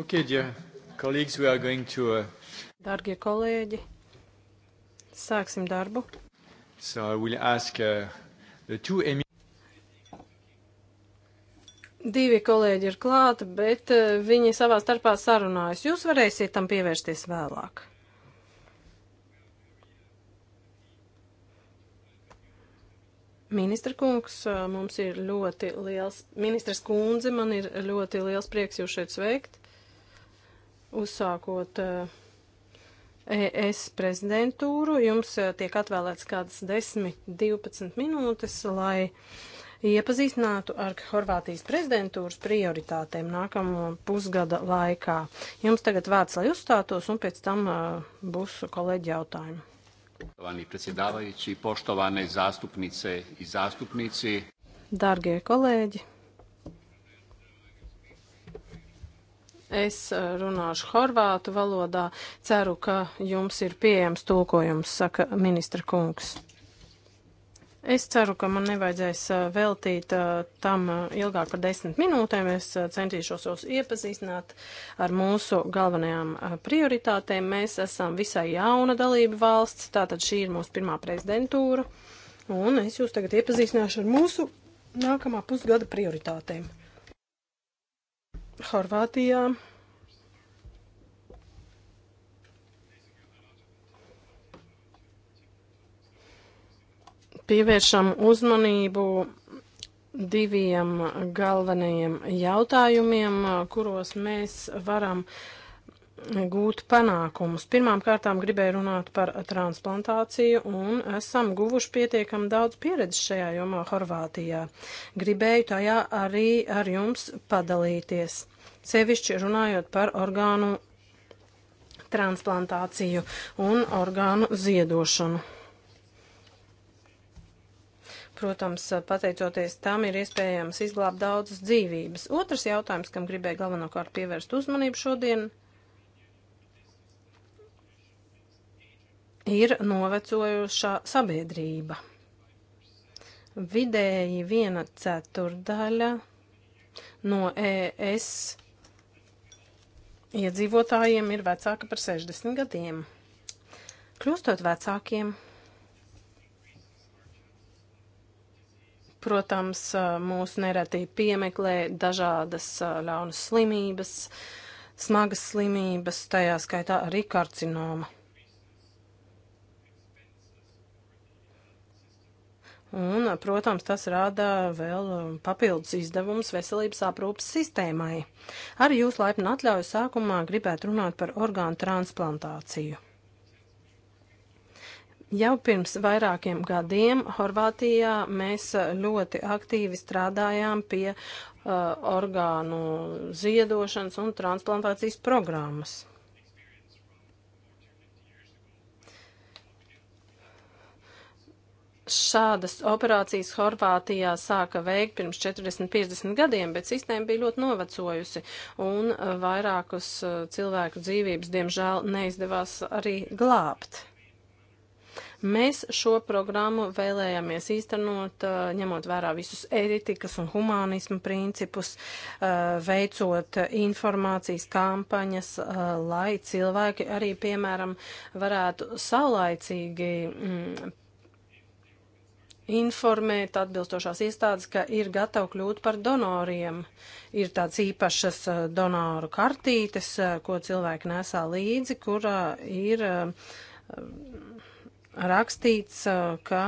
Okay, dear colleagues, we are going to. Uh... Dargie kolēģi, sāksim darbu. So I will ask uh, the two emi... Divi kolēģi ir klāti, bet uh, viņi savā starpā sarunājas. Jūs varēsiet tam pievērsties vēlāk. Ministra kungs, uh, mums ir ļoti liels, ministras kundze, man ir ļoti liels prieks jūs šeit sveikt uzsākot ES eh, e prezidentūru, jums eh, tiek atvēlēts kādas 10-12 minūtes, lai iepazīstinātu ar Horvātijas prezidentūras prioritātēm nākamo pusgada laikā. Jums tagad vārds, lai uzstātos, un pēc tam eh, būs kolēģi jautājumi. Poštovani predsjedavajući, poštovane zastupnice i zastupnici. Dargie kolēģi, Es uh, runāšu horvātu valodā. Ceru, ka jums ir pieejams tulkojums, saka ministra kungs. Es ceru, ka man nevajadzēs uh, veltīt uh, tam ilgāk par desmit minūtēm. Es centīšos jūs iepazīstināt ar mūsu galvenajām prioritātēm. Mēs esam visai jauna dalība valsts, tātad šī ir mūsu pirmā prezidentūra. Un es jūs tagad iepazīstināšu ar mūsu nākamā pusgada prioritātēm. Horvātijā. Pievēršam uzmanību diviem galvenajiem jautājumiem, kuros mēs varam uh, gūt panākumus. Pirmām kārtām gribēju runāt par transplantāciju un esam guvuši pietiekam daudz pieredzes šajā jomā Horvātijā. Gribēju tajā arī ar jums padalīties, sevišķi runājot par orgānu transplantāciju un orgānu ziedošanu. Protams, pateicoties tam, ir iespējams izglābt daudzas dzīvības. Otrs jautājums, kam gribēju galvenokārt pievērst uzmanību šodien, ir novecojušā sabiedrība. Vidēji viena ceturdaļa no ES iedzīvotājiem ir vecāka par 60 gadiem. Kļūstot vecākiem, protams, mūs nereti piemeklē dažādas ļaunas slimības, smagas slimības, tajā skaitā arī karcinoma. Un, protams, tas rada vēl papildus izdevumus veselības aprūpas sistēmai. Ar jūs laipnu atļauju sākumā gribētu runāt par orgānu transplantāciju. Jau pirms vairākiem gadiem Horvātijā mēs ļoti aktīvi strādājām pie uh, orgānu ziedošanas un transplantācijas programmas. šādas operācijas Horvātijā sāka veikt pirms 40-50 gadiem, bet sistēma bija ļoti novecojusi un uh, vairākus uh, cilvēku dzīvības, diemžēl, neizdevās arī glābt. Mēs šo programmu vēlējāmies īstenot, uh, ņemot vērā visus etikas un humānismu principus, veicot informācijas kampaņas, lai cilvēki arī, piemēram, varētu saulaicīgi mm, informēt atbilstošās iestādes, ka ir gatavi kļūt par donoriem. Ir tāds īpašas eh, donoru kartītes, eh, ko cilvēki nesā līdzi, kurā ir eh, rakstīts, ka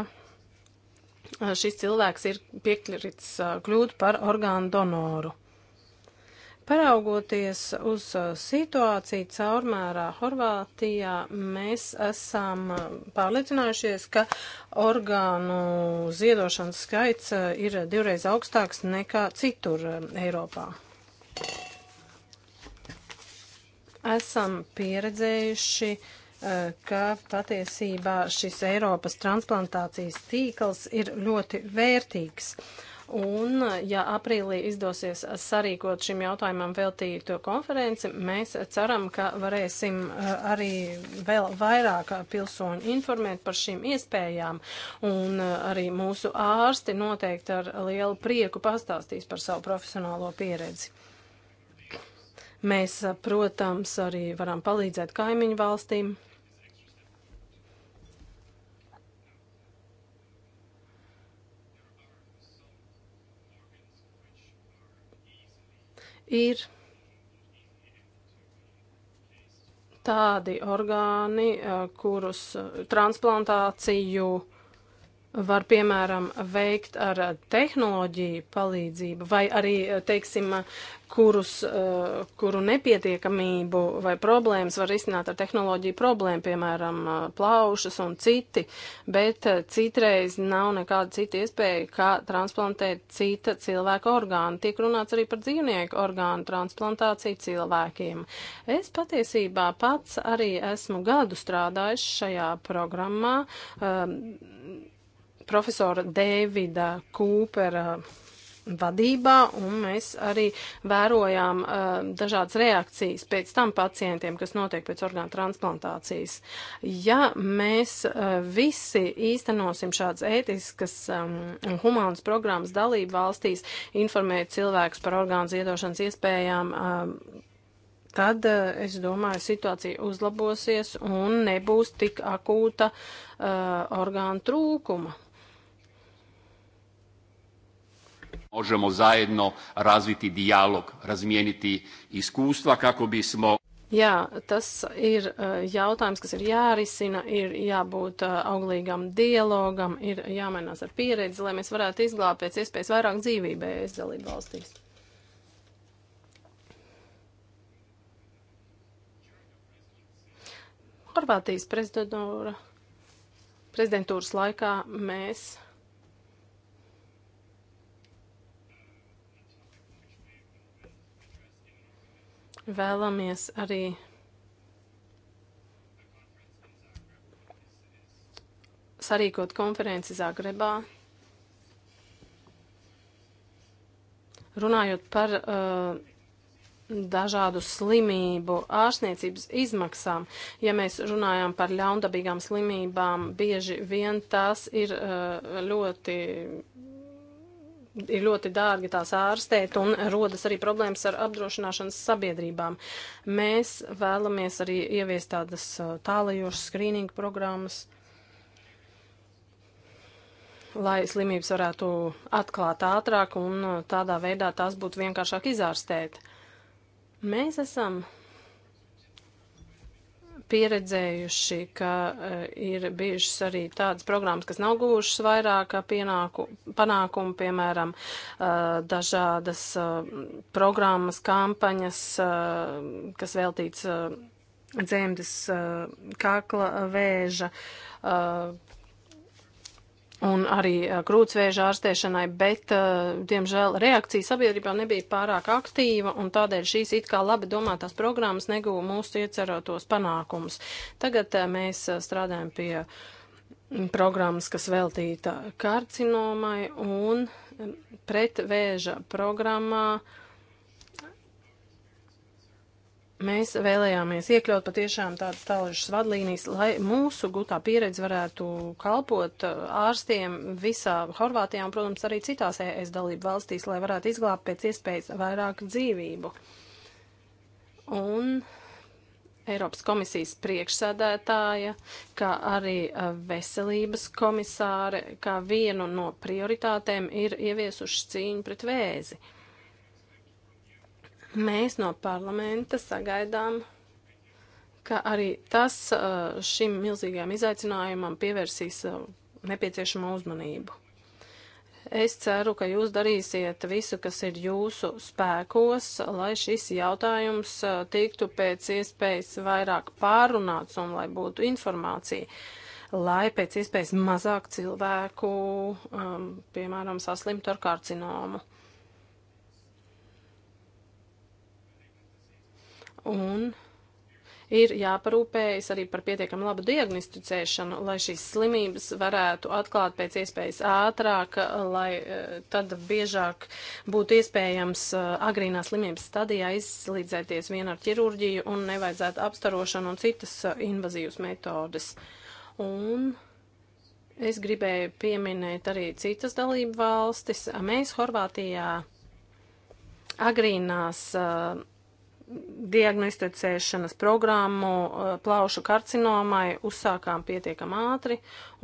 šis cilvēks ir piekļuvis kļūt par orgānu donoru. Paraugoties uz uh, situāciju caurmērā Horvātijā, mēs esam uh, pārliecinājušies, ka orgānu ziedošanas skaits uh, ir divreiz augstāks nekā citur Eiropā. Esam pieredzējuši uh, ka patiesībā šis Eiropas transplantācijas tīkls ir ļoti vērtīgs. Un, ja aprīlī izdosies sarīkot šim jautājumam veltīto konferenci, mēs ceram, ka varēsim eh, arī vēl vairāk pilsoņu informēt par šīm iespējām. Un eh, arī mūsu ārsti noteikti ar lielu prieku pastāstīs par savu profesionālo pieredzi. Mēs, eh, protams, arī varam palīdzēt kaimiņu valstīm. ir tādi orgāni, eh, kurus eh, transplantāciju var, piemēram, veikt ar tehnoloģiju palīdzību vai arī, teiksim, kurus, eh, kuru nepietiekamību vai problēmas var izsināt ar tehnoloģiju problēmu, piemēram, plaušas un citi, bet eh, citreiz nav nekāda cita iespēja, kā transplantēt cita cilvēka orgānu. Tiek runāts arī par dzīvnieku orgānu transplantāciju cilvēkiem. Es patiesībā pats arī esmu gadu strādājis šajā programmā. Um, profesora Dēvida Kūpera vadībā, un mēs arī vērojām uh, dažādas reakcijas pēc tam pacientiem, kas notiek pēc orgānu transplantācijas. Ja mēs uh, visi īstenosim šādas ētiskas um, un humānas programmas dalību valstīs, informēt cilvēkus par orgānu ziedošanas iespējām, um, tad uh, es domāju, situācija uzlabosies un nebūs tik akūta uh, orgānu trūkuma. možemo zajedno razviti dijalog, razmijeniti iskustva kako bismo Jā, tas ir e, jautājums, kas ir jārisina, ir jābūt e, auglīgam dialogam, ir jāmainās ar pieredzi, lai mēs varētu izglābt pēc iespējas vairāk dzīvībai aizdalību valstīs. Horvātijas prezidentūra, prezidentūras laikā mēs Vēlamies arī sarīkot konferenci Zagrebā. Runājot par uh, dažādu slimību ārstniecības izmaksām, ja mēs runājam par ļaundabīgām slimībām, bieži vien tās ir uh, ļoti ir ļoti dārgi tās ārstēt un rodas arī problēmas ar apdrošināšanas sabiedrībām. Mēs vēlamies arī ieviest tādas uh, tālajošas skrīninga programmas, lai slimības varētu atklāt ātrāk un uh, tādā veidā tās būtu vienkāršāk izārstēt. Mēs esam pieredzējuši, ka eh, ir bijušas arī tādas programmas, kas nav guvušas vairāk eh, pienāku, panākumu, piemēram, eh, dažādas programmas, kampaņas, kas veltīts dzemdas kakla vēža un arī krūtsvēža ārstēšanai, bet, diemžēl, reakcija sabiedrībā nebija pārāk aktīva, un tādēļ šīs it kā labi domātās programmas negūva mūsu iecerētos panākumus. Tagad mēs strādājam pie programmas, kas veltīta karcinomai, un pretvēža programmā Mēs vēlējāmies iekļaut patiešām tādas tālušas vadlīnijas, lai mūsu gūtā pieredze varētu kalpot uh, ārstiem visā Horvātijā un, protams, arī citās ES dalību valstīs, lai varētu izglābt pēc iespējas vairāk dzīvību. Un Eiropas komisijas priekšsēdētāja, kā arī uh, veselības komisāre, kā vienu no prioritātēm ir ieviesuši cīņu pret vēzi. Mēs no parlamenta sagaidām, ka arī tas uh, šim milzīgajam izaicinājumam pievērsīs uh, nepieciešamo uzmanību. Es ceru, ka jūs darīsiet visu, kas ir jūsu spēkos, lai šis jautājums uh, tiktu pēc iespējas vairāk pārunāts un lai būtu informācija, lai pēc iespējas mazāk cilvēku, um, piemēram, saslimtu ar karcinomu. Un ir jāparūpējas arī par pietiekami labu diagnosticēšanu, lai šīs slimības varētu atklāt pēc iespējas ātrāk, lai e, tad biežāk būtu iespējams e, agrīnā slimības stadijā izlīdzēties vien ar ķirurģiju un nevajadzētu apstarošanu un citas e, invazīvas metodes. Un es gribēju pieminēt arī citas dalību valstis. Mēs Horvātijā agrīnās uh, diagnosticēšanas programmu eh, plaušu karcinomai uzsākām pietiekam ātri,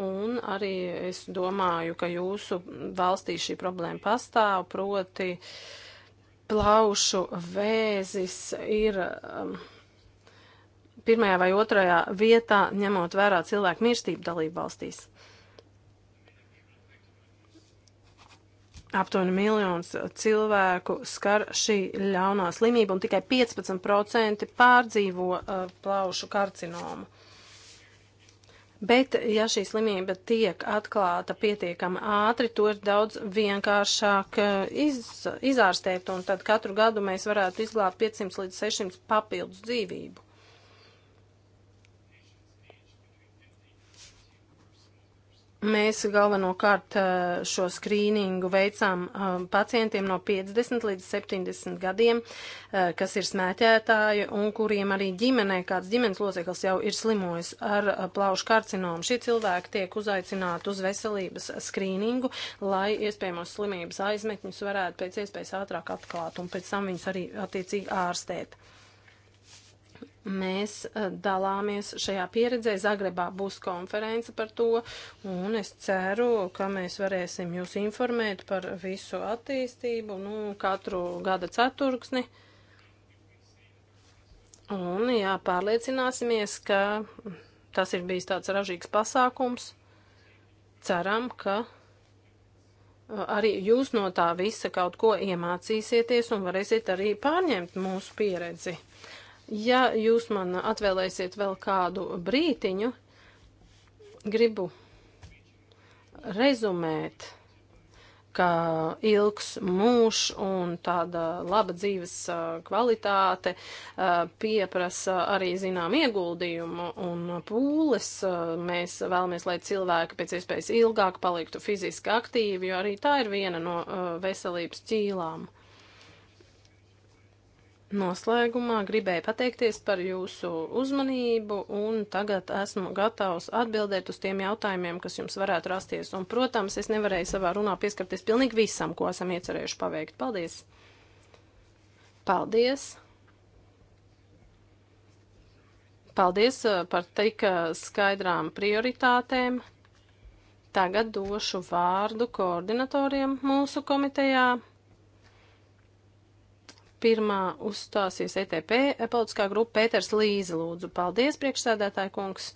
un arī es domāju, ka jūsu valstī šī problēma pastāv, proti plaušu vēzis ir. Um, pirmajā vai otrajā vietā, ņemot vērā cilvēku mirstību dalību valstīs. Aptuveni miljons cilvēku skar šī ļaunā slimība un tikai 15% pārdzīvo uh, plaušu karcinomu. Bet, ja šī slimība tiek atklāta pietiekami ātri, to ir daudz vienkāršāk uh, iz, izārstēt, un tad katru gadu mēs varētu izglābt 500 līdz 600 papildus dzīvību. Mēs galvenokārt eh, šo skrīningu veicām eh, pacientiem no 50 līdz 70 gadiem, eh, kas ir smēķētāji un kuriem arī ģimenē kāds ģimenes loceklis jau ir slimojis ar plaušu karcinomu. Šie cilvēki tiek uzaicināti uz veselības skrīningu, lai iespējamos slimības aizmetņus varētu pēc iespējas ātrāk atklāt un pēc tam viņus arī attiecīgi ārstēt mēs eh, dalāmies šajā pieredzē. Zagrebā būs konference par to, un es ceru, ka mēs varēsim jūs informēt par visu attīstību, nu, katru gada ceturksni. Un, jā, pārliecināsimies, ka tas ir bijis tāds ražīgs pasākums. Ceram, ka eh, arī jūs no tā visa kaut ko iemācīsieties un varēsiet arī pārņemt mūsu pieredzi. Ja jūs man atvēlēsiet vēl kādu brītiņu, gribu rezumēt, ka ilgs mūžs un tāda laba dzīves kvalitāte pieprasa arī zinām ieguldījumu un pūles. Mēs vēlamies, lai cilvēki pēc iespējas ilgāk paliktu fiziski aktīvi, jo arī tā ir viena no veselības ķīlām. Noslēgumā gribēju pateikties par jūsu uzmanību un tagad esmu gatavs atbildēt uz tiem jautājumiem, kas jums varētu rasties. Un, protams, es nevarēju savā runā pieskarties pilnīgi visam, ko esam iecerējuši paveikt. Paldies! Paldies! Paldies eh, par tik eh, skaidrām prioritātēm. Tagad došu vārdu koordinatoriem mūsu komitejā. Pirmā uzstāsies ETP politiskā grupa Pēters Līze, lūdzu. Paldies, priekšsēdētāja kungs.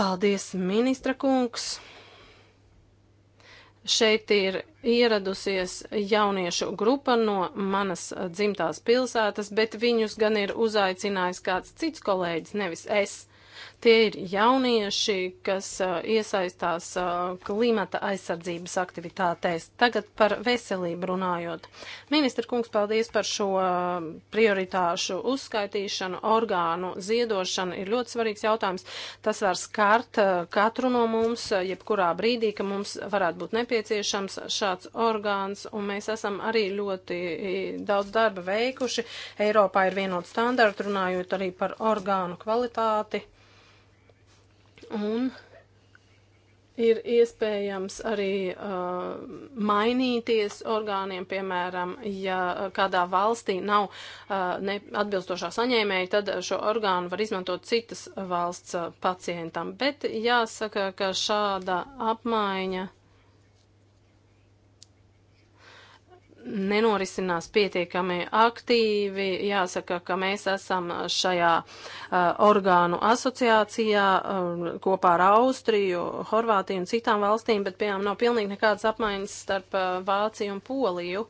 Paldies, ministra kungs. Šeit ir ieradusies jauniešu grupa no manas dzimtās pilsētas, bet viņus gan ir uzaicinājis kāds cits kolēģis, nevis es. Tie ir jaunieši, kas uh, iesaistās uh, klimata aizsardzības aktivitātēs. Tagad par veselību runājot. Ministra kungs, paldies par šo uh, prioritāšu uzskaitīšanu. Orgānu ziedošana ir ļoti svarīgs jautājums. Tas var skart uh, katru no mums, uh, jebkurā brīdī, ka mums varētu būt nepieciešams šāds orgāns, un mēs esam arī ļoti daudz darba veikuši. Eiropā ir vienot standartu, runājot arī par orgānu kvalitāti un ir iespējams arī uh, mainīties orgāniem, piemēram, ja kādā valstī nav uh, ne, atbilstošā saņēmēja, tad šo orgānu var izmantot citas valsts uh, pacientam. Bet jāsaka, ka šāda apmaiņa nenorisinās pietiekami aktīvi. Jāsaka, ka mēs esam šajā uh, orgānu asociācijā uh, kopā ar Austriju, Horvātiju un citām valstīm, bet, piemēram, nav pilnīgi nekādas apmaiņas starp uh, Vāciju un Poliju.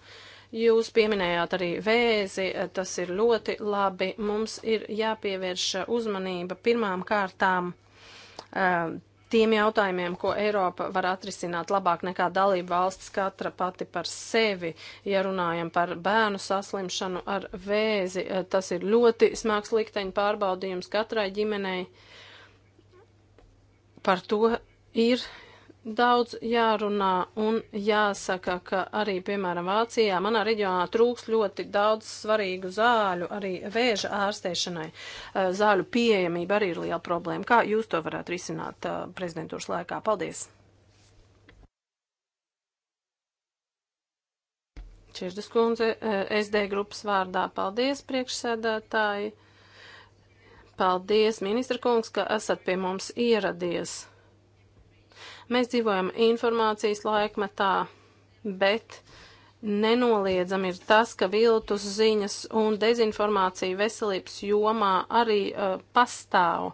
Jūs pieminējāt arī vēzi, uh, tas ir ļoti labi. Mums ir jāpievērš uzmanība pirmām kārtām uh, tiem jautājumiem, ko Eiropa var atrisināt labāk nekā dalība valsts katra pati par sevi. Ja runājam par bērnu saslimšanu ar vēzi, eh, tas ir ļoti smags likteņu pārbaudījums katrai ģimenei. Par to ir daudz jārunā un jāsaka, ka arī, piemēram, Vācijā manā reģionā trūks ļoti daudz svarīgu zāļu, arī vēža ārstēšanai. Eh, zāļu pieejamība arī ir liela problēma. Kā jūs to varētu risināt eh, prezidentūras laikā? Paldies! Čirdas kundze, eh, SD grupas vārdā paldies priekšsēdētāji. Paldies, ministra kungs, ka esat pie mums ieradies. Mēs dzīvojam informācijas laikmetā, bet nenoliedzam ir tas, ka viltus ziņas un dezinformācija veselības jomā arī uh, pastāv.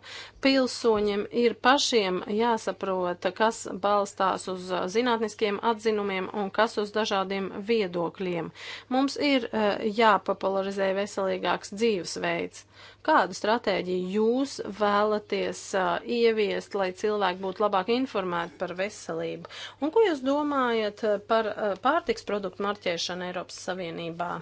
Pilsoņiem ir pašiem jāsaprot, kas balstās uz uh, zinātniskiem atzinumiem un kas uz dažādiem viedokļiem. Mums ir uh, jāpopularizē veselīgāks dzīvesveids. Kādu stratēģiju jūs vēlaties uh, ieviest, lai cilvēki būtu labāk informēti par veselību? Un ko jūs domājat par uh, pārtiks produktu marķēšanu Eiropas Savienībā?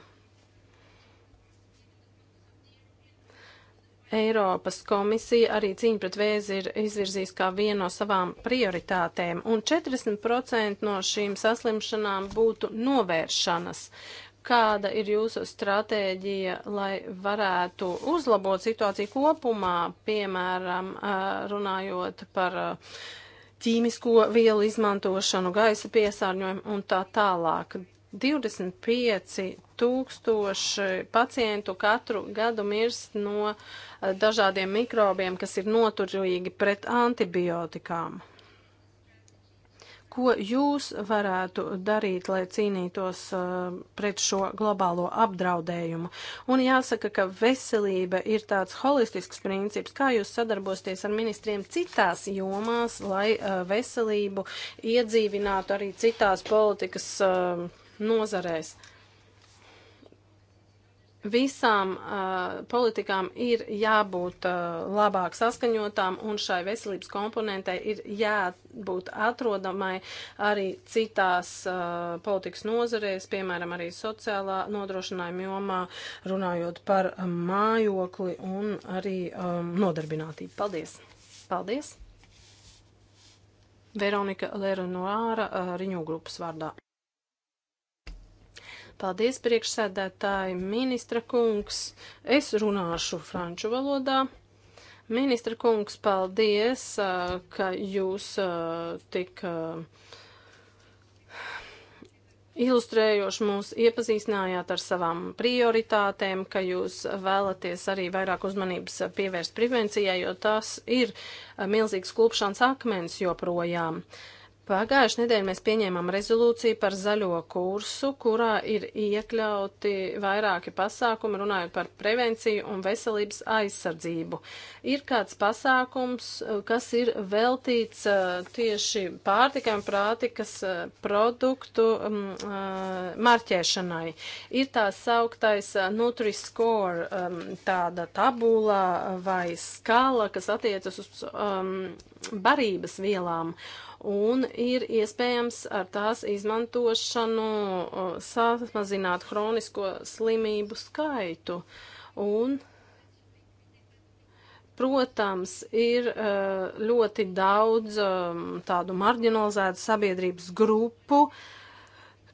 Eiropas komisija arī cīņa pret vēzi ir izvirzījusi kā vienu no savām prioritātēm, un 40% no šīm saslimšanām būtu novēršanas. Uh, Kāda ir jūsu stratēģija, lai varētu uzlabot situāciju kopumā, piemēram, runājot par ķīmisko vielu izmantošanu, gaisa piesārņojumu un tā tālāk? 25 tūkstoši pacientu katru gadu mirst no dažādiem mikrobiem, kas ir noturīgi pret antibiotikām. Ko jūs varētu darīt, lai cīnītos uh, pret šo globālo apdraudējumu? Un jāsaka, ka veselība ir tāds holistisks princips. Kā jūs sadarbosieties ar ministriem citās jomās, lai uh, veselību iedzīvinātu arī citās politikas uh, nozarēs? Uh, visām uh, politikām ir jābūt uh, labāk saskaņotām, un šai veselības komponentei ir jābūt atrodamai arī citās uh, politikas nozarēs, piemēram, arī sociālā nodrošinājuma jomā, runājot par mājokli un arī um, nodarbinātību. Paldies! Paldies! Veronika Lerunoāra uh, Riņū grupas vārdā. Paldies, priekšsēdētāji, ministra kungs. Es runāšu franču valodā. Ministra kungs, paldies, ka jūs tik ilustrējoši mūs iepazīstinājāt ar savām prioritātēm, ka jūs vēlaties arī vairāk uzmanības pievērst prevencijai, jo tas ir milzīgs klupšanas akmens joprojām. Uh, Pagājušajā nedēļā mēs pieņēmām rezolūciju par zaļo kursu, kurā ir iekļauti vairāki pasākumi runājot par prevenciju un veselības aizsardzību. Ir kāds pasākums, eh, kas ir veltīts eh, tieši pārtikai un prātikas eh, produktu mm, marķēšanai. Ir tā sauktais Nutri-Score, mm, tāda tabula vai skala, kas attiecas uz mm, barības vielām un ir iespējams ar tās izmantošanu samazināt hronisko slimību skaitu. Un, protams, ir e, ļoti daudz tādu marginalizētu sabiedrības grupu, uh,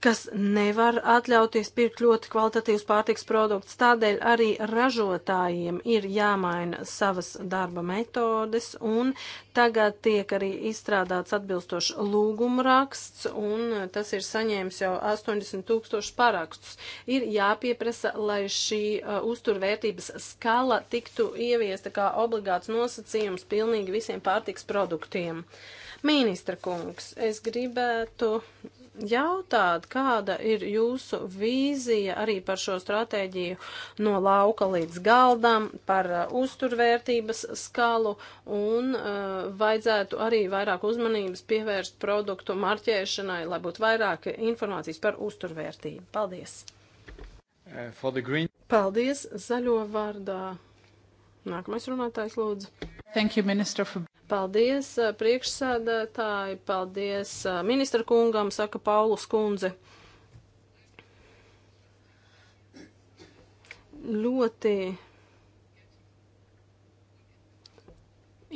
kas nevar atļauties pirkt ļoti kvalitatīvus pārtiks produktus. Tādēļ arī ražotājiem ir jāmaina savas darba metodes, un tagad tiek arī izstrādāts atbilstošs lūgumraksts, un tas ir saņēmis jau 80 tūkstošu parakstus. Ir jāpieprasa, lai šī uh, uzturvērtības skala tiktu ieviesta kā obligāts nosacījums pilnīgi visiem pārtiks produktiem. Ministra kungs, es gribētu jautāt, kāda ir jūsu vīzija arī par šo stratēģiju no lauka līdz galdam, par uh, uzturvērtības skalu un uh, vajadzētu arī vairāk uzmanības pievērst produktu marķēšanai, lai būtu vairāk informācijas par uzturvērtību. Paldies! Uh, Paldies zaļo vārdā. Nākamais runātājs lūdzu. Thank you, minister, for... Paldies priekšsēdētāji, paldies ministra kungam, saka Paulus kundze. Ļoti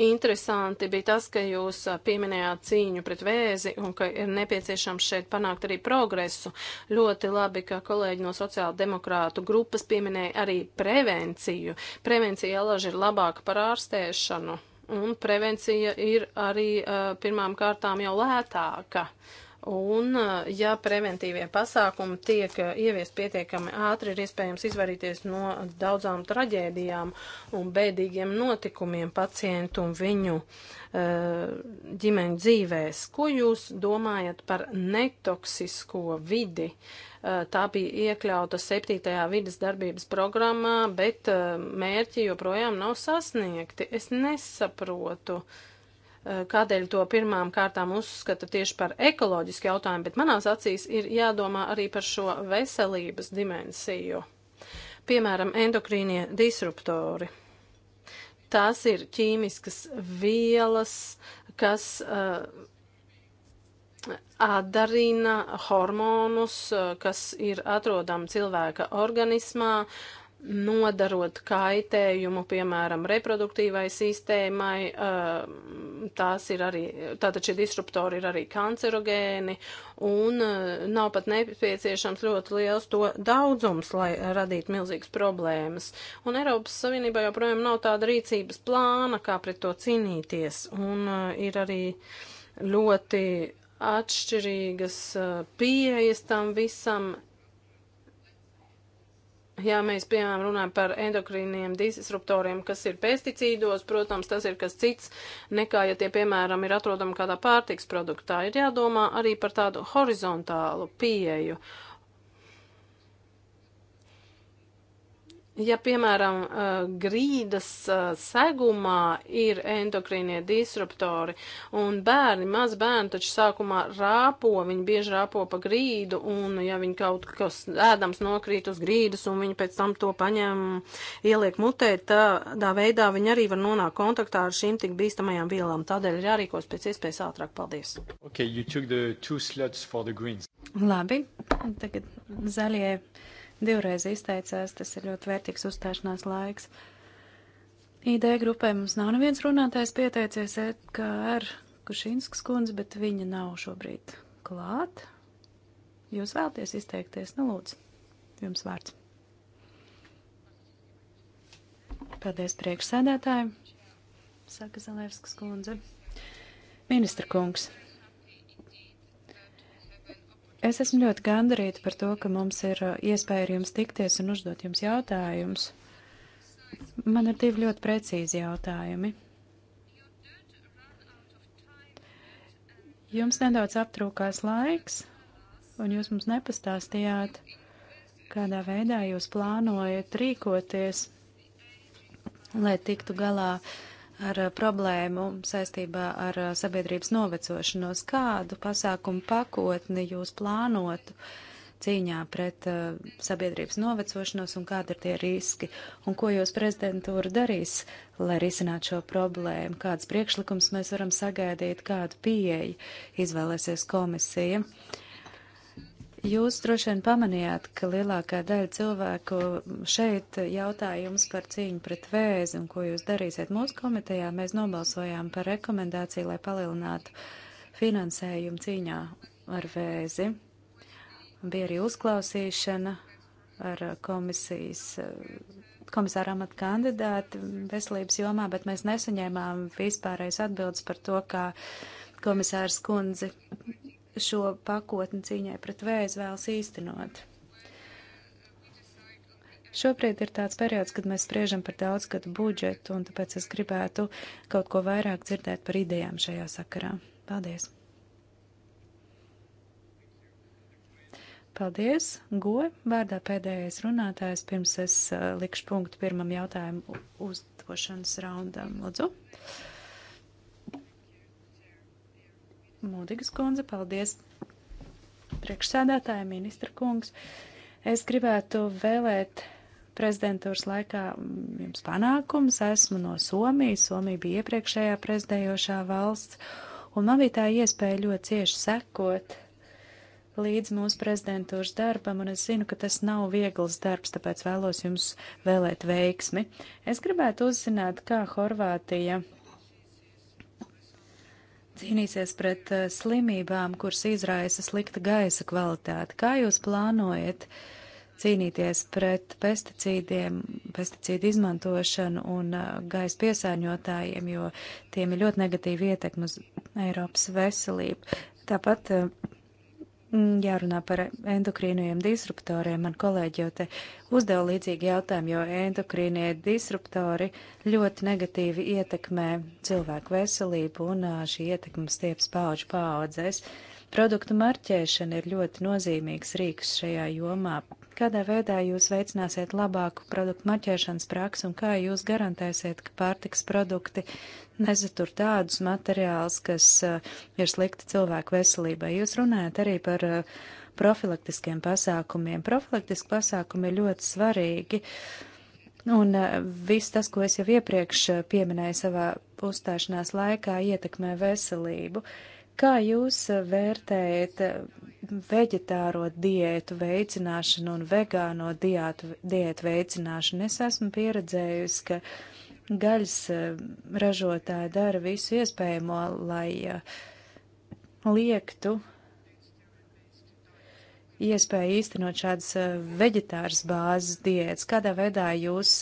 Interesanti bija tas, ka jūs pieminējāt cīņu pret vēzi un ka ir nepieciešams šeit panākt arī progresu. Ļoti labi, ka kolēģi no sociāla demokrātu grupas pieminēja arī prevenciju. Prevencija alaži ir labāka par ārstēšanu. Un prevencija ir arī uh, pirmām kārtām jau lētāka. Un, eh, ja preventīvie pasākumi tiek eh, ieviest pietiekami ātri, ir iespējams izvairīties no daudzām traģēdijām un bēdīgiem notikumiem pacientu un viņu ģimeņu dzīvēs. Ko jūs domājat par netoksisko vidi? Uh, Eh, tā bija iekļauta 7. vidas darbības programmā, bet eh, mērķi joprojām nav sasniegti. Es nesaprotu, eh, kādēļ to pirmām kārtām uzskata tieši par ekoloģisku jautājumu, bet manās acīs ir jādomā arī par šo veselības dimensiju. Piemēram, endokrīnie disruptori. Tās ir ķīmiskas vielas, kas uh, atdarina hormonus, kas ir atrodami cilvēka organismā, nodarot kaitējumu, piemēram, reproduktīvai sistēmai, eh, tās ir arī, tātad šie disruptori ir arī kancerogēni, un eh, nav pat nepieciešams ļoti liels to daudzums, lai radītu milzīgas problēmas. Un Eiropas Savienībā joprojām nav tāda rīcības plāna, kā pret to cīnīties, un eh, ir arī ļoti atšķirīgas eh, pieejas tam visam. Ja mēs, piemēram, runājam par endokrīniem disruptoriem, kas ir pesticīdos, protams, tas ir kas cits, nekā, ja tie, piemēram, ir atrodami kādā pārtiks produktā. Ir jādomā arī par tādu horizontālu pieeju. Uh, Ja, piemēram, grīdas segumā ir endokrīnie disruptori, un bērni, maz bērni taču sākumā rāpo, viņi bieži rāpo pa grīdu, un ja viņi kaut kas ēdams nokrīt uz grīdas, un viņi pēc tam to paņem, ieliek mutē, tādā veidā viņi arī var nonākt kontaktā ar šīm tik bīstamajām vielām. Tādēļ ir jārīkos pēc iespējas ātrāk. Paldies! Okay, Labi, tagad zaļie divreiz izteicās, tas ir ļoti vērtīgs uzstāšanās laiks. ID grupai mums nav neviens runātājs pieteicies EKR Kušinskas kundze, bet viņa nav šobrīd klāt. Jūs vēlties izteikties, nu lūdzu, jums vārds. Paldies priekšsēdētājiem, saka Zalevskas kundze. Ministra kungs, Es esmu ļoti gandarīta par to, ka mums ir uh, iespēja ar jums tikties un uzdot jums jautājumus. Man ir divi ļoti precīzi jautājumi. Jums nedaudz aptrūkās laiks, un jūs mums nepastāstījāt, kādā veidā jūs plānojat rīkoties, lai tiktu galā uh, ar eh, problēmu saistībā ar eh, sabiedrības novecošanos. Kādu pasākumu pakotni jūs plānotu cīņā pret eh, sabiedrības novecošanos un kādi ir tie riski? Un ko jūs prezidentūra darīs, lai risinātu šo problēmu? Kādas priekšlikums mēs varam sagaidīt, kādu pieeju izvēlēsies komisija? Uh, Jūs droši vien pamanījāt, ka lielākā daļa cilvēku šeit jautājums par cīņu pret vēzi un ko jūs darīsiet. Mūsu komitejā mēs nobalsojām par rekomendāciju, lai palielinātu finansējumu cīņā ar vēzi. Bija arī uzklausīšana ar komisijas komisāra amata kandidāti veselības jomā, bet mēs nesaņēmām vispārējais atbildes par to, kā komisārs kundzi šo pakotni cīņai pret vēzi vēlas īstenot. Šobrīd ir tāds periods, kad mēs spriežam par daudzgadu budžetu, un tāpēc es gribētu kaut ko vairāk dzirdēt par idejām šajā sakarā. Paldies! Paldies, Go, vārdā pēdējais runātājs, pirms es uh, likšu punktu pirmam jautājumu uzdošanas raundam. Lūdzu. Uh, Mūdīgas kundze, paldies! Priekšsēdētāja ministra kungs, es gribētu vēlēt prezidentūras laikā mm, jums panākums. Esmu no Somijas, Somija bija iepriekšējā prezidējošā valsts, un man bija tā iespēja ļoti cieši sekot līdz mūsu prezidentūras darbam, un es zinu, ka tas nav viegls darbs, tāpēc vēlos jums vēlēt veiksmi. Es gribētu uzzināt, kā Horvātija cīnīsies pret eh, slimībām, kuras izraisa slikta gaisa kvalitāte. Kā jūs plānojat cīnīties pret pesticīdiem, pesticīdu izmantošanu un eh, gaisa piesārņotājiem, jo tiem ir ļoti negatīva ietekme uz Eiropas veselību? Tāpat uh, Mm, jārunā par endokrīniem disruptoriem. Man kolēģi jau te uzdeva līdzīgi jautājumu, jo endokrīnie disruptori ļoti negatīvi ietekmē cilvēku veselību un šī ietekme stieps pauģu paudzēs. Produktu marķēšana ir ļoti nozīmīgs rīks šajā jomā, Kādā veidā jūs veicināsiet labāku produktu marķēšanas praksu un kā jūs garantēsiet, ka pārtiks produkti nezatur tādus materiālus, kas uh, ir slikti cilvēku veselībai? Jūs runājat arī par uh, profilaktiskiem pasākumiem. Profilaktiski pasākumi ir ļoti svarīgi. Un uh, viss tas, ko es jau iepriekš uh, pieminēju savā uzstāšanās laikā, ietekmē veselību. Uh, Kā jūs eh, vērtējat eh, veģetāro diētu veicināšanu un vegāno diētu, diētu veicināšanu? Es esmu pieredzējusi, ka gaļas eh, ražotāji dara visu iespējamo, lai liektu iespēju īstenot šādas veģetāras bāzes diētas. Kādā veidā jūs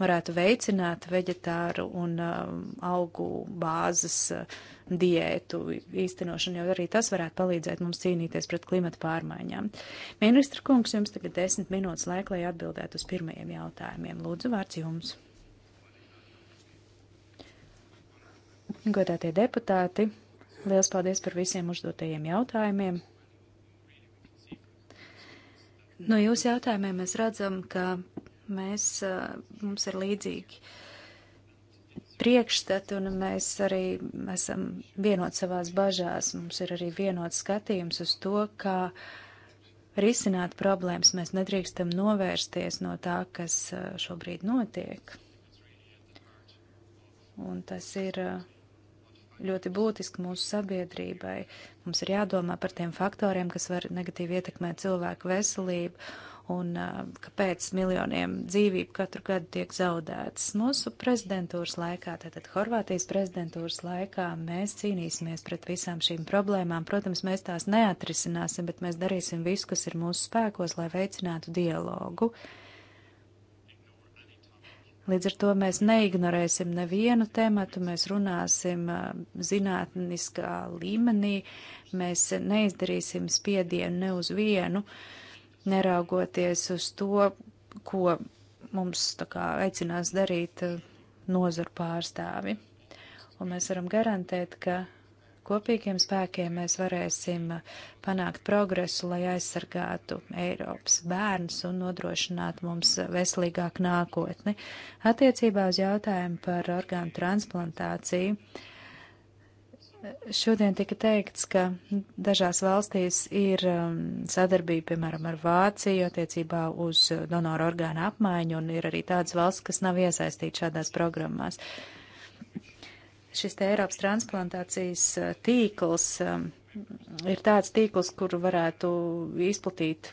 varētu veicināt veģetāru un augu bāzes diētu? diētu īstenošanu, jo arī tas varētu palīdzēt mums cīnīties pret klimata pārmaiņām. Ministra kungs, jums tagad desmit minūtes laika, lai atbildētu uz pirmajiem jautājumiem. Lūdzu, vārds jums. Godātie deputāti, liels paldies par visiem uzdotajiem jautājumiem. No jūsu jautājumiem mēs redzam, ka mēs, eh, mums ir līdzīgi uh, priekšstati, un mēs arī esam vienot savās bažās. Mums ir arī vienot skatījums uz to, kā risināt problēmas. Mēs nedrīkstam novērsties no tā, kas eh, šobrīd notiek. Un tas ir eh, ļoti būtiski mūsu sabiedrībai. Mums ir jādomā par tiem faktoriem, kas var negatīvi ietekmēt cilvēku veselību un uh, kāpēc miljoniem dzīvību katru gadu tiek zaudētas. Mūsu prezidentūras laikā, tātad Horvātijas prezidentūras laikā, mēs cīnīsimies pret visām šīm problēmām. Protams, mēs tās neatrisināsim, bet mēs darīsim visu, kas ir mūsu spēkos, lai veicinātu dialogu. Līdz ar to mēs neignorēsim nevienu tematu, mēs runāsim uh, zinātniskā līmenī, mēs neizdarīsim spiedienu ne uz vienu uh, neraugoties uz to, ko mums tā kā aicinās darīt eh, nozaru pārstāvi. Un mēs varam garantēt, ka kopīgiem spēkiem mēs varēsim eh, panākt progresu, lai aizsargātu Eiropas bērns un nodrošinātu mums veselīgāku nākotni. Attiecībā uz jautājumu par orgānu transplantāciju Šodien tika teikts, ka dažās valstīs ir um, sadarbība, piemēram, ar Vāciju attiecībā uz donoru orgānu apmaiņu, un ir arī tādas valsts, kas nav iesaistīta šādās programmās. Šis te Eiropas transplantācijas uh, tīkls um, ir tāds tīkls, kuru varētu izplatīt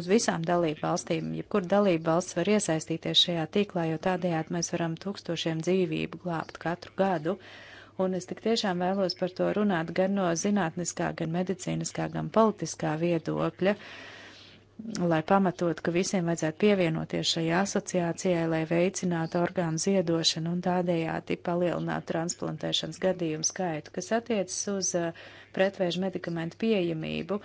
uz visām dalību valstīm, jebkur dalību valsts var iesaistīties šajā tīklā, jo tādējādi mēs varam tūkstošiem dzīvību glābt katru gadu. Uh, un es tik tiešām vēlos par to runāt gan no zinātniskā, gan medicīniskā, gan politiskā viedokļa lai pamatot, ka visiem vajadzētu pievienoties šai asociācijai, lai veicinātu orgānu ziedošanu un tādējādi palielinātu transplantēšanas gadījumu skaitu, kas attiecas uz uh, pretvēžu medikamentu pieejamību.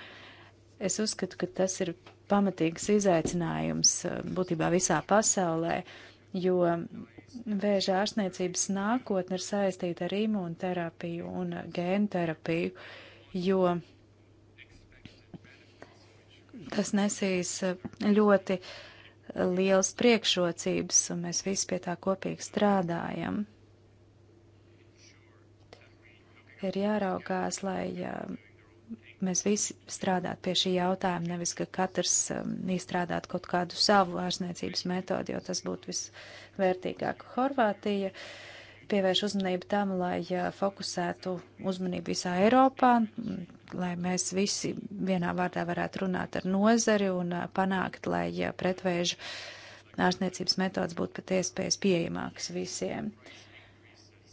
Es uzskatu, ka tas ir pamatīgs izaicinājums uh, būtībā visā pasaulē, jo Vēža ārstniecības nākotne ir saistīta ar imūnterapiju un gēnterapiju, jo tas nesīs uh, ļoti uh, liels priekšrocības, un mēs visi pie tā kopīgi strādājam. Ir jāraugās, lai uh, mēs visi strādātu pie šī jautājuma, nevis ka katrs um, izstrādātu kaut kādu savu ārstniecības metodi, jo tas būtu visvērtīgāk. Horvātija pievērš uzmanību tam, lai uh, fokusētu uzmanību visā Eiropā, un, mm, lai mēs visi vienā vārdā varētu runāt ar nozari un uh, panākt, lai uh, pretvēžu ārstniecības metodas būtu pat iespējas pieejamākas visiem.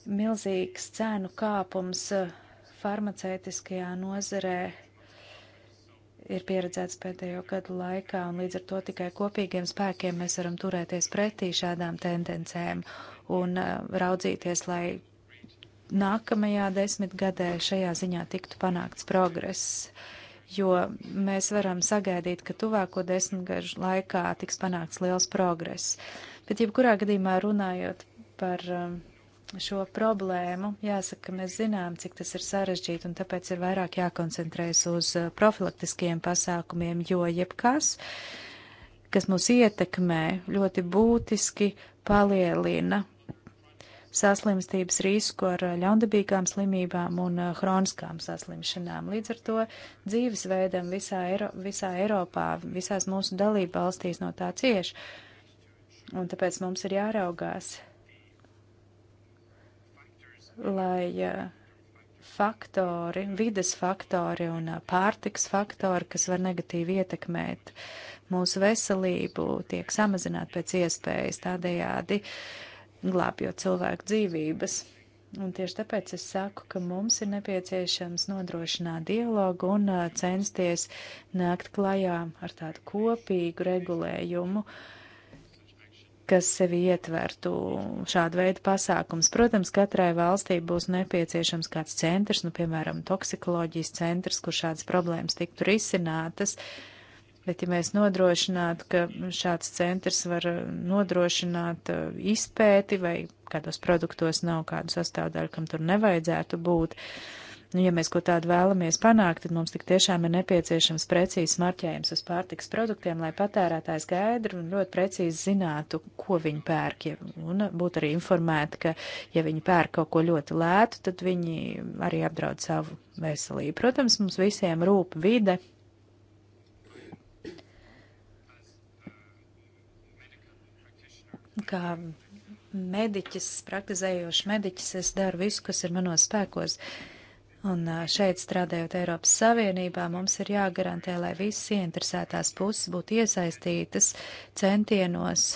Milzīgs cēnu kāpums. Uh, farmaceitiskajā nozarē ir pieredzēts pēdējo gadu laikā, un līdz ar to tikai kopīgiem spēkiem mēs varam turēties pretī šādām tendencēm un uh, raudzīties, lai nākamajā desmitgadē šajā ziņā tiktu panākts progress. Jo mēs varam sagaidīt, ka tuvāko desmitgažu laikā tiks panākts liels progress. Bet jebkurā gadījumā runājot par um, šo problēmu. Jāsaka, mēs zinām, cik tas ir sarežģīti, un tāpēc ir vairāk jākoncentrējas uz uh, profilaktiskiem pasākumiem, jo jebkas, kas mūs ietekmē, ļoti būtiski palielina saslimstības risku ar uh, ļaundabīgām slimībām un uh, hroniskām saslimšanām. Līdz ar to dzīvesveidam visā, Eiro, visā Eiropā, visās mūsu dalība valstīs no tā cieši. Un tāpēc mums ir jāraugās, lai eh, faktori, vides faktori un eh, pārtiks faktori, kas var negatīvi ietekmēt mūsu veselību, tiek samazināti pēc iespējas tādējādi glābjot cilvēku dzīvības. Un tieši tāpēc es saku, ka mums ir nepieciešams nodrošināt dialogu un eh, censties nākt klajā ar tādu kopīgu regulējumu, uh, kas sevi ietvertu šādu veidu pasākums. Protams, katrai valstī būs nepieciešams kāds centrs, nu, piemēram, toksikoloģijas centrs, kur šādas problēmas tiktu risinātas. Bet, ja mēs nodrošinātu, ka šāds centrs var nodrošināt uh, izpēti vai kādos produktos nav kādu sastāvdaļu, kam tur nevajadzētu būt, uh, Nu, ja mēs ko tādu vēlamies panākt, tad mums tik tiešām ir nepieciešams precīzs marķējums uz pārtiks produktiem, lai patērētājs gaidri un ļoti precīzi zinātu, ko viņi pērk. Ja, un būtu arī informēti, ka ja viņi pērk kaut ko ļoti lētu, tad viņi arī apdraud savu veselību. Protams, mums visiem rūp vide, kā mediķis, praktizējošs mediķis, es daru visu, kas ir manos spēkos, Un šeit strādājot Eiropas Savienībā, mums ir jāgarantē, lai visas ieinteresētās puses būtu iesaistītas centienos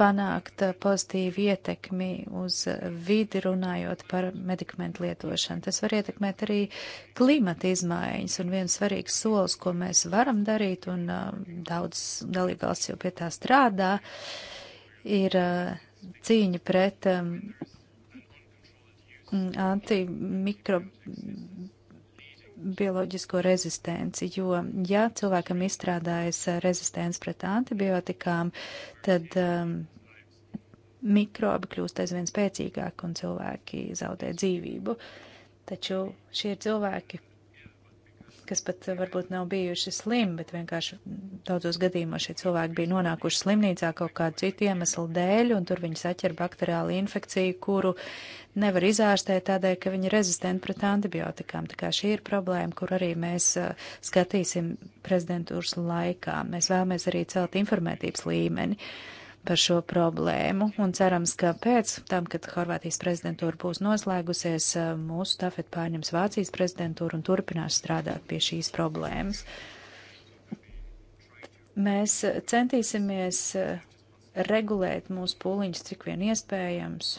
panākt pozitīvu ietekmi uz vidi, runājot par medikamentu lietošanu. Tas var ietekmēt arī klimata izmaiņas, un viens svarīgs solis, ko mēs varam darīt, un daudz dalībvalsts jau pie tā strādā, ir cīņa pret antimikrobioloģisko rezistenci, jo, ja cilvēkam izstrādājas eh, rezistents pret antibiotikām, tad um, mikrobi kļūst aizvien spēcīgāk un cilvēki zaudē dzīvību. Taču šie cilvēki kas pat eh, varbūt nav bijuši slimi, bet vienkārši daudzos gadījumos šie cilvēki bija nonākuši slimnīcā kaut kādu citu iemeslu dēļ, un tur viņi saķer bakteriālu infekciju, kuru nevar izārstēt tādēļ, ka viņi ir rezistenti pret antibiotikām. Tā kā šī ir problēma, kur arī mēs uh, skatīsim prezidentūras laikā. Mēs vēlamies arī celt informētības līmeni. Uh, par šo problēmu un cerams, ka pēc tam, kad Horvātijas prezidentūra būs noslēgusies, eh, mūsu tafet pārņems Vācijas prezidentūra un turpinās strādāt pie šīs problēmas. Mēs eh, centīsimies eh, regulēt mūsu pūliņus cik vien iespējams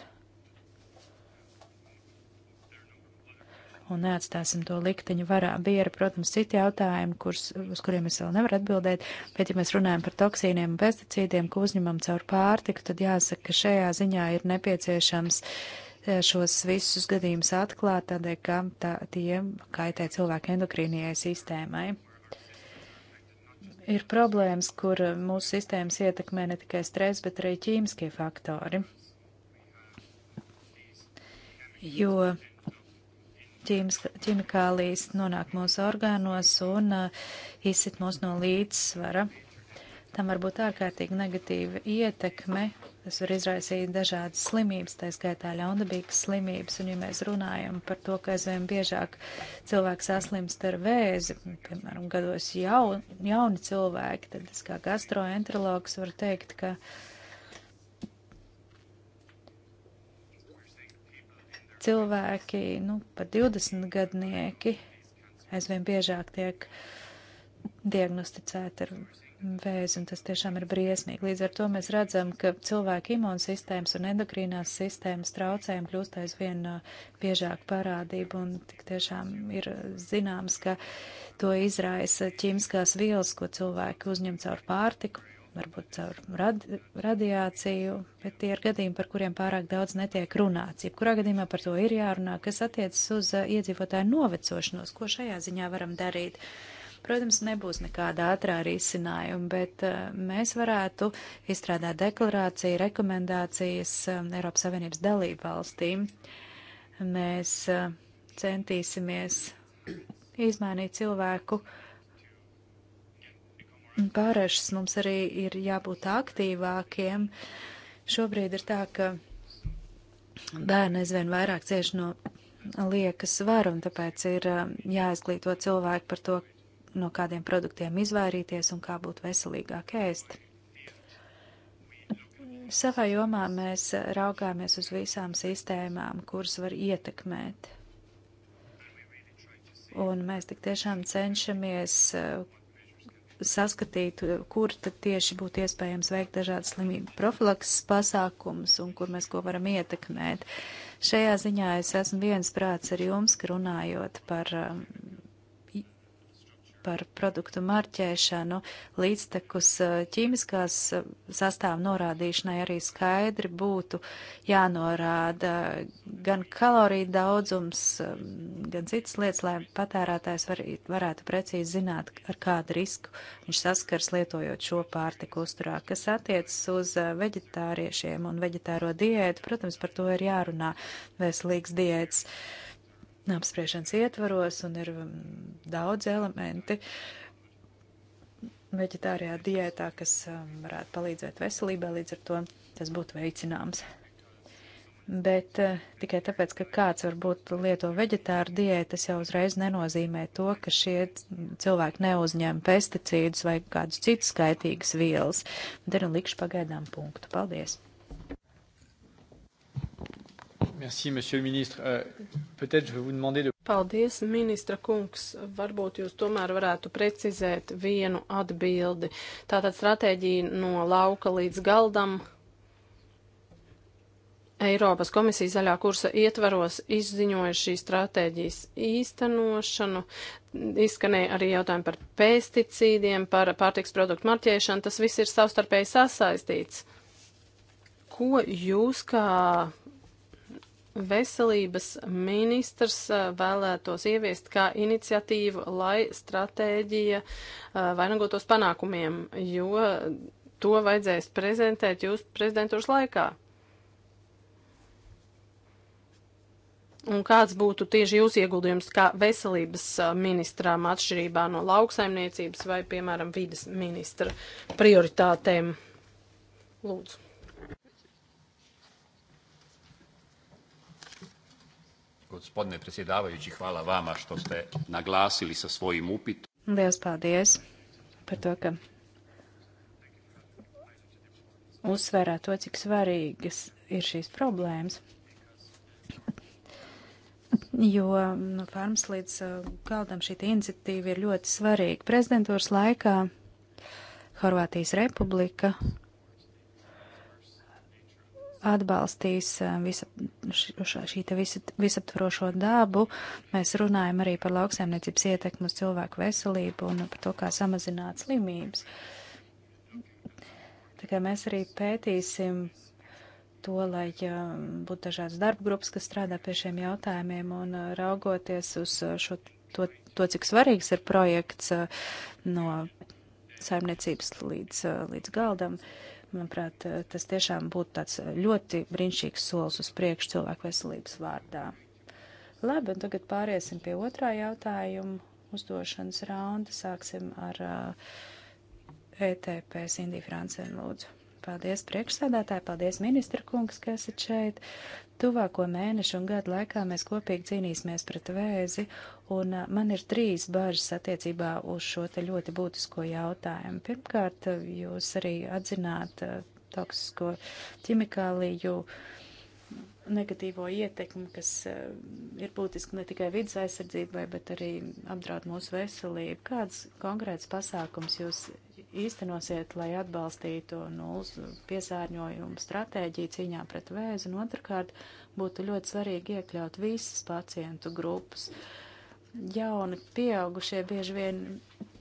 un neatstāsim to likteņu varā. Bija arī, protams, citi jautājumi, kurs, uz kuriem es vēl nevaru atbildēt, bet ja mēs runājam par toksīniem un pesticīdiem, ko uzņemam caur pārtiku, tad jāsaka, ka šajā ziņā ir nepieciešams eh, šos visus gadījumus atklāt, tādēļ, ka tā, tie kaitē cilvēku endokrīnijai sistēmai. Ir problēmas, kur mūsu sistēmas ietekmē ne tikai stress, bet arī ķīmiskie faktori. Jo ķimikālijas nonāk mūsu orgānos un uh, izsit mūs no līdzsvara. Tam var būt ārkārtīgi negatīva ietekme. Tas var izraisīt dažādas slimības, tā skaitā ļaundabīgas slimības. Un, ja mēs runājam par to, ka aizvien biežāk cilvēks saslimst ar vēzi, piemēram, gados jaun, jauni cilvēki, tad es kā gastroenterologs varu teikt, ka uh, cilvēki, nu, pat 20 gadnieki, aizvien biežāk tiek diagnosticēti ar vēzi, un tas tiešām ir briesmīgi. Līdz ar to mēs redzam, ka cilvēku imūnsistēmas un endokrīnās sistēmas traucējumi kļūst aizvien uh, biežāk parādību, un tik tiešām ir zināms, ka to izraisa ķīmiskās vielas, ko cilvēki uzņem caur pārtiku varbūt caur radi radiāciju, bet tie ir gadījumi, par kuriem pārāk daudz netiek runāts. Jebkurā gadījumā par to ir jārunā, kas attiecas uz iedzīvotāju novecošanos, ko šajā ziņā varam darīt. Protams, nebūs nekāda ātrā risinājuma, bet mēs varētu izstrādāt deklarāciju, rekomendācijas Eiropas Savienības dalību valstīm. Mēs centīsimies izmainīt cilvēku uh, pārēšas mums arī ir jābūt aktīvākiem. Šobrīd ir tā, ka bērni aizvien vairāk cieš no liekas svara, un tāpēc ir um, jāizglīto cilvēku par to, no kādiem produktiem izvairīties un kā būt veselīgāk ēst. Savā jomā mēs raugāmies uz visām sistēmām, kuras var ietekmēt. Un mēs tik tiešām cenšamies uh, saskatītu, kur tad tieši būtu iespējams veikt dažādas slimību profilakses pasākums un kur mēs ko varam ietekmēt. Šajā ziņā es esmu viens prāts ar jums, ka runājot par um, par produktu marķēšanu līdztekus eh, ķīmiskās eh, sastāvu norādīšanai arī skaidri būtu jānorāda gan kaloriju daudzums, eh, gan citas lietas, lai patērētājs var, varētu precīzi zināt, ar kādu risku viņš saskars lietojot šo pārtiku uzturā. Kas attiecas uz veģetāriešiem un veģetāro diētu, protams, par to ir jārunā veselīgs diēts. Uh, apspriešanas ietvaros un ir um, daudz elementi veģetārijā diētā, kas um, varētu palīdzēt veselībai, līdz ar to tas būtu veicināms. Bet uh, tikai tāpēc, ka kāds varbūt lieto veģetāru diētu, tas jau uzreiz nenozīmē to, ka šie cilvēki neuzņem pesticīdus vai kādus citus skaitīgas vielas. Daru nu likšu pagaidām punktu. Paldies! Merci, monsieur le ministre. Euh, Peut-être je vais vous demander de... Paldies, ministra kungs. Varbūt jūs tomēr varētu precizēt vienu atbildi. Tātad stratēģija no lauka līdz galdam. Eiropas komisija zaļā kursa ietvaros izziņoja šīs stratēģijas īstenošanu. Izskanēja arī jautājumi par pesticīdiem, par pārtiks produktu marķēšanu. Tas viss ir savstarpēji sasaistīts. Ko jūs kā Veselības ministrs eh, vēlētos ieviest kā iniciatīvu, lai stratēģija eh, vainagotos panākumiem, jo to vajadzēs prezentēt jūs prezidentūras laikā. Un kāds būtu tieši jūsu ieguldījums kā veselības eh, ministrām atšķirībā no lauksaimniecības vai, piemēram, vidas ministra prioritātēm? Lūdzu. Gospodine predsjedavajući, hvala vama što ste naglasili sa svojim upitom. Liels paldies par to, ka uzsvērā to, cik svarīgas ir šīs problēmas. Jo no nu, farmas līdz uh, galdam šī iniciatīva ir ļoti svarīga. Prezidentūras laikā Horvātijas republika atbalstīs eh, visa, šī te visa, visaptvarošo dabu. Mēs runājam arī par lauksaimniecības ietekmu uz cilvēku veselību un par to, kā samazināt slimības. Tā kā mēs arī pētīsim to, lai eh, būtu dažādas darba grupas, kas strādā pie šiem jautājumiem un eh, raugoties uz šo, to, to cik svarīgs ir projekts no saimniecības līdz, līdz galdam. Uh, Manuprāt, eh, tas tiešām būtu tāds eh, ļoti brīnišķīgs solis uz priekšu cilvēku veselības vārdā. Labi, un tagad pāriesim pie otrā jautājuma uzdošanas raunda. Sāksim ar uh, eh, ETP Sindiju Francenu lūdzu. Paldies priekšsādātāji, paldies ministra kungs, ka esat šeit. Tuvāko mēnešu un gadu laikā mēs kopīgi cīnīsimies pret vēzi Un eh, man ir trīs bažas attiecībā uz šo te ļoti būtisko jautājumu. Pirmkārt, jūs arī atzināt eh, toksisko ķimikāliju negatīvo ietekmi, kas eh, ir būtiski ne tikai vidas aizsardzībai, bet arī apdraud mūsu veselību. Kāds konkrēts pasākums jūs īstenosiet, lai atbalstītu nulles piesārņojumu stratēģiju cīņā pret vēzi? Un otrkārt, būtu ļoti svarīgi iekļaut visas pacientu grupas. Uh, jauni pieaugušie bieži vien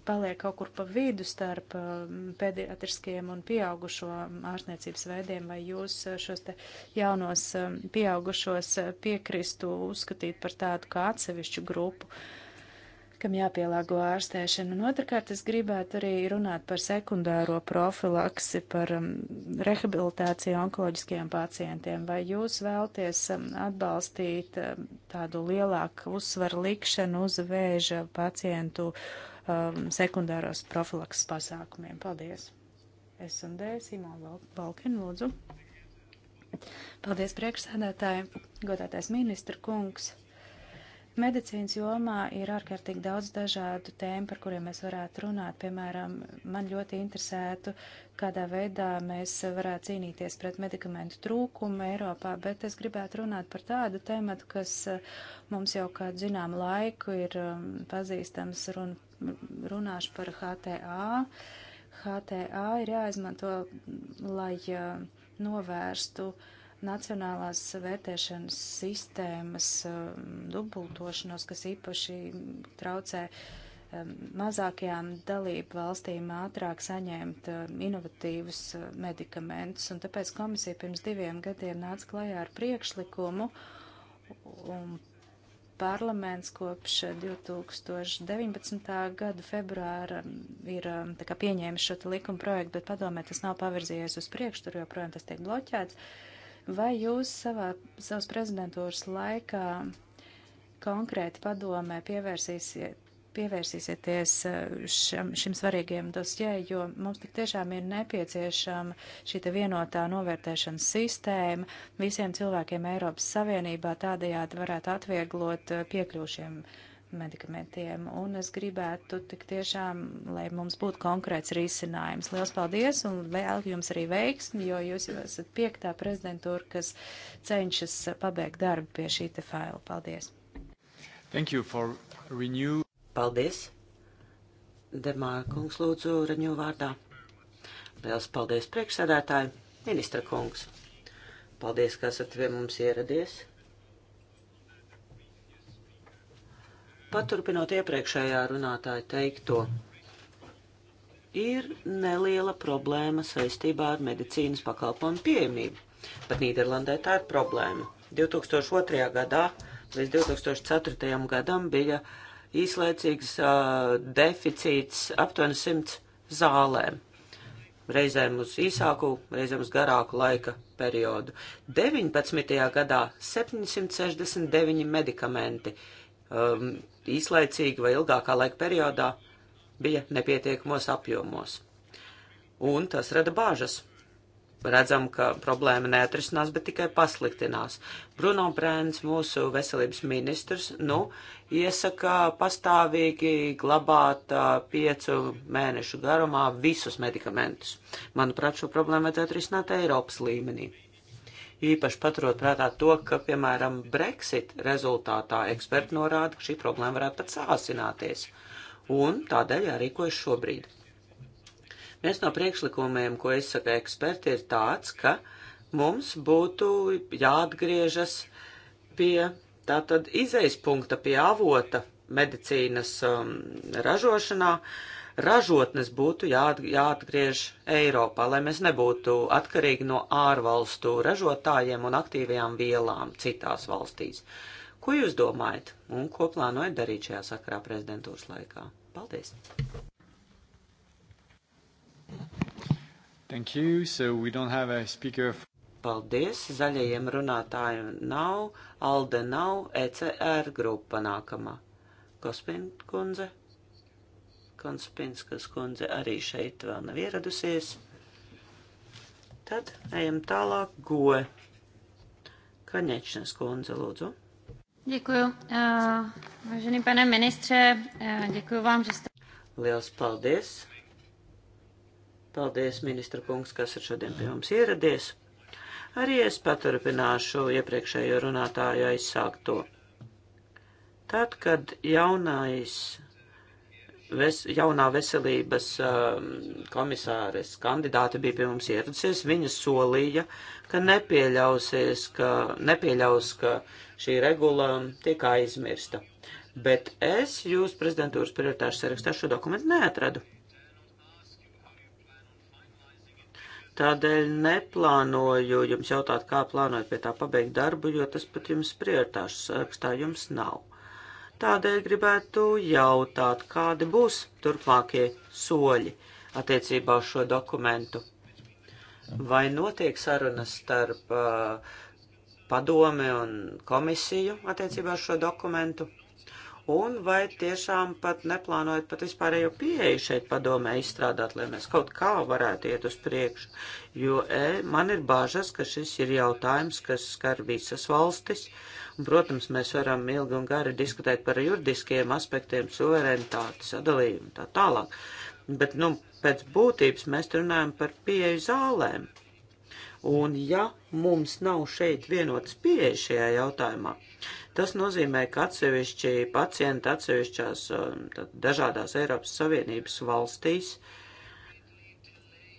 paliek kaut kur pa vidu starp um, pediatriskajiem un pieaugušo um, ārstniecības veidiem, vai jūs uh, šos te jaunos um, pieaugušos uh, piekristu uzskatīt par tādu kā atsevišķu grupu? Uh, kam jāpielāgo ārstēšana. Un otrkārt, es gribētu arī runāt par sekundāro profilaksi, par um, rehabilitāciju onkoloģiskajiem pacientiem. Vai jūs vēlties um, atbalstīt um, tādu lielāku uzsvaru likšanu uz vēža pacientu um, sekundāros profilakses pasākumiem? Paldies! Es un D. Simona Balkin, lūdzu. Paldies, priekšsēdētāji, godātais ministra kungs. Medicīnas jomā ir ārkārtīgi daudz dažādu tēmu, par kuriem mēs varētu runāt. Piemēram, man ļoti interesētu, kādā veidā mēs varētu cīnīties pret medikamentu trūkumu Eiropā, bet es gribētu runāt par tādu tēmatu, kas eh, mums jau kādu zinām laiku ir um, pazīstams, run, runāšu par HTA. HTA ir jāizmanto, lai eh, novērstu uh, nacionālās vērtēšanas sistēmas um, dubultošanos, kas īpaši traucē um, mazākajām dalību valstīm ātrāk saņemt um, inovatīvus uh, medikamentus. Un tāpēc komisija pirms diviem gadiem nāca klajā ar priekšlikumu, un parlaments kopš 2019. gada februāra ir pieņēmis šo likumu projektu, bet padomē tas nav pavirzījies uz priekšu, tur joprojām tas tiek bloķēts. Uh, Vai jūs savā, savas prezidentūras laikā konkrēti padomē pievērsīsiet pievērsīsieties eh, šim, šim svarīgiem dosjē, jo mums tik tiešām ir nepieciešama šī te vienotā novērtēšanas sistēma visiem cilvēkiem Eiropas Savienībā, tādējādi varētu atvieglot eh, piekļūšiem medikamentiem. Un es gribētu tik tiešām, lai mums būtu konkrēts risinājums. Lielas paldies un vēl jums arī veiksmi, jo jūs jau esat piektā prezidentūra, kas cenšas pabeigt darbu pie šī te faila. Paldies! Thank you for renew. Paldies! Demārkungs lūdzu reņu vārdā. Lielas paldies priekšsēdētāji, ministra kungs. Paldies, ka esat pie mums ieradies. Paturpinot iepriekšējā runātāja teikto, ir neliela problēma saistībā ar medicīnas pakalpojumu pieejamību, bet Nīderlandē tā ir problēma. 2002. gadā līdz 2004. gadam bija īslaicīgs uh, deficīts aptuveni 100 zālēm. Reizēm uz īsāku, reizēm uz garāku laika periodu. 19. gadā 769 medikamenti um, īslaicīgi vai ilgākā laika periodā bija nepietiekamos apjomos. Un tas rada bāžas. Redzam, ka problēma neatrisinās, bet tikai pasliktinās. Bruno Brēns, mūsu veselības ministrs, nu, iesaka pastāvīgi glabāt uh, piecu mēnešu garumā visus medikamentus. Manuprāt, šo problēmu vajadzētu risināt Eiropas līmenī īpaši paturot prātā to, ka, piemēram, Brexit rezultātā eksperti norāda, ka šī problēma varētu pat sāsināties. Un tādēļ jārīkojas šobrīd. Viens no priekšlikumiem, ko izsaka eksperti, ir tāds, ka mums būtu jāatgriežas pie tātad izejas punkta, pie avota medicīnas um, ražošanā, uh, ražotnes būtu jāatgriež Eiropā, lai mēs nebūtu atkarīgi no ārvalstu ražotājiem un aktīvajām vielām citās valstīs. Ko jūs domājat un ko plānojat darīt šajā sakarā prezidentūras laikā? Paldies! Thank you. So we don't have a speaker. For... Paldies. Zaļajiem runātājiem nav, Alde nav, ECR grupa nākamā. Kospin kundze. Konspinskas kundze arī šeit vēl nav ieradusies. Tad ejam tālāk goe. Kaņečnes kundze, lūdzu. Děkuju. Uh, vážený pane ministře, uh, děkuju vám, že jste... Liels paldies. Paldies, ministra kungs, kas ir šodien pie mums ieradies. Arī es paturpināšu iepriekšējo runātāju aizsākto. Tad, kad jaunais ves, jaunā veselības um, komisāres kandidāte bija pie mums ieradusies, viņa solīja, ka nepieļausies, ka nepieļaus, ka šī regula tiek aizmirsta. Bet es jūs prezidentūras prioritāšu sarakstā šo dokumentu neatradu. Tādēļ neplānoju jums jautāt, kā plānojat pie tā pabeigt darbu, jo tas pat jums prioritāšu sarakstā jums nav. Tādēļ gribētu jautāt, kādi būs turpmākie soļi attiecībā uz šo dokumentu. Vai notiek sarunas starp uh, padomi un komisiju attiecībā uz šo dokumentu? un vai tiešām pat neplānojat pat vispārējo pieeju šeit padomē izstrādāt, lai mēs kaut kā varētu iet uz priekšu, jo e, man ir bažas, ka šis ir jautājums, kas skar visas valstis, un, protams, mēs varam ilgi un gari diskutēt par juridiskiem aspektiem, suverenitāti, sadalījumu un tā tālāk, bet, nu, pēc būtības mēs runājam par pieeju zālēm. Un ja mums nav šeit vienotas pieeja šajā jautājumā, Tas nozīmē, ka atsevišķi pacienti atsevišķās um, tad, dažādās Eiropas Savienības valstīs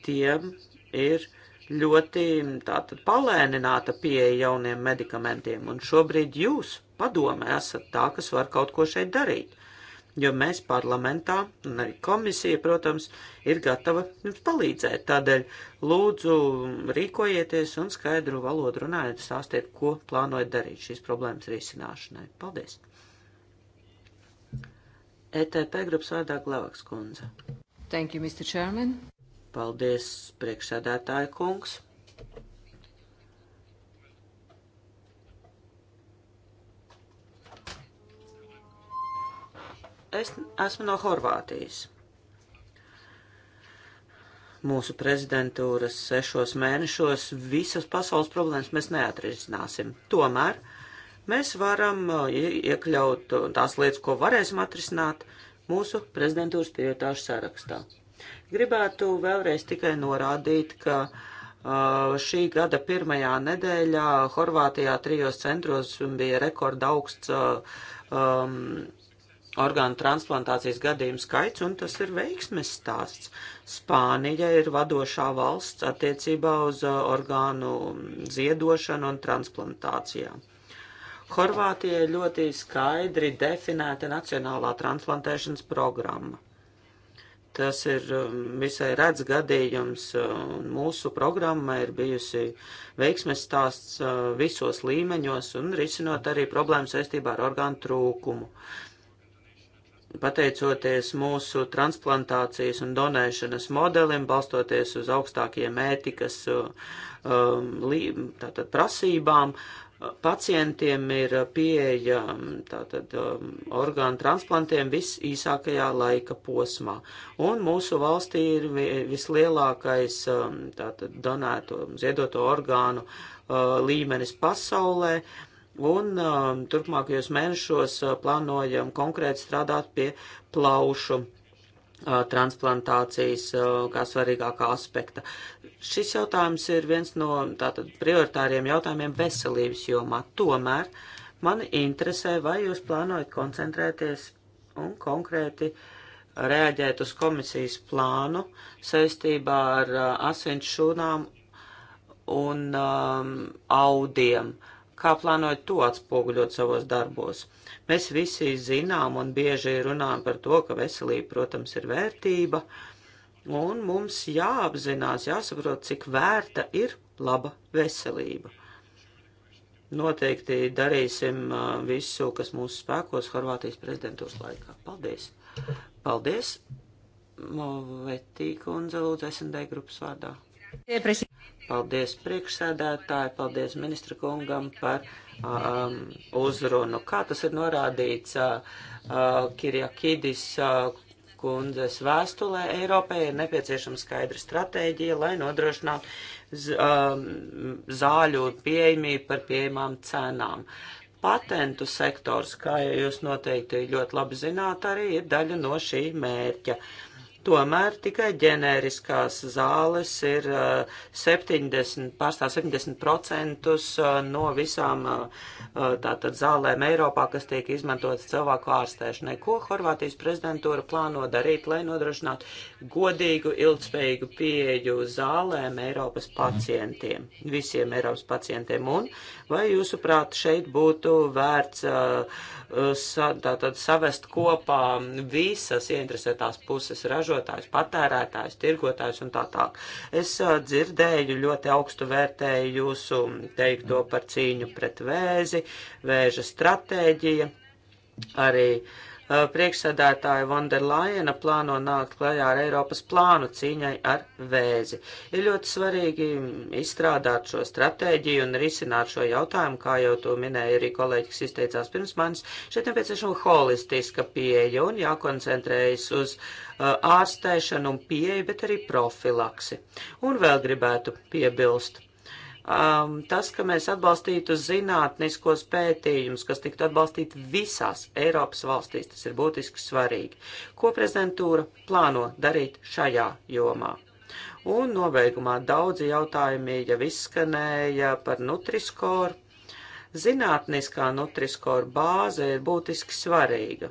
tiem ir ļoti tātad palēnināta pieeja jauniem medikamentiem, un šobrīd jūs, padome, esat tā, kas var kaut ko šeit darīt jo mēs parlamentā un arī komisija, protams, ir gatava jums palīdzēt. Tādēļ lūdzu rīkojieties un skaidru valodu runājiet, stāstiet, ko plānojat darīt šīs problēmas risināšanai. Paldies! ETP grupas vārdā Glavaks kundze. Thank you, Mr. Chairman. Paldies, priekšsēdētāja kungs. Es esmu no Horvātijas. Mūsu prezidentūras sešos mēnešos visas pasaules problēmas mēs neatrisināsim. Tomēr mēs varam uh, iekļaut uh, tās lietas, ko varēsim atrisināt mūsu prezidentūras prioritāšu sarakstā. Gribētu vēlreiz tikai norādīt, ka uh, šī gada pirmajā nedēļā Horvātijā trijos centros bija rekorda augsts uh, um, orgānu transplantācijas gadījumu skaits, un tas ir veiksmes stāsts. Spānija ir vadošā valsts attiecībā uz uh, orgānu ziedošanu un transplantācijām. Horvātija ir ļoti skaidri definēta nacionālā transplantēšanas programma. Tas ir um, visai redz gadījums, uh, un mūsu programma ir bijusi veiksmes stāsts uh, visos līmeņos un risinot arī problēmu saistībā ar orgānu trūkumu. Uh, pateicoties mūsu transplantācijas un donēšanas modelim, balstoties uz augstākiem ētikas um, tātad, prasībām, pacientiem ir pieeja um, tātad, um, orgānu transplantiem visīsākajā laika posmā. Un mūsu valstī ir vislielākais um, tātad, donēto, ziedoto orgānu uh, līmenis pasaulē. Uh, Un um, turpmākajos mēnešos uh, plānojam konkrēti strādāt pie plaušu uh, transplantācijas uh, kā svarīgākā aspekta. Šis jautājums ir viens no tātad prioritāriem jautājumiem veselības jomā. Tomēr mani interesē, vai jūs plānojat koncentrēties un konkrēti reaģēt uz komisijas plānu saistībā ar uh, asins šūnām un um, audiem. Uh, kā plānojat to atspoguļot savos darbos. Mēs visi zinām un bieži runājam par to, ka veselība, protams, ir vērtība, un mums jāapzinās, jāsaprot, cik vērta ir laba veselība. Noteikti darīsim uh, visu, kas mūsu spēkos Horvātijas prezidentūras laikā. Paldies! Paldies! Movetī kundze lūdzu SND grupas vārdā. Paldies priekšsēdētāji, paldies ministra kungam par um, uzrunu. Kā tas ir norādīts uh, uh Kirjakidis uh, kundzes vēstulē, Eiropai ir nepieciešama skaidra stratēģija, lai nodrošinātu um, zāļu pieejamību par pieejamām cenām. Patentu sektors, kā jūs noteikti ļoti labi zināt, arī ir daļa no šī mērķa. Uh, Tomēr tikai ģenēriskās zāles ir 70, uh, pārstāv 70% uh, no visām uh, tātad zālēm Eiropā, kas tiek izmantotas cilvēku ārstēšanai. Ko Horvātijas prezidentūra plāno darīt, lai nodrošinātu godīgu, ilgspējīgu pieeju zālēm Eiropas mhm. pacientiem, visiem Eiropas pacientiem? Un vai jūsuprāt šeit būtu vērts uh, tātad savest kopā visas ieinteresētās puses - ražotājs, patērētājs, tirgotājs un tā tālāk. Es uh, dzirdēju, ļoti augstu vērtēju jūsu teikto par cīņu pret vēzi, vēža stratēģija, arī uh, Uh, priekšsēdētāja Vanderlajena plāno nākt klajā ar Eiropas plānu cīņai ar vēzi. Ir ļoti svarīgi izstrādāt šo stratēģiju un risināt šo jautājumu, kā jau to minēja arī kolēģi, kas izteicās pirms manis. Šeit nepieciešama holistiska pieeja un jākoncentrējas uz uh, ārstēšanu un pieeju, bet arī profilaksi. Un vēl gribētu piebilst um, tas, ka mēs atbalstītu zinātniskos pētījumus, kas tiktu atbalstīti visās Eiropas valstīs, tas ir būtiski svarīgi. Ko prezidentūra plāno darīt šajā jomā? Un nobeigumā daudzi jautājumi jau izskanēja par Nutriskoru. Zinātniskā Nutriskoru bāze ir būtiski svarīga.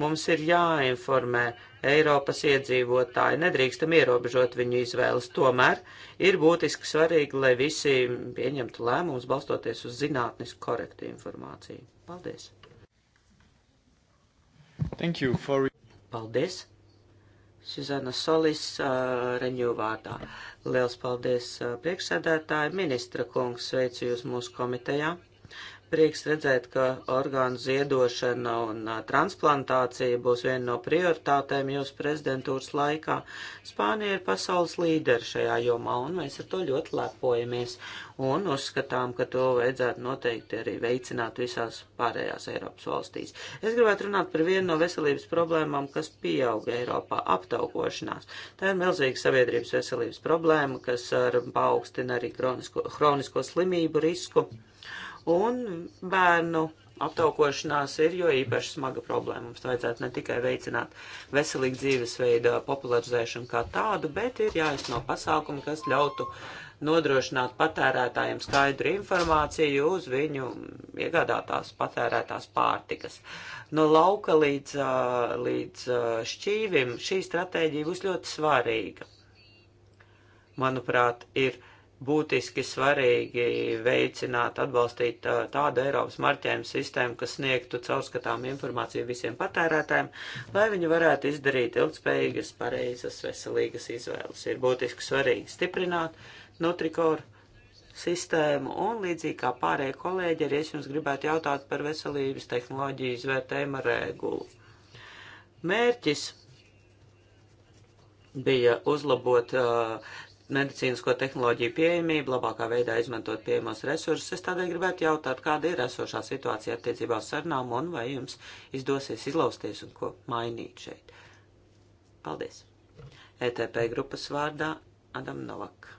Mums ir jāinformē Eiropas iedzīvotāji. Nedrīkstam ierobežot viņu izvēles. Tomēr ir būtiski svarīgi, lai visi pieņemtu lēmumus balstoties uz zinātnisku korektu informāciju. Paldies! Thank you for... Paldies! Suzana Solis, uh, Reņģu vārdā. Liels paldies uh, priekšsēdētāji, ministra kungs, sveicu jūs mūsu komitejā. Prieks redzēt, ka orgānu ziedošana un transplantācija būs viena no prioritātēm jūsu prezidentūras laikā. Spānija ir pasaules līderi šajā jomā, un mēs ar to ļoti lepojamies un uzskatām, ka to vajadzētu noteikti arī veicināt visās pārējās Eiropas valstīs. Es gribētu runāt par vienu no veselības problēmām, kas pieauga Eiropā - aptaukošanās. Tā ir milzīga sabiedrības veselības problēma, kas ar paaugstina arī kronisko, kronisko slimību risku. Mm Un bērnu aptaukošanās ir jo īpaši smaga problēma. Mums vajadzētu ne tikai veicināt veselīgu dzīvesveidu popularizēšanu kā tādu, bet ir jāizno pasākumi, kas ļautu nodrošināt patērētājiem skaidru informāciju uz viņu iegādātās patērētās pārtikas. No lauka līdz, līdz šķīvim šī stratēģija būs ļoti svarīga. Manuprāt, ir būtiski svarīgi veicināt, atbalstīt tādu Eiropas marķējumu sistēmu, kas sniegtu caurskatām informāciju visiem patērētājiem, lai viņi varētu izdarīt ilgspējīgas, pareizas, veselīgas izvēles. Ir būtiski svarīgi stiprināt Nutrikoru sistēmu un līdzīgi kā pārējie kolēģi, arī es jums gribētu jautāt par veselības tehnoloģiju izvērtējuma regulu. Mērķis bija uzlabot uh, medicīnisko tehnoloģiju pieejamību, labākā veidā izmantot pieejamos resursus. Es tādēļ gribētu jautāt, kāda ir esošā situācija attiecībā uz sarunām un vai jums izdosies izlausties un ko mainīt šeit. Paldies! ETP grupas vārdā Adam Novak.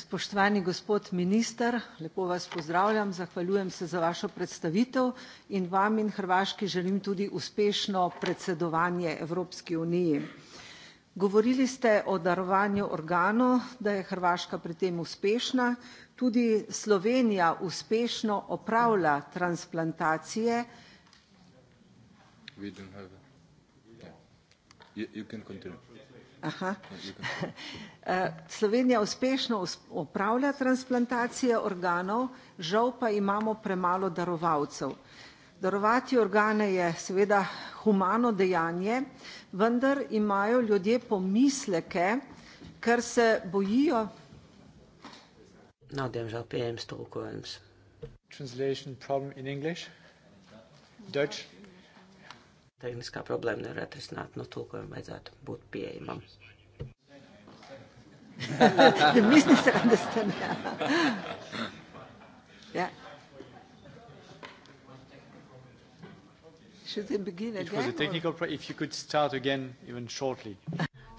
Spoštovani gospod minister, lepo vas pozdravljam, zahvaljujem se za vašo predstavitev in vam in Hrvaški želim tudi uspešno predsedovanje Evropski uniji. Govorili ste o darovanju organov, da je Hrvaška pri tem uspešna. Tudi Slovenija uspešno opravlja transplantacije. Aha. Eh, Slovenija uspešno opravlja transplantacije organov, žal pa imamo premalo darovalcev. Darovati organe je seveda humano dejanje, vendar imajo ljudje pomisleke, ker se bojijo. Nav diemžēl pieejams tulkojums. Translation problem in English? Dutch? Tehniskā problēma nevar atrisināt, no tulkojuma vajadzētu būt pieejamam. The business understand. Should they begin again? It was a technical or? If you could start again even shortly.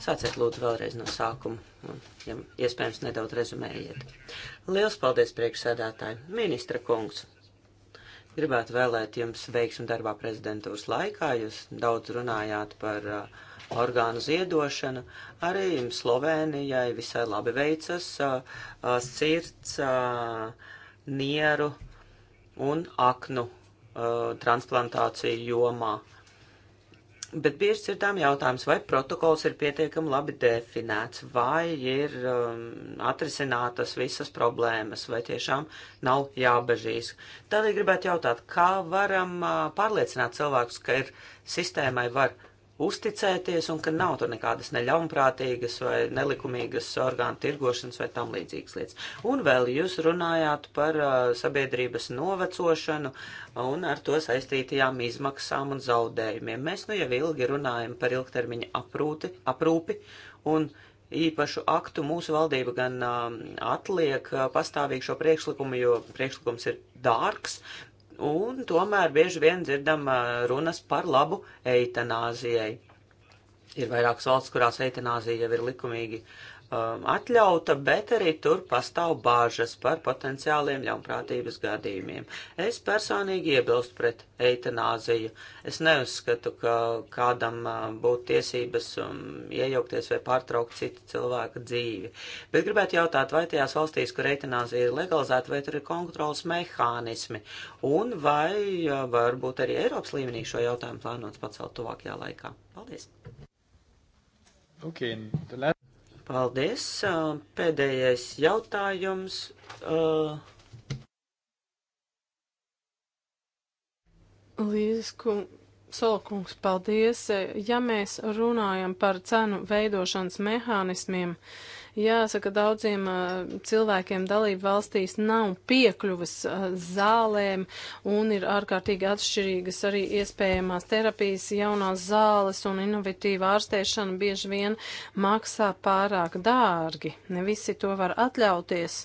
Sāciet lūdzu vēlreiz no sākuma, un, ja iespējams, nedaudz rezumējiet. Liels paldies priekšsēdētāji, ministra kungs. Gribētu vēlēt jums veiksmu darbā prezidentūras laikā. Jūs daudz runājāt par uh, orgānu ziedošanu. Arī Slovenijai visai labi veicas a, uh, a, uh, sirds, a, uh, nieru un aknu uh, transplantāciju jomā. Bet bieži dzirdām jautājums, vai protokols ir pietiekami labi definēts, vai ir um, atrisinātas visas problēmas, vai tiešām nav jābežīs. Tādēļ gribētu jautāt, kā varam uh, pārliecināt cilvēkus, ka ir sistēmai var uzticēties un ka nav tur nekādas neļaunprātīgas vai nelikumīgas orgānu tirgošanas vai tam līdzīgas lietas. Un vēl jūs runājāt par uh, sabiedrības novecošanu un ar to saistītajām izmaksām un zaudējumiem. Mēs nu jau ilgi runājam par ilgtermiņa aprūti, aprūpi un īpašu aktu mūsu valdība gan uh, atliek uh, pastāvīgi šo priekšlikumu, jo priekšlikums ir dārgs, un tomēr bieži vien dzirdam runas par labu eitanāzijai. Ir vairākas valsts, kurās eitanāzija jau ir likumīgi um, atļauta, bet arī tur pastāv bāžas par potenciāliem ļaunprātības gadījumiem. Es personīgi iebilstu pret eitanāziju. Es neuzskatu, ka kādam uh, būtu tiesības um, iejaukties vai pārtraukt citu cilvēku dzīvi. Bet gribētu jautāt, vai tajās valstīs, kur eitanāzija ir legalizēta, vai tur ir kontrols mehānismi, un vai uh, varbūt arī Eiropas līmenī šo jautājumu plānots pacelt tuvākajā laikā. Paldies! Okay, the last... Paldies. Um, pēdējais jautājums. Uh, Līdzku Solkungs, paldies. Ja mēs runājam par cenu veidošanas mehānismiem, uh, Jāsaka, daudziem cilvēkiem dalību valstīs nav piekļuvas zālēm un ir ārkārtīgi atšķirīgas arī iespējamās terapijas, jaunās zāles un inovatīva ārstēšana bieži vien maksā pārāk dārgi. Ne visi to var atļauties.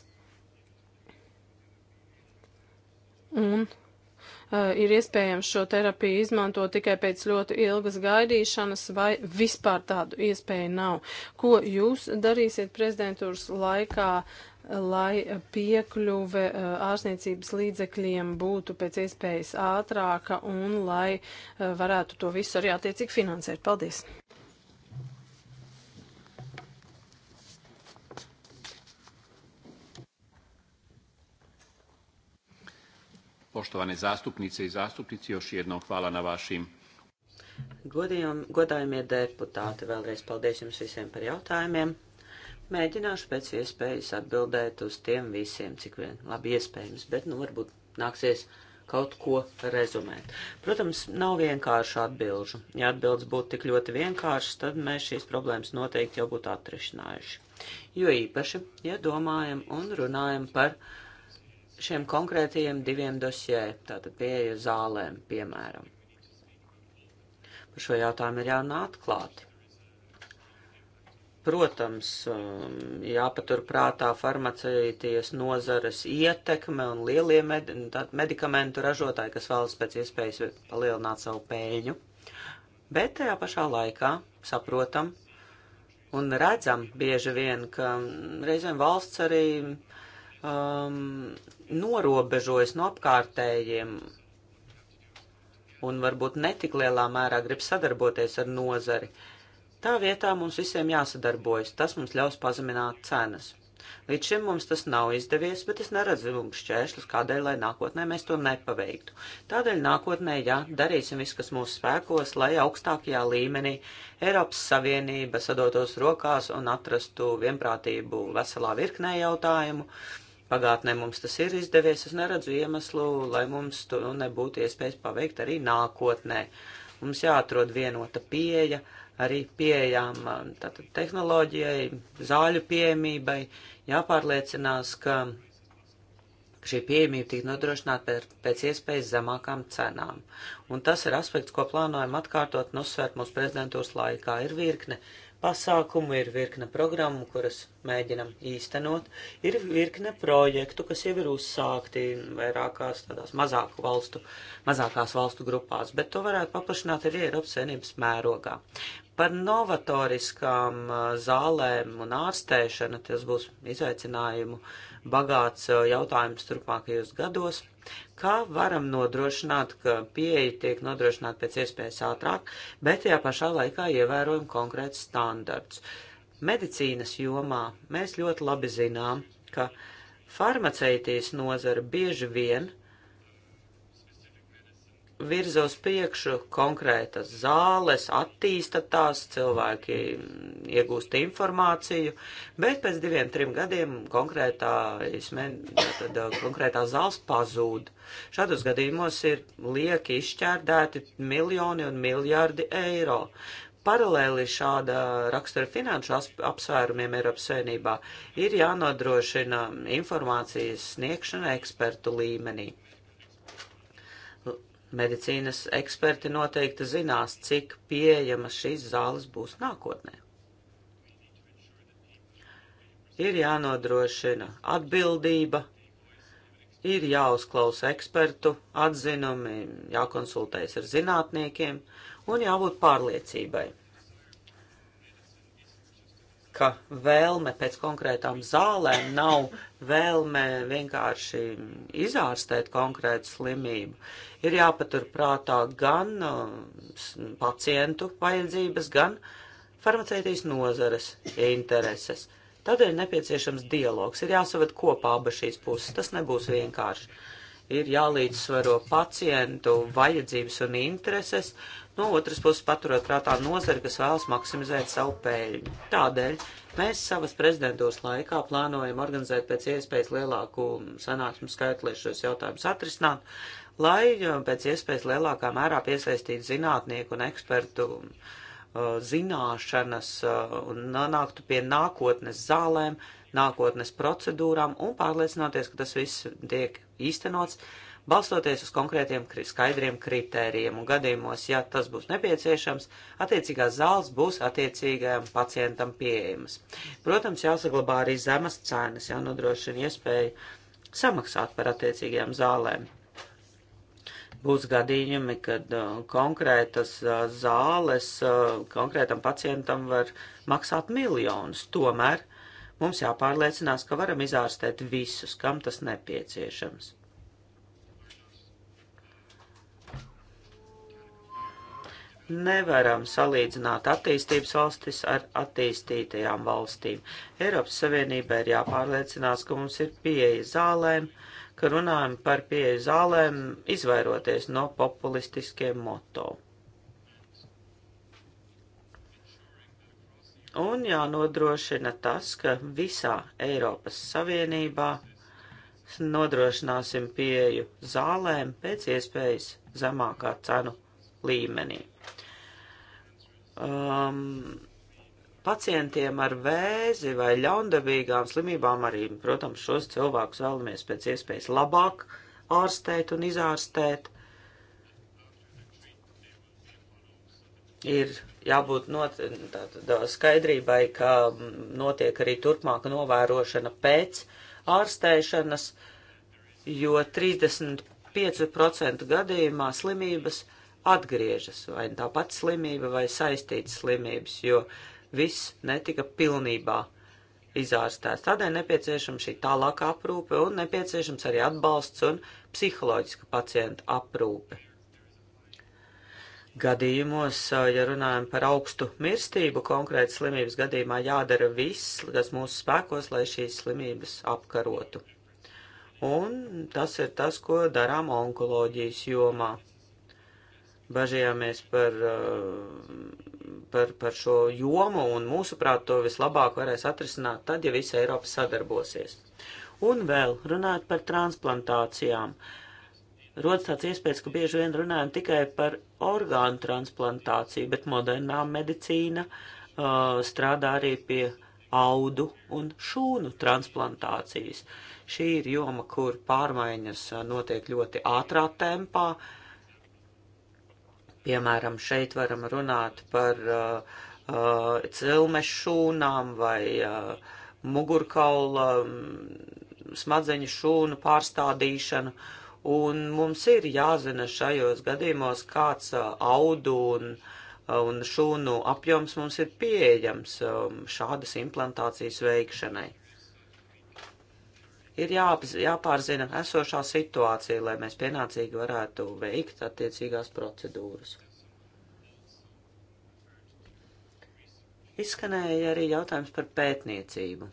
Un Eh, ir iespējams šo terapiju izmantot tikai pēc ļoti ilgas gaidīšanas vai vispār tādu iespēju nav. Ko jūs darīsiet prezidentūras laikā, lai piekļuve eh, ārsniecības līdzekļiem būtu pēc iespējas ātrāka un lai eh, varētu to visu arī attiecīgi finansēt? Paldies! Poštovane zastupnice i zastupnici, još jednom hvala na vašim. Godījum, godājumie deputāti, vēlreiz paldies jums visiem par jautājumiem. Mēģināšu pēc iespējas atbildēt uz tiem visiem, cik vien labi iespējams, bet nu varbūt nāksies kaut ko rezumēt. Protams, nav vienkārši atbilžu. Ja atbildes būtu tik ļoti vienkāršas, tad mēs šīs problēmas noteikti jau būtu atrišinājuši. Jo īpaši, ja domājam un runājam par šiem konkrētajiem diviem dosjē, tātad pieeja zālēm, piemēram. Par šo jautājumu ir jārunā atklāti. Protams, um, jāpaturprātā farmaceitijas nozares ietekme un lielie med medikamentu ražotāji, kas vēlas pēc iespējas palielināt savu pēļņu. Bet tajā pašā laikā saprotam un redzam bieži vien, ka reizēm valsts arī um, norobežojas no apkārtējiem un varbūt netik lielā mērā grib sadarboties ar nozari. Tā vietā mums visiem jāsadarbojas, tas mums ļaus pazemināt cenas. Līdz šim mums tas nav izdevies, bet es neredzu šķēršļus, kādēļ, lai nākotnē mēs to nepaveiktu. Tādēļ nākotnē, jā, darīsim visu, kas mūsu spēkos, lai augstākajā līmenī Eiropas Savienība sadotos rokās un atrastu vienprātību veselā virknē jautājumu. Uh, Pagātnē mums tas ir izdevies, es neredzu iemeslu, lai mums to nu, nebūtu iespējas paveikt arī nākotnē. Mums jāatrod vienota pieeja arī pieejām um, tātad, tehnoloģijai, zāļu pieejamībai, jāpārliecinās, ka šī pieejamība tiek nodrošināta pēc, pēc iespējas zemākām cenām. Un tas ir aspekts, ko plānojam atkārtot un uzsvērt mūsu prezidentūras laikā. Ir virkne pasākumu, ir virkne programmu, kuras mēģinam īstenot, ir virkne projektu, kas jau ir uzsākti vairākās tādās mazāku valstu, mazākās valstu grupās, bet to varētu paplašināt arī Eiropas Savienības mērogā. Par novatoriskām uh, zālēm un ārstēšanu tas būs izaicinājumu uh, bagāts uh, jautājums turpmākajos gados. Kā varam nodrošināt, ka pieeja tiek nodrošināta pēc iespējas ātrāk, bet tajā pašā laikā ievērojam konkrēts standarts. Medicīnas jomā mēs ļoti labi zinām, ka farmaceitīs nozara bieži vien virza uz priekšu konkrētas zāles, attīsta tās, cilvēki iegūst informāciju, bet pēc diviem, trim gadiem konkrētā, tad, konkrētā zāles pazūd. Šādos gadījumos ir lieki izšķērdēti miljoni un miljardi eiro. Paralēli šāda rakstura finanšu apsvērumiem Eiropas Savienībā ir jānodrošina informācijas sniegšana ekspertu līmenī. Medicīnas eksperti noteikti zinās, cik pieejamas šīs zāles būs nākotnē. Ir jānodrošina atbildība, ir jāuzklausa ekspertu atzinumi, jākonsultējas ar zinātniekiem un jābūt pārliecībai, ka vēlme pēc konkrētām zālēm nav vēlme vienkārši izārstēt konkrētu slimību. Ir jāpaturprātā gan uh, pacientu vajadzības, gan farmaceitijas nozares intereses. Tad ir nepieciešams dialogs, ir jāsavad kopā abas šīs puses. Tas nebūs vienkārši. Ir jālīdzsvaro pacientu vajadzības un intereses, uh, no otras puses paturot prātā nozari, kas vēlas maksimizēt savu pēļņu. Tādēļ mēs savas prezidentūras laikā plānojam organizēt pēc iespējas lielāku sanāksmu skaitu, lai šos jautājumus atrisināt, lai uh, pēc iespējas lielākā mērā piesaistītu zinātnieku un ekspertu uh, zināšanas uh, un nonāktu pie nākotnes zālēm, nākotnes procedūrām un pārliecināties, ka tas viss tiek īstenots balstoties uz konkrētiem skaidriem kritērijiem, un gadījumos, ja tas būs nepieciešams, attiecīgās zāles būs attiecīgajam pacientam pieejamas. Protams, jāsaglabā arī zemas cenas, jānodrošina iespēja samaksāt par attiecīgajām zālēm. Būs gadījumi, kad uh, konkrētas uh, zāles uh, konkrētam pacientam var maksāt miljonus. Tomēr mums jāpārliecinās, ka varam izārstēt visus, kam tas nepieciešams. nevaram salīdzināt attīstības valstis ar attīstītajām valstīm. Eiropas Savienībai ir jāpārliecinās, ka mums ir pieeja zālēm, ka runājam par pieeju zālēm, izvairoties no populistiskiem moto. Un jānodrošina tas, ka visā Eiropas Savienībā nodrošināsim pieeju zālēm pēc iespējas zemākā cenu līmenī um, pacientiem ar vēzi vai ļaundabīgām slimībām arī, protams, šos cilvēkus vēlamies pēc iespējas labāk ārstēt un izārstēt. Ir jābūt not, tā, tā, skaidrībai, ka notiek arī turpmāka novērošana pēc ārstēšanas, jo 35% gadījumā slimības uh, atgriežas, vai tā pati slimība, vai saistītas slimības, jo viss netika pilnībā izārstēts. Tādēļ nepieciešama šī tālākā aprūpe un nepieciešams arī atbalsts un psiholoģiska pacienta aprūpe. Gadījumos, ja runājam par augstu mirstību, konkrēti slimības gadījumā jādara viss, kas mūsu spēkos, lai šīs slimības apkarotu. Un tas ir tas, ko darām onkoloģijas jomā bažījāmies par, uh, par, par šo jomu, un mūsuprāt, to vislabāk varēs atrisināt tad, ja visa Eiropa sadarbosies. Un vēl runājot par transplantācijām. Rodas tāds iespējas, ka bieži vien runājam tikai par orgānu transplantāciju, bet modernā medicīna uh, strādā arī pie audu un šūnu transplantācijas. Šī ir joma, kur pārmaiņas uh, notiek ļoti ātrā tempā, uh, Piemēram, šeit varam runāt par uh, uh, cilmes šūnām vai uh, mugurkaula um, smadzeņu šūnu pārstādīšanu. Un mums ir jāzina šajos gadījumos, kāds uh, audu un, uh, un šūnu apjoms mums ir pieejams um, šādas implantācijas veikšanai ir jāpaz, jāpārzina esošā situācija, lai mēs pienācīgi varētu veikt attiecīgās procedūras. Izskanēja arī jautājums par pētniecību.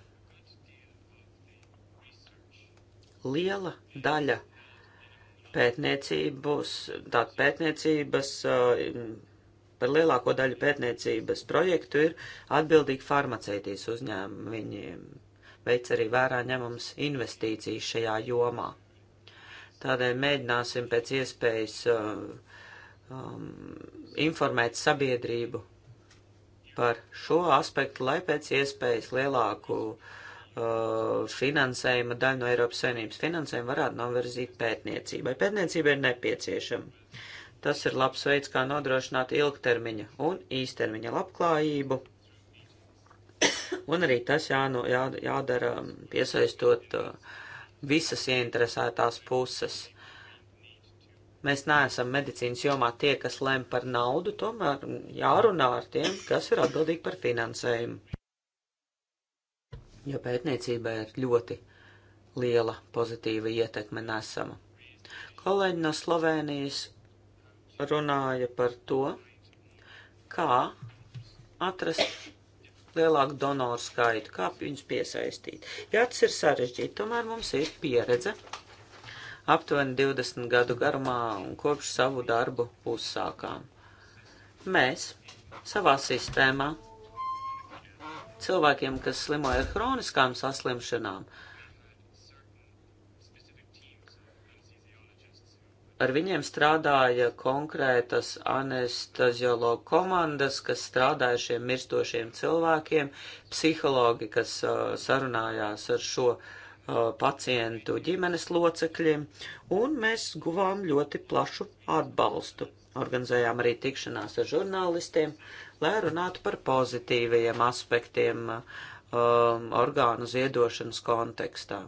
Liela daļa pētniecības, tāda pētniecības, uh, par lielāko daļu pētniecības projektu ir atbildīgi farmaceitīs uzņēmumi. Viņiem veic arī vērā ņemums investīcijas šajā jomā. Tādēļ mēģināsim pēc iespējas uh, um, informēt sabiedrību par šo aspektu, lai pēc iespējas lielāku uh, finansējuma daļu no Eiropas Savienības finansējuma varētu novirzīt pētniecībai. Pētniecība ir nepieciešama. Tas ir labs veids, kā nodrošināt ilgtermiņa un īstermiņa labklājību Un arī tas jāno, jā, jādara um, piesaistot uh, visas ieinteresētās puses. Mēs neesam medicīnas jomā tie, kas lem par naudu, tomēr jārunā ar tiem, kas ir atbildīgi par finansējumu. Jo pētniecībai ir ļoti liela pozitīva ietekme nesama. Kolēģi no Slovenijas runāja par to, kā atrast lielāku donoru skaitu, kā viņus piesaistīt. Jā, tas ir sarežģīti, tomēr mums ir pieredze aptuveni 20 gadu garumā un kopš savu darbu uzsākām. Mēs savā sistēmā cilvēkiem, kas slimoja ar hroniskām saslimšanām, uh, ar viņiem strādāja konkrētas anesteziologu komandas, kas strādāja šiem mirstošiem cilvēkiem, psihologi, kas uh, sarunājās ar šo uh, pacientu ģimenes locekļiem, un mēs guvām ļoti plašu atbalstu. Organizējām arī tikšanās ar žurnālistiem, lai runātu par pozitīvajiem aspektiem um, orgānu ziedošanas kontekstā.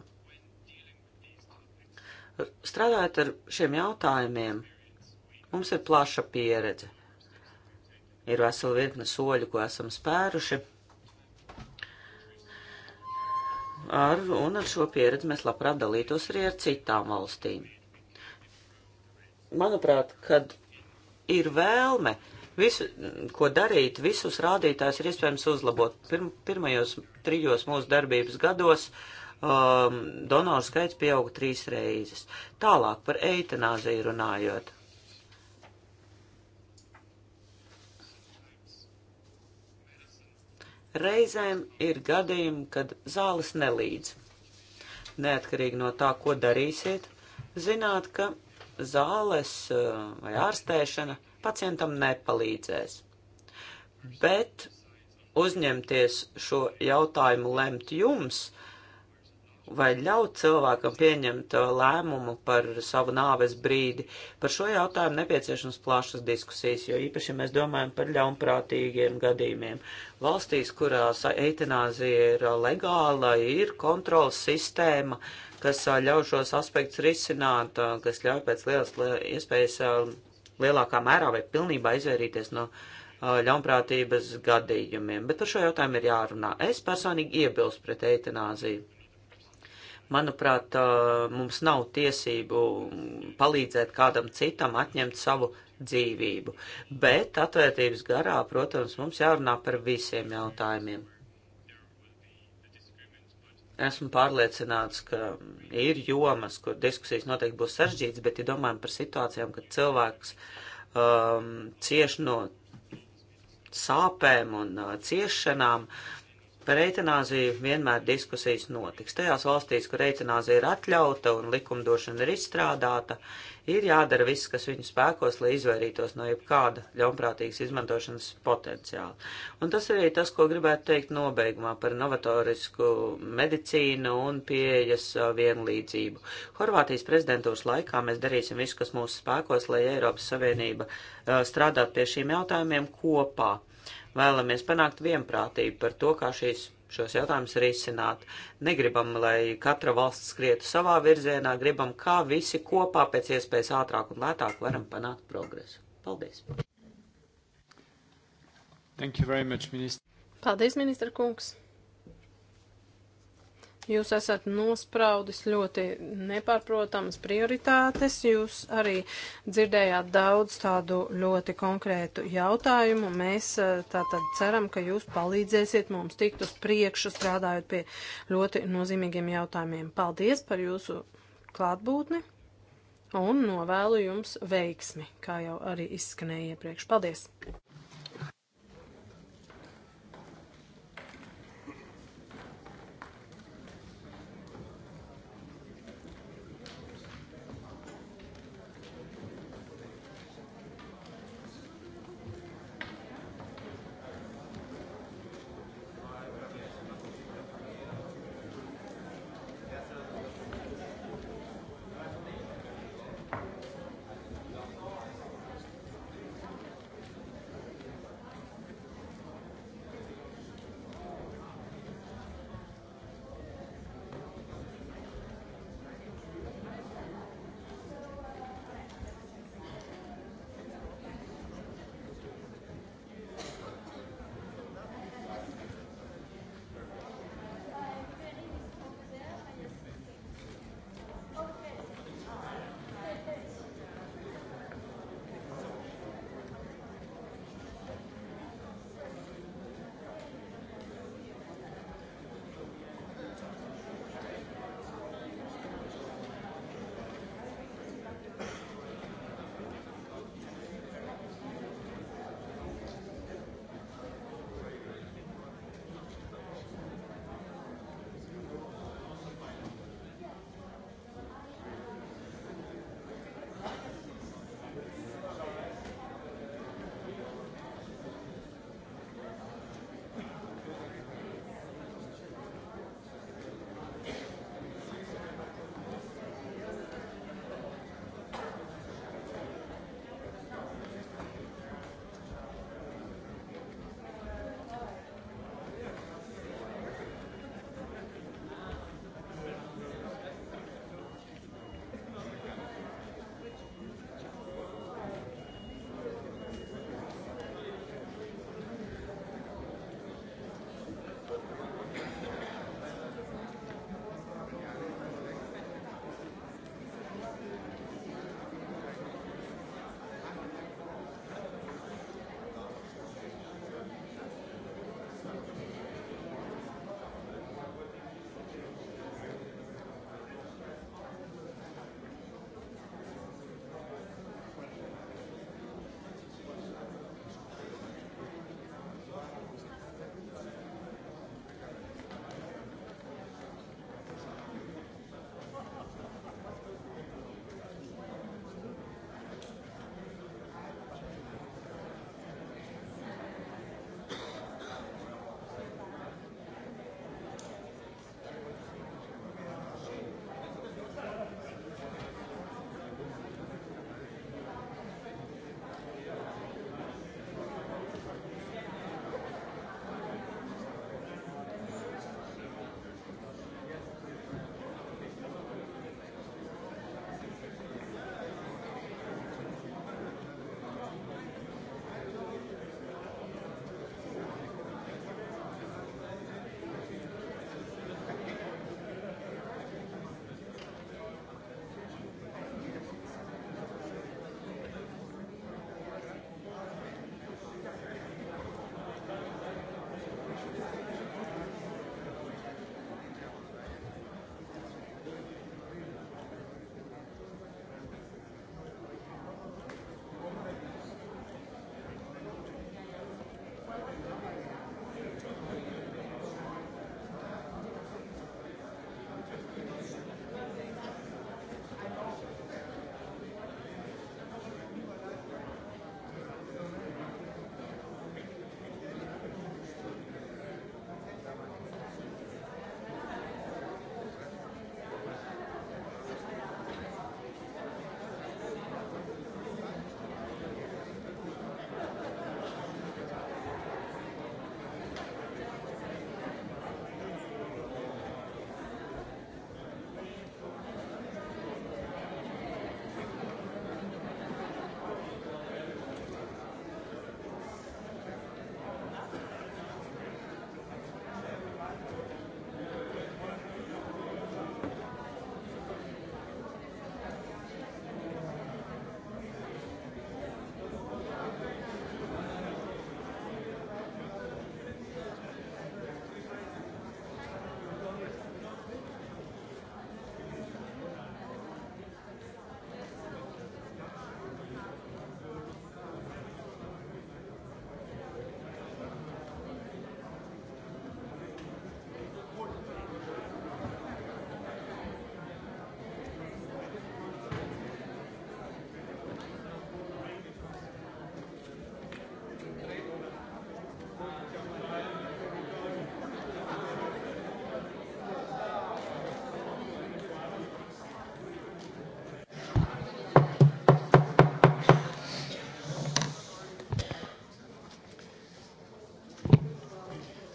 Strādājot ar šiem jautājumiem, mums ir plaša pieredze. Ir vesela virkne soļu, ko esam spēruši. Ar, un ar šo pieredzi mēs labprāt dalītos arī ar citām valstīm. Manuprāt, kad ir vēlme visu, ko darīt, visus rādītājus ir iespējams uzlabot. Pirm, pirmajos trijos mūsu darbības gados uh, um, donoru skaits pieauga trīs reizes. Tālāk par eitanāziju runājot. Reizēm ir gadījumi, kad zāles nelīdz. Neatkarīgi no tā, ko darīsiet, zināt, ka zāles uh, vai ārstēšana pacientam nepalīdzēs. Bet uzņemties šo jautājumu lemt jums, uh, vai ļaut cilvēkam pieņemt uh, lēmumu par savu nāves brīdi. Par šo jautājumu nepieciešams plašas diskusijas, jo īpaši mēs domājam par ļaunprātīgiem gadījumiem. Valstīs, kurās eitanāzija ir uh, legāla, ir kontrols sistēma, kas uh, ļauj šos aspektus risināt, kas ļauj pēc lielas iespējas lielākā mērā vai pilnībā izvairīties no ļaunprātības gadījumiem, bet par šo jautājumu ir jārunā. Es personīgi iebilstu pret eitanāziju Manuprāt, mums nav tiesību palīdzēt kādam citam atņemt savu dzīvību, bet atvērtības garā, protams, mums jārunā par visiem jautājumiem. Esmu pārliecināts, ka ir jomas, kur diskusijas noteikti būs sarežģītas, bet, ja domājam par situācijām, kad cilvēks um, cieš no sāpēm un uh, ciešanām, uh, Par eitanāziju vienmēr diskusijas notiks. Tajās valstīs, kur eitanāzija ir atļauta un likumdošana ir izstrādāta, ir jādara viss, kas viņu spēkos, lai izvairītos no jebkāda ļaunprātīgas izmantošanas potenciāla. Un tas arī tas, ko gribētu teikt nobeigumā par novatorisku medicīnu un pieejas vienlīdzību. Horvātijas prezidentūras laikā mēs darīsim visu, kas mūsu spēkos, lai Eiropas Savienība strādātu pie šīm jautājumiem kopā Vēlamies panākt vienprātību par to, kā šīs, šos jautājumus risināt. Negribam, lai katra valsts skrietu savā virzienā, gribam, kā visi kopā pēc iespējas ātrāk un lētāk varam panākt progresu. Paldies! Thank you very much, ministr. Paldies, ministra kungs! Jūs esat nospraudis ļoti nepārprotams prioritātes. Jūs arī dzirdējāt daudz tādu ļoti konkrētu jautājumu. Mēs e, tātad ceram, ka jūs palīdzēsiet mums tikt uz priekšu strādājot pie ļoti nozīmīgiem jautājumiem. Paldies par jūsu klātbūtni un novēlu jums veiksmi, kā jau arī izskanēja iepriekš. Paldies!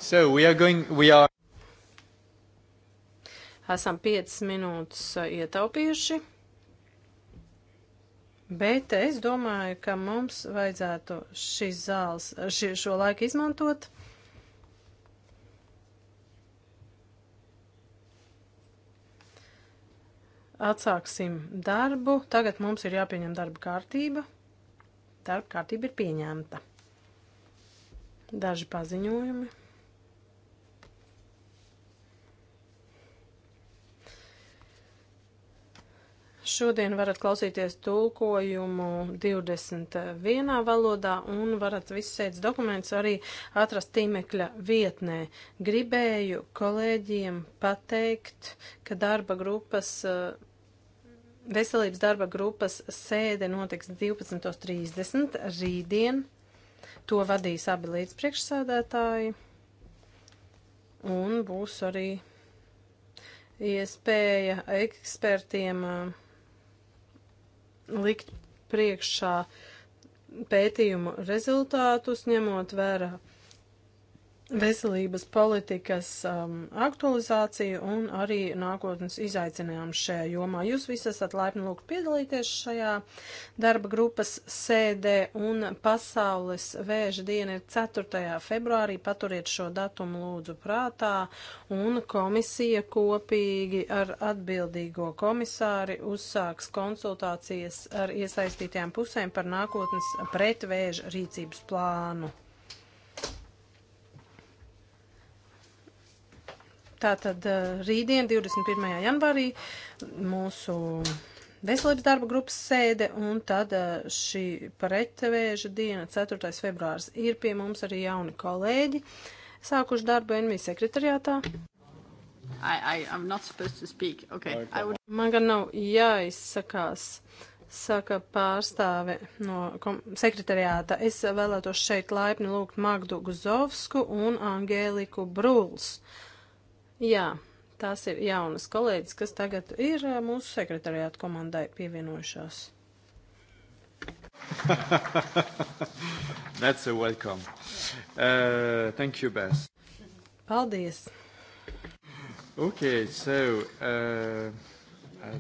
So we are going, we are... Esam 5 minūtes uh, ietaupījuši. Bet es domāju, ka mums vajadzētu šīs zāles, ši, šo laiku izmantot. Atsāksim darbu. Tagad mums ir jāpieņem darba kārtība. Darba kārtība ir pieņemta. Daži paziņojumi. Šodien varat klausīties tulkojumu 21. valodā un varat visēdz dokumentus arī atrast tīmekļa vietnē. Gribēju kolēģiem pateikt, ka darba grupas, eh, veselības darba grupas sēde notiks 12.30 rītdien. To vadīs abi līdzpriekšsēdētāji un būs arī iespēja ekspertiem uh, likt priekšā pētījumu rezultātus, ņemot vērā veselības politikas um, aktualizāciju un arī nākotnes izaicinājumu šajā jomā. Jūs visi esat laipni lūgt piedalīties šajā darba grupas sēdē un pasaules vēža diena ir 4. februārī. Paturiet šo datumu lūdzu prātā un komisija kopīgi ar atbildīgo komisāri uzsāks konsultācijas ar iesaistītajām pusēm par nākotnes pretvēža rīcības plānu. Tātad eh, rītdien, 21. janvārī, mūsu veselības darba grupas sēde, un tad eh, šī pretvēža diena, 4. februārs, ir pie mums arī jauni kolēģi, sākuši darbu NV sekretariātā. I, I, okay. would... Man gan nav jāizsakās saka pārstāve no sekretariāta. Es vēlētos šeit laipni lūgt Magdu Guzovsku un Angēliku Brūls. Jā, tās ir jaunas kolēģis, kas tagad ir eh, mūsu sekretariāta komandai pievienojušās. That's a welcome. Uh, thank you, Bess. Paldies. Okay, so. Uh, I uh,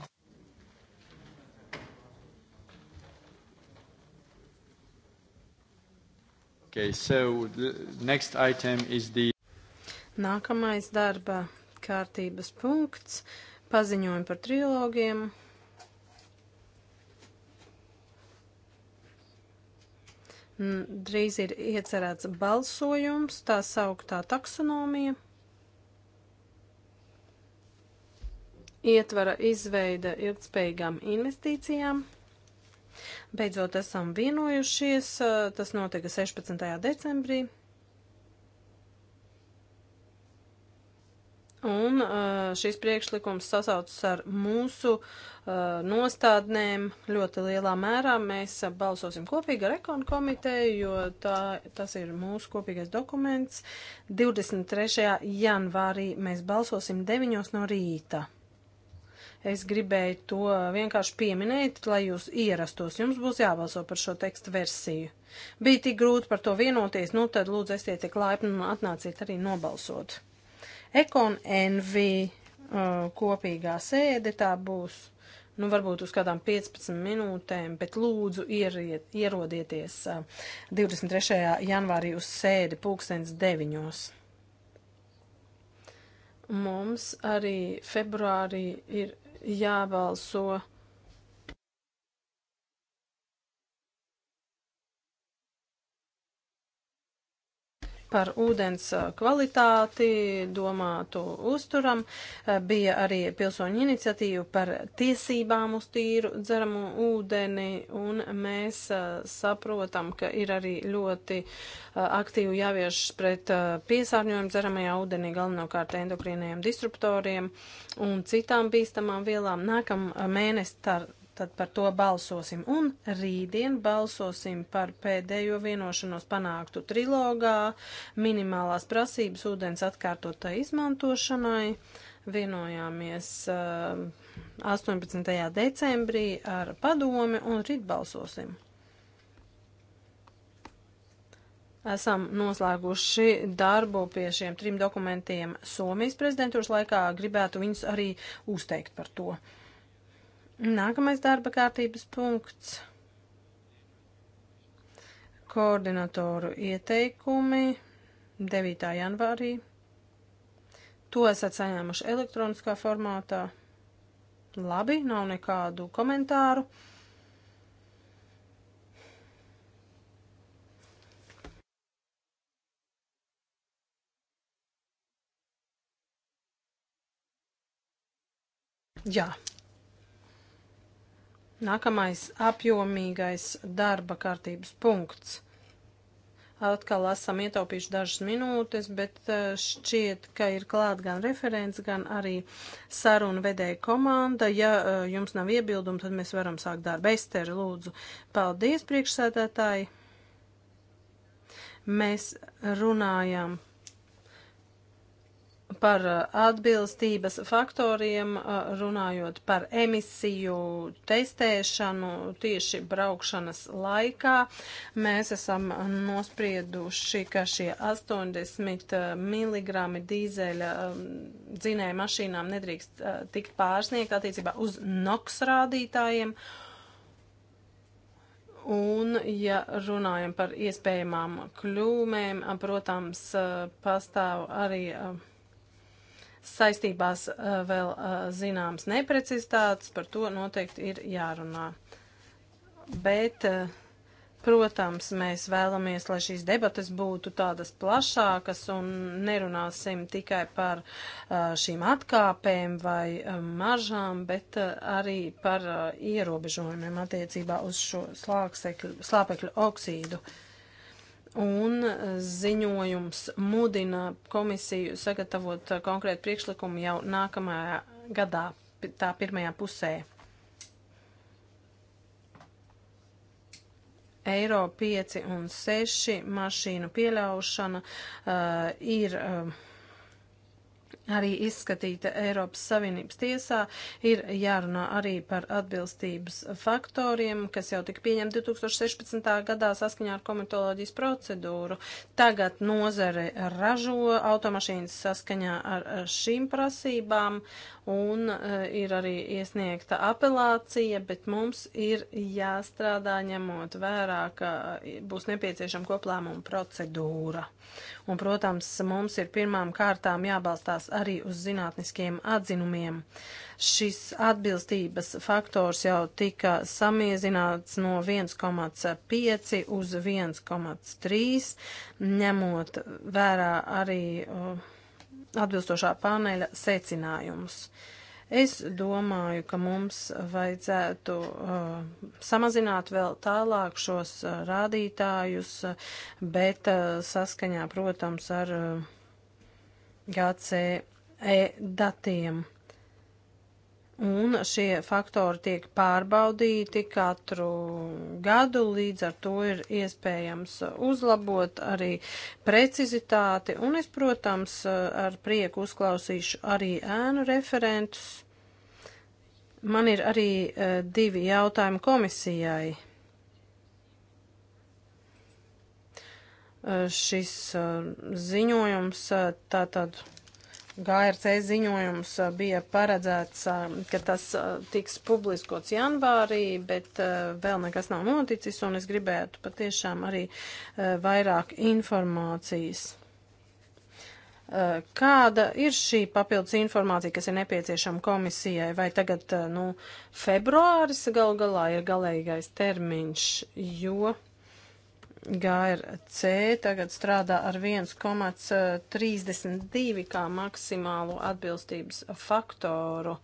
Okay, so the next item is the Nākamais darba kārtības punkts - paziņojumi par trilogiem. Drīz ir iecerēts balsojums, tā sauktā taksonomija. Ietvara izveida ilgspējīgām investīcijām. Beidzot esam vienojušies, tas notika 16. decembrī. Un uh, šis priekšlikums sasaucas ar mūsu uh, nostādnēm ļoti lielā mērā. Mēs uh, balsosim kopīgi ar ekonu komiteju, jo tā, tas ir mūsu kopīgais dokuments. 23. janvārī mēs balsosim 9 no rīta. Es gribēju to vienkārši pieminēt, lai jūs ierastos. Jums būs jābalso par šo tekstu versiju. Bija tik grūti par to vienoties, nu tad lūdzu esiet tik laipni un atnāciet arī nobalsot. Ekon NV uh, kopīgā sēde tā būs, nu varbūt uz kādām 15 minūtēm, bet lūdzu ieriet, ierodieties uh, 23. janvārī uz sēdi pulkstens 9. Mums arī februārī ir jābalso par ūdens kvalitāti domātu uzturam. Bija arī pilsoņu iniciatīva par tiesībām uz tīru dzeramu ūdeni, un mēs saprotam, ka ir arī ļoti aktīvi jāvieš pret piesārņojumu dzeramajā ūdenī, galvenokārt endokrīniem disruptoriem un citām bīstamām vielām. Nākam mēnesi tad par to balsosim. Un rītdien balsosim par pēdējo vienošanos panāktu trilogā, minimālās prasības ūdens atkārtotai izmantošanai. Vienojāmies uh, um, 18. decembrī ar padomi un rīt balsosim. Esam noslēguši darbu pie šiem trim dokumentiem Somijas prezidentūras laikā. Gribētu viņus arī uzteikt par to. Nākamais darba kārtības punkts - koordinatoru ieteikumi 9. janvārī. To esat saņēmuši elektroniskā formātā. Labi, nav nekādu komentāru. Jā, Nākamais apjomīgais darba kārtības punkts. Atkal esam ietaupījuši dažas minūtes, bet eh, šķiet, ka ir klāt gan referents, gan arī saruna vedēja komanda. Ja eh, jums nav iebildumi, tad mēs varam sākt darbu. Esteri, lūdzu, paldies priekšsēdētāji. Mēs runājām par uh, atbilstības faktoriem, uh, runājot par emisiju testēšanu tieši braukšanas laikā. Mēs esam nosprieduši, ka šie 80 uh, mg dīzeļa um, dzinēja mašīnām nedrīkst tikt pārsniegt attiecībā uz NOX rādītājiem. Un, ja runājam par iespējamām kļūmēm, protams, pastāv arī uh, saistībās eh, vēl eh, zināms neprecizitātes, par to noteikti ir jārunā. Bet, eh, protams, mēs vēlamies, lai šīs debates būtu tādas plašākas un nerunāsim tikai par šīm atkāpēm vai maržām, bet arī par ierobežojumiem attiecībā uz šo slāpekļu oksīdu. Un eh, ziņojums mudina komisiju sagatavot eh, konkrētu priekšlikumu jau nākamajā gadā, tā pirmajā pusē. Eiro 5 un 6 mašīnu pieļaušana uh, ir. Uh, arī izskatīta Eiropas Savienības tiesā, ir jārunā arī par atbilstības faktoriem, kas jau tika pieņemti 2016. gadā saskaņā ar komitoloģijas procedūru. Tagad nozare ražo automašīnas saskaņā ar šīm prasībām un eh, ir arī iesniegta apelācija, bet mums ir jāstrādā ņemot vērā, ka eh, būs nepieciešama koplēmuma procedūra. Un, protams, mums ir pirmām kārtām jābalstās arī uz zinātniskiem atzinumiem. Šis atbilstības faktors jau tika samiezināts no 1,5 uz 1,3, ņemot vērā arī uh, atbilstošā paneļa secinājumus. Es domāju, ka mums vajadzētu uh, samazināt vēl tālāk šos uh, rādītājus, bet uh, saskaņā, protams, ar uh, GCE datiem. Un šie faktori tiek pārbaudīti katru gadu, līdz ar to ir iespējams uzlabot arī precizitāti. Un es, protams, ar prieku uzklausīšu arī ēnu referentus. Man ir arī eh, divi jautājumi komisijai. Eh, šis eh, ziņojums, eh, tātad GRC ziņojums bija paredzēts, ka tas tiks publiskots janvārī, bet vēl nekas nav noticis, un es gribētu patiešām arī vairāk informācijas. Kāda ir šī papildus informācija, kas ir nepieciešama komisijai? Vai tagad, nu, februāris gal galā ir galīgais termiņš, jo GRC tagad strādā ar 1,32 kā maksimālo atbilstības faktoru.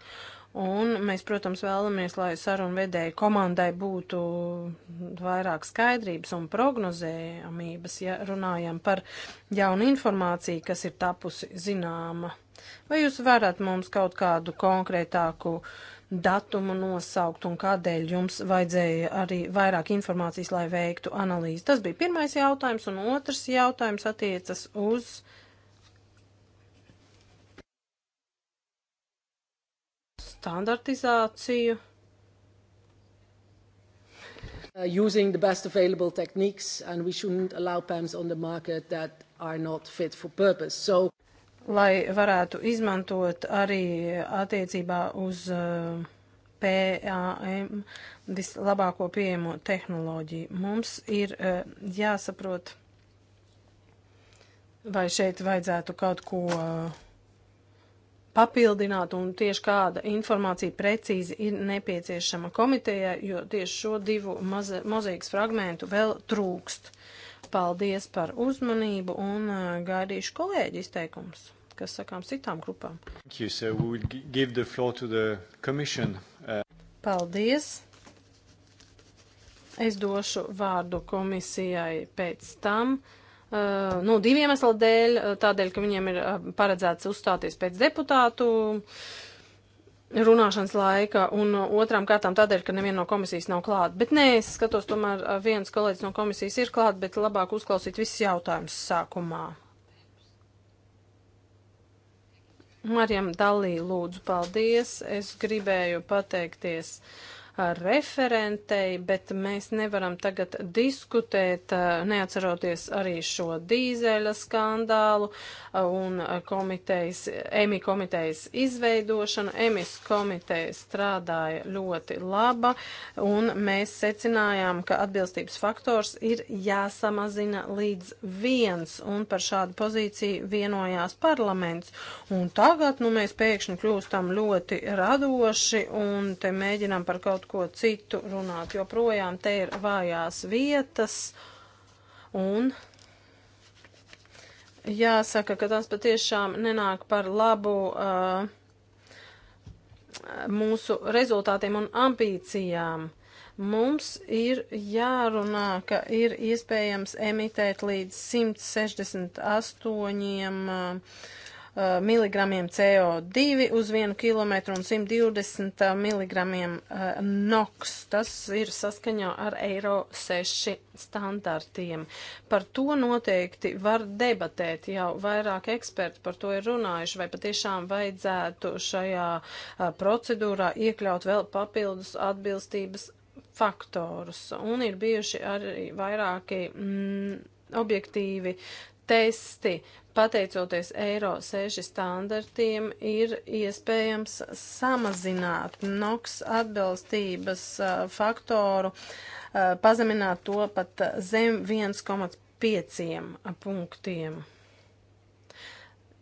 Un mēs, protams, vēlamies, lai sarunvedēju komandai būtu vairāk skaidrības un prognozējamības, ja runājam par jaunu informāciju, kas ir tapusi zināma. Vai jūs varat mums kaut kādu konkrētāku uh, datumu nosaukt un kādēļ jums vajadzēja arī vairāk informācijas, lai veiktu analīzi. Tas bija pirmais jautājums, un otrs jautājums attiecas uz. Standartizāciju. Uh, using the best available techniques, and we shouldn't allow PAMs on the market that are not fit for purpose. So lai varētu izmantot arī attiecībā uz eh, PAM vislabāko pieejamo tehnoloģiju. Mums ir eh, jāsaprot, vai šeit vajadzētu kaut ko eh, papildināt un tieši kāda informācija precīzi ir nepieciešama komitejai, jo tieši šo divu mozaīkas fragmentu vēl trūkst. Paldies par uzmanību un gaidīšu kolēģi izteikums kas sakām citām grupām. So uh... Paldies! Es došu vārdu komisijai pēc tam. Uh, nu, diviem iemeslu dēļ, uh, tādēļ, ka viņiem ir uh, paredzēts uzstāties pēc deputātu runāšanas laika, un uh, otrām kārtām tādēļ, ka neviena no komisijas nav klāta. Bet nē, es skatos, tomēr viens kolēģis no komisijas ir klāta, bet labāk uzklausīt visus jautājumus sākumā. Marjam Dalī, lūdzu, paldies. Es gribēju pateikties referentei, bet mēs nevaram tagad diskutēt, neatceroties arī šo dīzeļa skandālu un komitejas, EMI komitejas izveidošanu. EMIS komiteja strādāja ļoti laba un mēs secinājām, ka atbilstības faktors ir jāsamazina līdz viens un par šādu pozīciju vienojās parlaments. Un tagad, nu, mēs pēkšņi kļūstam ļoti radoši un te mēģinām par kaut kaut ko citu runāt, jo projām te ir vājās vietas un jāsaka, ka tas patiešām nenāk par labu uh, mūsu rezultātiem un ambīcijām. Mums ir jārunā, ka ir iespējams emitēt līdz 168 uh, Uh, miligramiem CO2 uz vienu kilometru un 120 uh, miligramiem uh, NOx. Tas ir saskaņā ar Eiro 6 standartiem. Par to noteikti var debatēt, jau vairāk eksperti par to ir runājuši, vai patiešām vajadzētu šajā procedūrā iekļaut vēl papildus atbilstības faktorus. Un ir bijuši arī vairāki mm, objektīvi testi, pateicoties Eiro 6 standartiem, ir iespējams samazināt NOx atbilstības faktoru, pazemināt to pat zem 1,5 punktiem.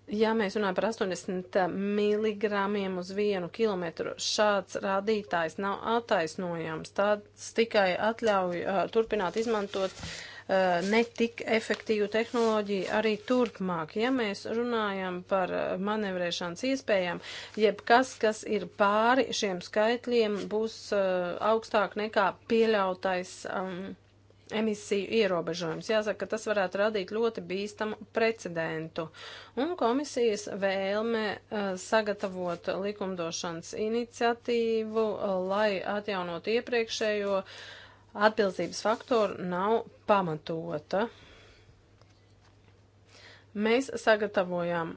Ja mēs runājam par 80 miligramiem uz vienu kilometru, šāds rādītājs nav attaisnojams. Tāds tikai atļauj uh, turpināt izmantot uh, Eh, netik efektīvu tehnoloģiju arī turpmāk. Ja mēs runājam par eh, manevrēšanas iespējām, jebkas, kas ir pāri šiem skaitļiem, būs eh, augstāk nekā pieļautais. Um, emisiju ierobežojums. Jāsaka, ka tas varētu radīt ļoti bīstamu precedentu. Un komisijas vēlme sagatavot likumdošanas iniciatīvu, lai atjaunot iepriekšējo uh, atbilstības faktoru nav pamatota. Mēs sagatavojām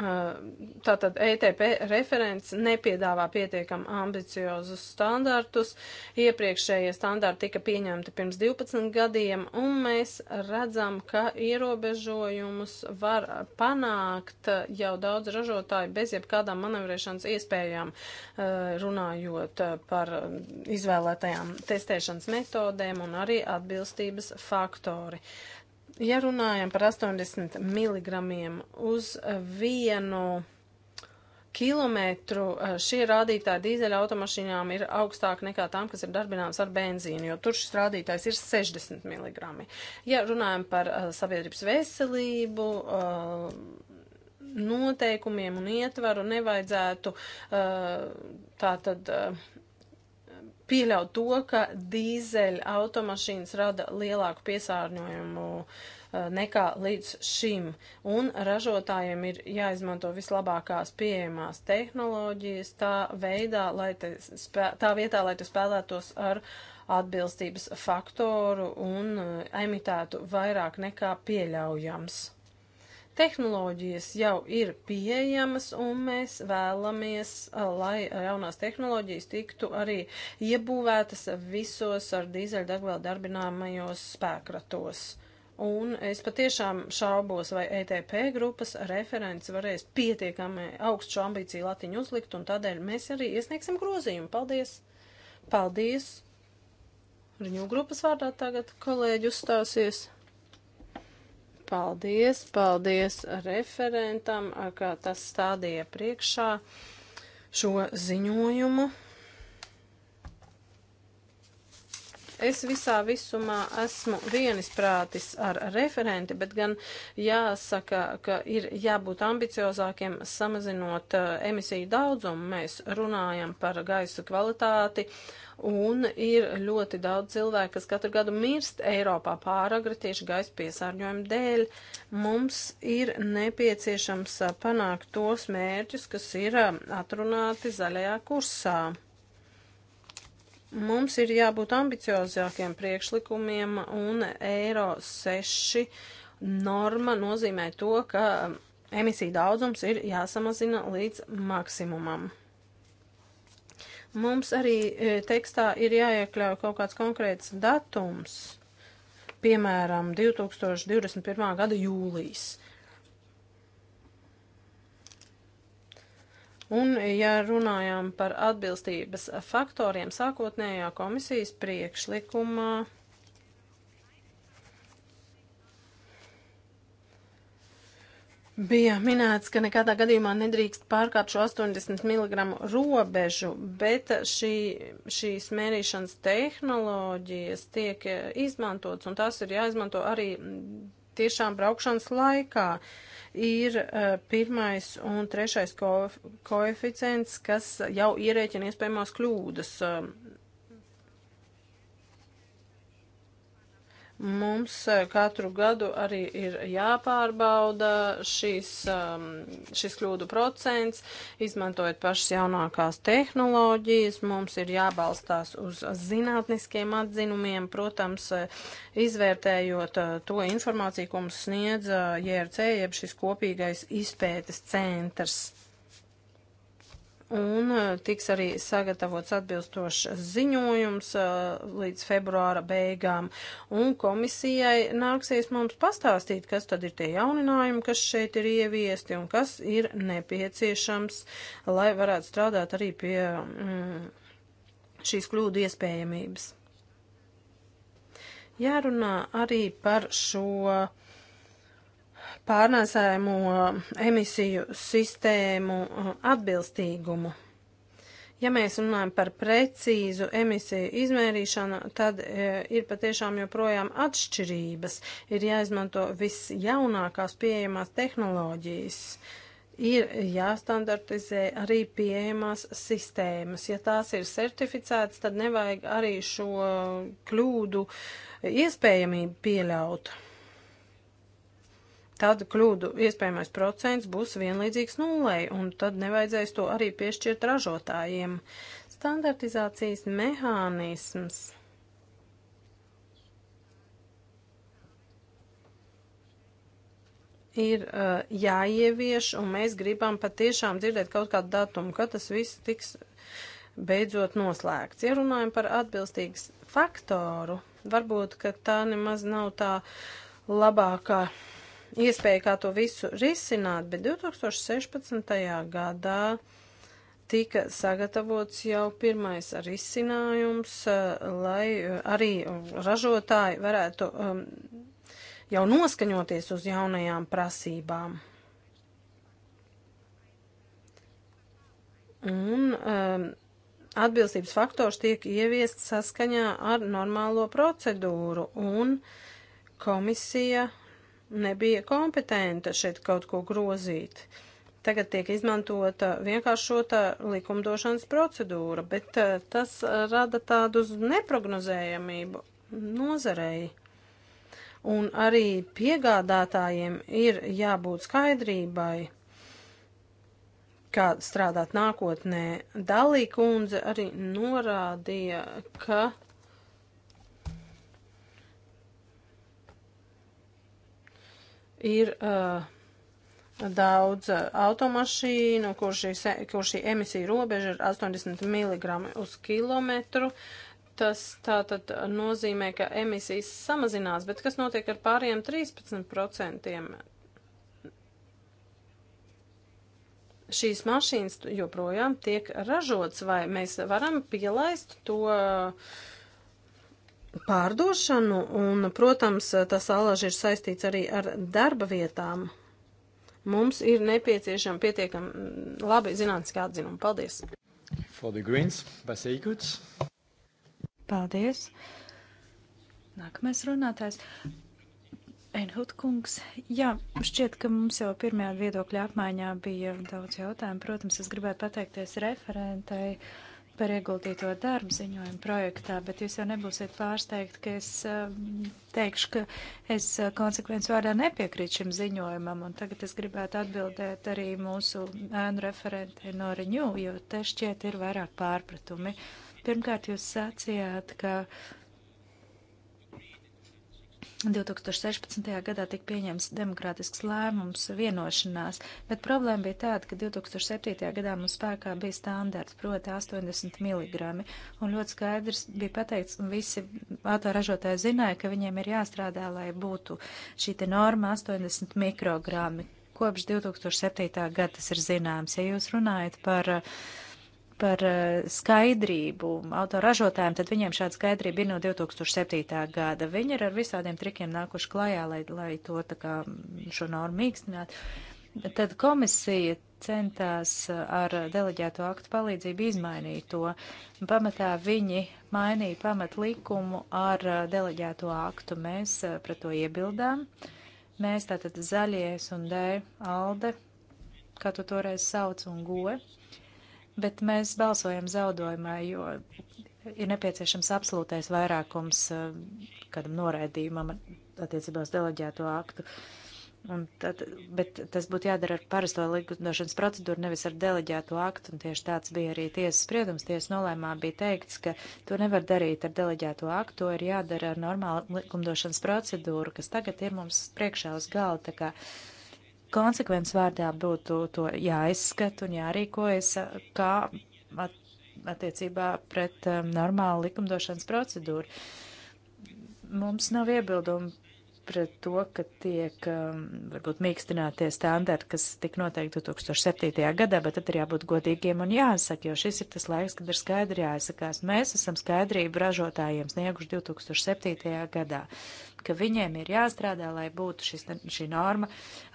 Tātad ETP referents nepiedāvā pietiekam ambiciozus standartus. Iepriekšējie standarti tika pieņemti pirms 12 gadiem, un mēs redzam, ka ierobežojumus var panākt jau daudz ražotāju bez jebkādām manevrēšanas iespējām, runājot par izvēlētajām testēšanas metodēm un arī atbilstības faktori. Uh, Ja runājam par 80 mg uz vienu kilometru, eh, šie rādītāji dīzeļa automašīnām ir augstāki nekā tām, kas ir darbināmas ar benzīnu, jo tur šis rādītājs ir 60 mg. Ja runājam par uh, sabiedrības veselību, uh, noteikumiem un ietvaru nevajadzētu uh, tā tad uh, pieļaut to, ka dīzeļa automašīnas rada lielāku piesārņojumu eh, nekā līdz šim, un ražotājiem ir jāizmanto vislabākās pieejamās tehnoloģijas tā veidā, lai te spē, tā vietā, lai te spēlētos ar atbilstības faktoru un eh, emitētu vairāk nekā pieļaujams. Tehnoloģijas jau ir pieejamas, un mēs vēlamies, lai jaunās tehnoloģijas tiktu arī iebūvētas visos ar dīzeļdegvielu darbināmajos spēkratos. Un es patiešām šaubos, vai ETP grupas referents varēs pietiekami augstu ambīciju latiņu uzlikt, un tādēļ mēs arī iesniegsim grozījumu. Paldies! Paldies! Riņu grupas vārdā tagad kolēģi uzstāsies. Paldies, paldies referentam, ka tas stādīja priekšā šo ziņojumu. es visā visumā esmu vienisprātis ar referenti, bet gan jāsaka, ka ir jābūt ambiciozākiem samazinot emisiju daudzumu. Mēs runājam par gaisa kvalitāti Un ir ļoti daudz cilvēku, kas katru gadu mirst Eiropā pāragri tieši gaisa piesārņojuma dēļ. Mums ir nepieciešams panākt tos mērķus, kas ir atrunāti zaļajā kursā. Mums ir jābūt ambiciozākiem priekšlikumiem, un Eiro 6 norma nozīmē to, ka emisiju daudzums ir jāsamazina līdz maksimumam. Mums arī e, tekstā ir jāiekļauj kaut kāds konkrēts datums, piemēram, 2021. gada jūlijas. Un, ja runājām par atbilstības faktoriem sākotnējā komisijas priekšlikumā, Bija minēts, ka nekādā gadījumā nedrīkst pārkāpt šo 80 mg robežu, bet šī, šīs mērīšanas tehnoloģijas tiek e, izmantotas, un tās ir jāizmanto arī tiešām braukšanas laikā. Ir uh, pirmais un trešais koeficients, kas jau ierēķina iespējamās kļūdas uh, Mums e, katru gadu arī ir jāpārbauda šīs, um, šis kļūdu procents, izmantojot pašas jaunākās tehnoloģijas. Mums ir jābalstās uz zinātniskiem atzinumiem, protams, e, izvērtējot e, to informāciju, ko mums sniedz JRC, jeb šis kopīgais izpētes centrs un uh, tiks arī sagatavots atbilstošs ziņojums uh, līdz februāra beigām. Un komisijai nāksies mums pastāstīt, kas tad ir tie jauninājumi, kas šeit ir ieviesti un kas ir nepieciešams, lai varētu strādāt arī pie mm, šīs kļūdu iespējamības. Jārunā arī par šo pārnēsājumu eh, emisiju sistēmu eh, atbilstīgumu. Ja mēs runājam par precīzu emisiju izmērīšanu, tad e, ir patiešām joprojām atšķirības. Ir jāizmanto viss jaunākās pieejamās tehnoloģijas. Ir jāstandartizē arī pieejamās sistēmas. Ja tās ir certificētas, tad nevajag arī šo kļūdu iespējamību pieļaut tad kļūdu iespējamais procents būs vienlīdzīgs nulei, un tad nevajadzēs to arī piešķirt ražotājiem. Standartizācijas mehānisms. Ir uh, jāievieš, un mēs gribam patiešām dzirdēt kaut kādu datumu, kad tas viss tiks beidzot noslēgts. Ja runājam par atbilstīgas faktoru, varbūt, ka tā nemaz nav tā labākā iespēja, kā to visu risināt, bet 2016. gadā tika sagatavots jau pirmais risinājums, eh, lai eh, arī eh, ražotāji varētu ehm, jau noskaņoties uz jaunajām prasībām. Un um, atbilstības faktors tiek ieviests saskaņā ar normālo procedūru, un komisija nebija kompetenta šeit kaut ko grozīt. Tagad tiek izmantota vienkāršota likumdošanas procedūra, bet eh, tas rada tādu neprognozējamību nozarei. Un arī piegādātājiem ir jābūt skaidrībai, kā strādāt nākotnē. Dalī kundze arī norādīja, ka ir uh, daudz uh, automašīnu, kur šī, kur šī emisija robeža ir 80 mg uz kilometru. Tas tātad nozīmē, ka emisijas samazinās, bet kas notiek ar pārējiem 13%? Šīs mašīnas joprojām tiek ražots, vai mēs varam pielaist to uh, pārdošanu, un, protams, tas alaži ir saistīts arī ar darba vietām. Mums ir nepieciešama pietiekami mm, labi zinātniska atzinuma. Paldies! For the Greens, Basīkuts. Paldies! Nākamais runātājs. Einhut kungs, jā, šķiet, ka mums jau pirmajā viedokļa apmaiņā bija daudz jautājumu. Protams, es gribētu pateikties referentai. Uh, par ieguldīto darbu ziņojumu projektā, bet jūs jau nebūsiet pārsteigti, ka es um, teikšu, ka es uh, konsekvences vārdā nepiekrītu šim ziņojumam, un tagad es gribētu atbildēt arī mūsu ēnu referentei Noriņu, jo te šķiet ir vairāk pārpratumi. Pirmkārt, jūs sacījāt, ka. Uh, 2016. gadā tika pieņems demokrātisks lēmums, vienošanās, bet problēma bija tāda, ka 2007. gadā mums spēkā bija standarts, proti 80 mg, un ļoti skaidrs bija pateikts, un visi autoražotāji zināja, ka viņiem ir jāstrādā, lai būtu šī te norma 80 mikrogrammi. Kopš 2007. gada tas ir zināms. Ja jūs runājat par uh, par eh, skaidrību autoražotājiem, tad viņiem šāda skaidrība ir no 2007. gada. Viņi ir ar visādiem trikiem nākuši klajā, lai, lai to tā kā mm, šo normu mīkstinātu. Tad komisija centās eh, ar deleģēto aktu palīdzību izmainīt to. Pamatā viņi mainīja pamat likumu ar eh, deleģēto aktu. Mēs pret to iebildām. Mēs tātad zaļies un D, Alde, kā tu toreiz sauc, un goe. Uh, bet mēs balsojam zaudojumā, jo ir nepieciešams absolūtais vairākums eh, kādam noraidījumam attiecībā uz deleģēto aktu. Un tad, bet tas būtu jādara ar parasto likumdošanas procedūru, nevis ar deleģēto aktu, un tieši tāds bija arī tiesas spriedums. Tiesas nolēmā bija teikts, ka to nevar darīt ar deleģēto aktu, to ir jādara ar normālu likumdošanas procedūru, kas tagad ir mums priekšā uz galda. Tā kā uh, konsekvences vārdā būtu to jāizskata un jārīkojas, kā at, attiecībā pret um, normālu likumdošanas procedūru. Mums nav iebildumu pret to, ka tiek um, varbūt mīkstinātie standarti, kas tika noteikti 2007. gadā, bet tad ir jābūt godīgiem un jāsaka, jo šis ir tas laiks, kad ir skaidri jāsakās. Mēs esam skaidrību ražotājiem snieguši 2007. gadā, ka viņiem ir jāstrādā, lai būtu šis, šī norma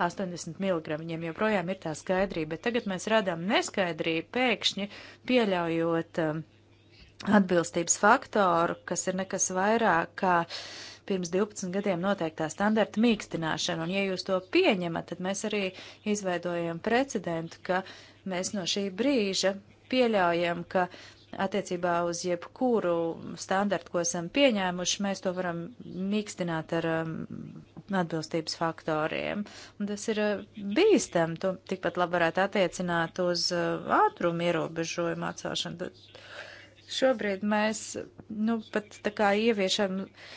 80 mg. Viņiem joprojām ir tā skaidrība, bet tagad mēs radām neskaidrību pēkšņi pieļaujot um, atbilstības faktoru, kas ir nekas vairāk kā. Ka pirms 12 gadiem noteiktā standarta mīkstināšana, un ja jūs to pieņemat, tad mēs arī izveidojam precedentu, ka mēs no šī brīža pieļaujam, ka attiecībā uz jebkuru standartu, ko esam pieņēmuši, mēs to varam mīkstināt ar um, atbilstības faktoriem. Un tas ir uh, bīstam, to tikpat labi varētu attiecināt uz uh, ātrumu ierobežojumu atcelšanu. Tad šobrīd mēs, nu, pat tā kā ieviešam uh,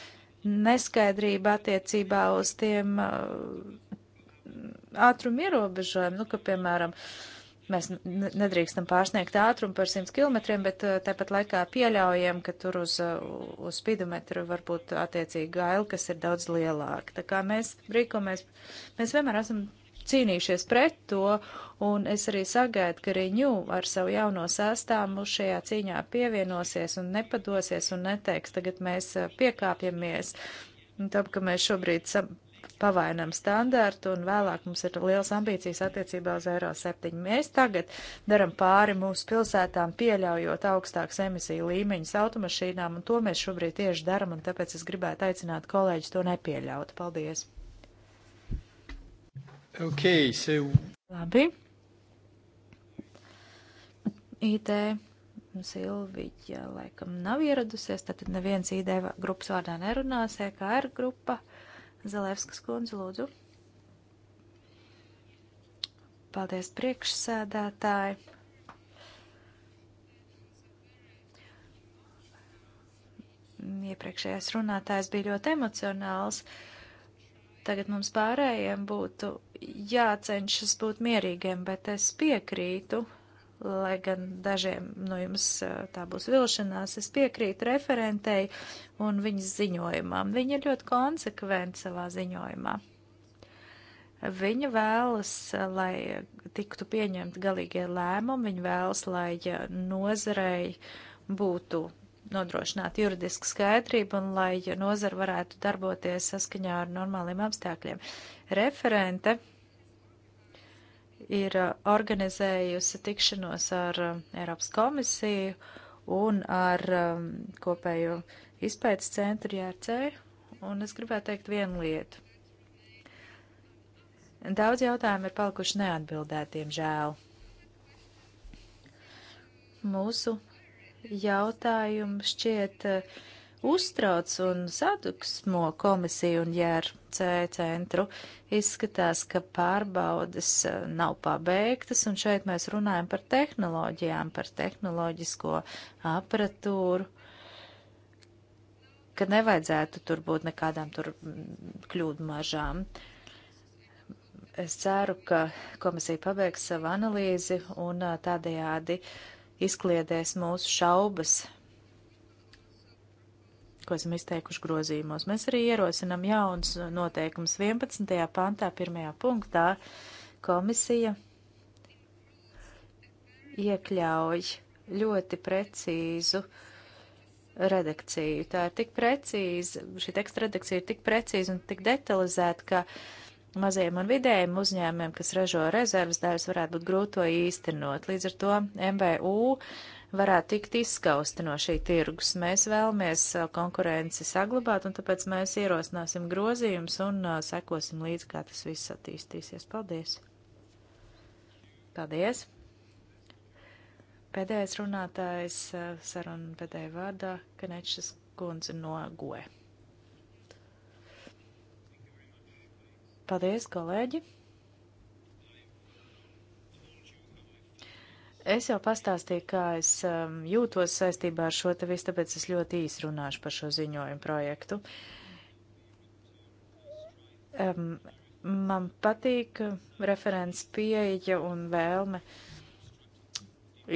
neskaidrība attiecībā uz tiem uh, ātrumu ierobežojumiem, nu, ka, piemēram, mēs nedrīkstam pārsniegt ātrumu par 100 km, bet uh, tāpat laikā pieļaujam, ka tur uz, uh, uz spidometru var būt attiecīgi gaila, kas ir daudz lielāka. Tā kā mēs brīkojamies, mēs vienmēr esam cīnījušies pret to, un es arī sagaidu, ka Riņu ar savu jauno sastāmu šajā cīņā pievienosies un nepadosies un neteiks, tagad mēs piekāpjamies. Tam, ka mēs šobrīd pavainam standārtu un vēlāk mums ir liels ambīcijas attiecībā uz Eiro 7. Mēs tagad daram pāri mūsu pilsētām, pieļaujot augstāks emisiju līmeņus automašīnām, un to mēs šobrīd tieši daram, un tāpēc es gribētu aicināt kolēģis to nepieļaut. Paldies! Okay, so... Labi. IT Silvija laikam nav ieradusies, tad neviens ID grupas vārdā nerunās, EKR grupa. Zalevskas kundze, lūdzu. Paldies priekšsēdētāji. Iepriekšējais runātājs bija ļoti emocionāls. Uh, Tagad mums pārējiem būtu jācenšas būt mierīgiem, bet es piekrītu, lai gan dažiem no jums tā būs vilšanās, es piekrītu referentei un viņas ziņojumam. Viņa ir ļoti konsekventa savā ziņojumā. Viņa vēlas, lai tiktu pieņemti galīgie lēmumi, viņa vēlas, lai nozarei būtu nodrošinātu juridisku skaidrību un lai nozara varētu darboties saskaņā ar normāliem apstākļiem. Referente ir uh, organizējusi tikšanos ar uh, Eiropas komisiju un ar um, kopējo izpētes centru JRC, un es gribētu teikt vienu lietu. Daudz jautājumu ir palikuši neatbildētiem žēl. Mūsu jautājums šķiet eh, uztrauc un saduksmo komisiju un JRC centru. Izskatās, ka pārbaudas eh, nav pabeigtas, un šeit mēs runājam par tehnoloģijām, par tehnoloģisko aparatūru ka nevajadzētu tur būt nekādām tur mm, kļūdu mažām. Es ceru, ka komisija pabeigs savu analīzi un eh, tādējādi uh, izkliedēs mūsu šaubas, ko esam izteikuši grozījumos. Mēs arī ierosinam jauns noteikums 11. pantā, 1. punktā komisija iekļauj ļoti precīzu redakciju. Tā ir tik precīza, šī teksta redakcija ir tik precīza un tik detalizēta, ka mazajiem un vidējiem uzņēmumiem, kas ražo rezerves daļas, varētu būt grūti to īstenot. Līdz ar to MVU varētu tikt izskausti no šī tirgus. Mēs vēlamies uh, konkurenci saglabāt, un tāpēc mēs ierosināsim grozījumus un uh, sekosim līdzi, kā tas viss attīstīsies. Paldies! Paldies! Pēdējais runātājs uh, saruna pēdējā vārdā Kanečas kundze no Goe. Paldies, kolēģi! Es jau pastāstīju, kā es um, jūtos saistībā ar šo te visu, tāpēc es ļoti īsi runāšu par šo ziņojumu projektu. Um, man patīk uh, referents pieeja un vēlme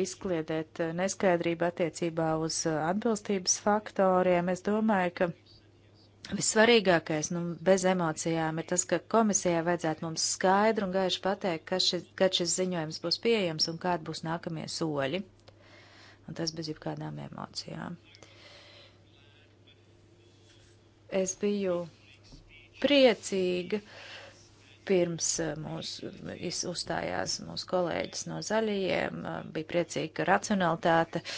izkliedēt uh, neskaidrību attiecībā uz uh, atbilstības faktoriem. Es domāju, ka Vissvarīgākais, nu, bez emocijām, ir tas, ka komisijai vajadzētu mums skaidru un gaišu pateikt, ka šis, kad šis ziņojums būs pieejams un kādi būs nākamie soļi. Un tas bez jebkādām emocijām. Es biju priecīga pirms eh, mūsu uzstājās mūsu kolēģis no zaļajiem, eh, bija priecīga, ka racionalitāte uh,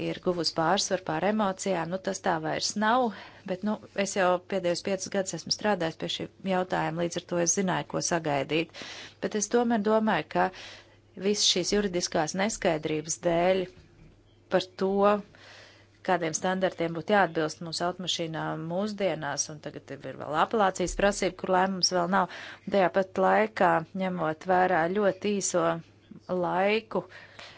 ir guvusi pārsvaru pār emocijām, nu tas tā vairs nav, bet, nu, es jau pēdējos piecus gadus esmu strādājis pie šī jautājuma, līdz ar to es zināju, ko sagaidīt. Bet es tomēr domāju, ka viss šīs juridiskās neskaidrības dēļ par to, kādiem standartiem būtu jāatbilst mūsu automašīnām mūsdienās, un tagad ir vēl apelācijas prasība, kur lēmums vēl nav, un tajā pat laikā, ņemot vērā ļoti īso laiku, uh,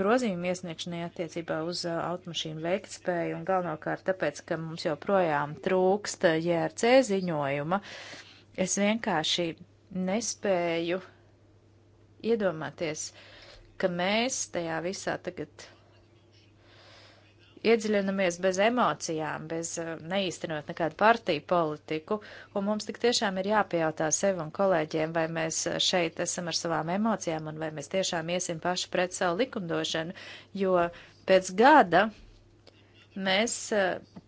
grozījumu iesniegšanai attiecībā uz uh, automašīnu veiktspēju un galvenokārt tāpēc, ka mums joprojām trūkst uh, JRC ziņojuma, es vienkārši nespēju iedomāties, ka mēs tajā visā tagad iedziļinamies bez emocijām, bez eh, neīstenot nekādu partiju politiku, un mums tik tiešām ir jāpajautā sev un kolēģiem, vai mēs eh, šeit esam ar savām emocijām un vai mēs tiešām iesim paši pret savu likumdošanu, jo pēc gada mēs eh,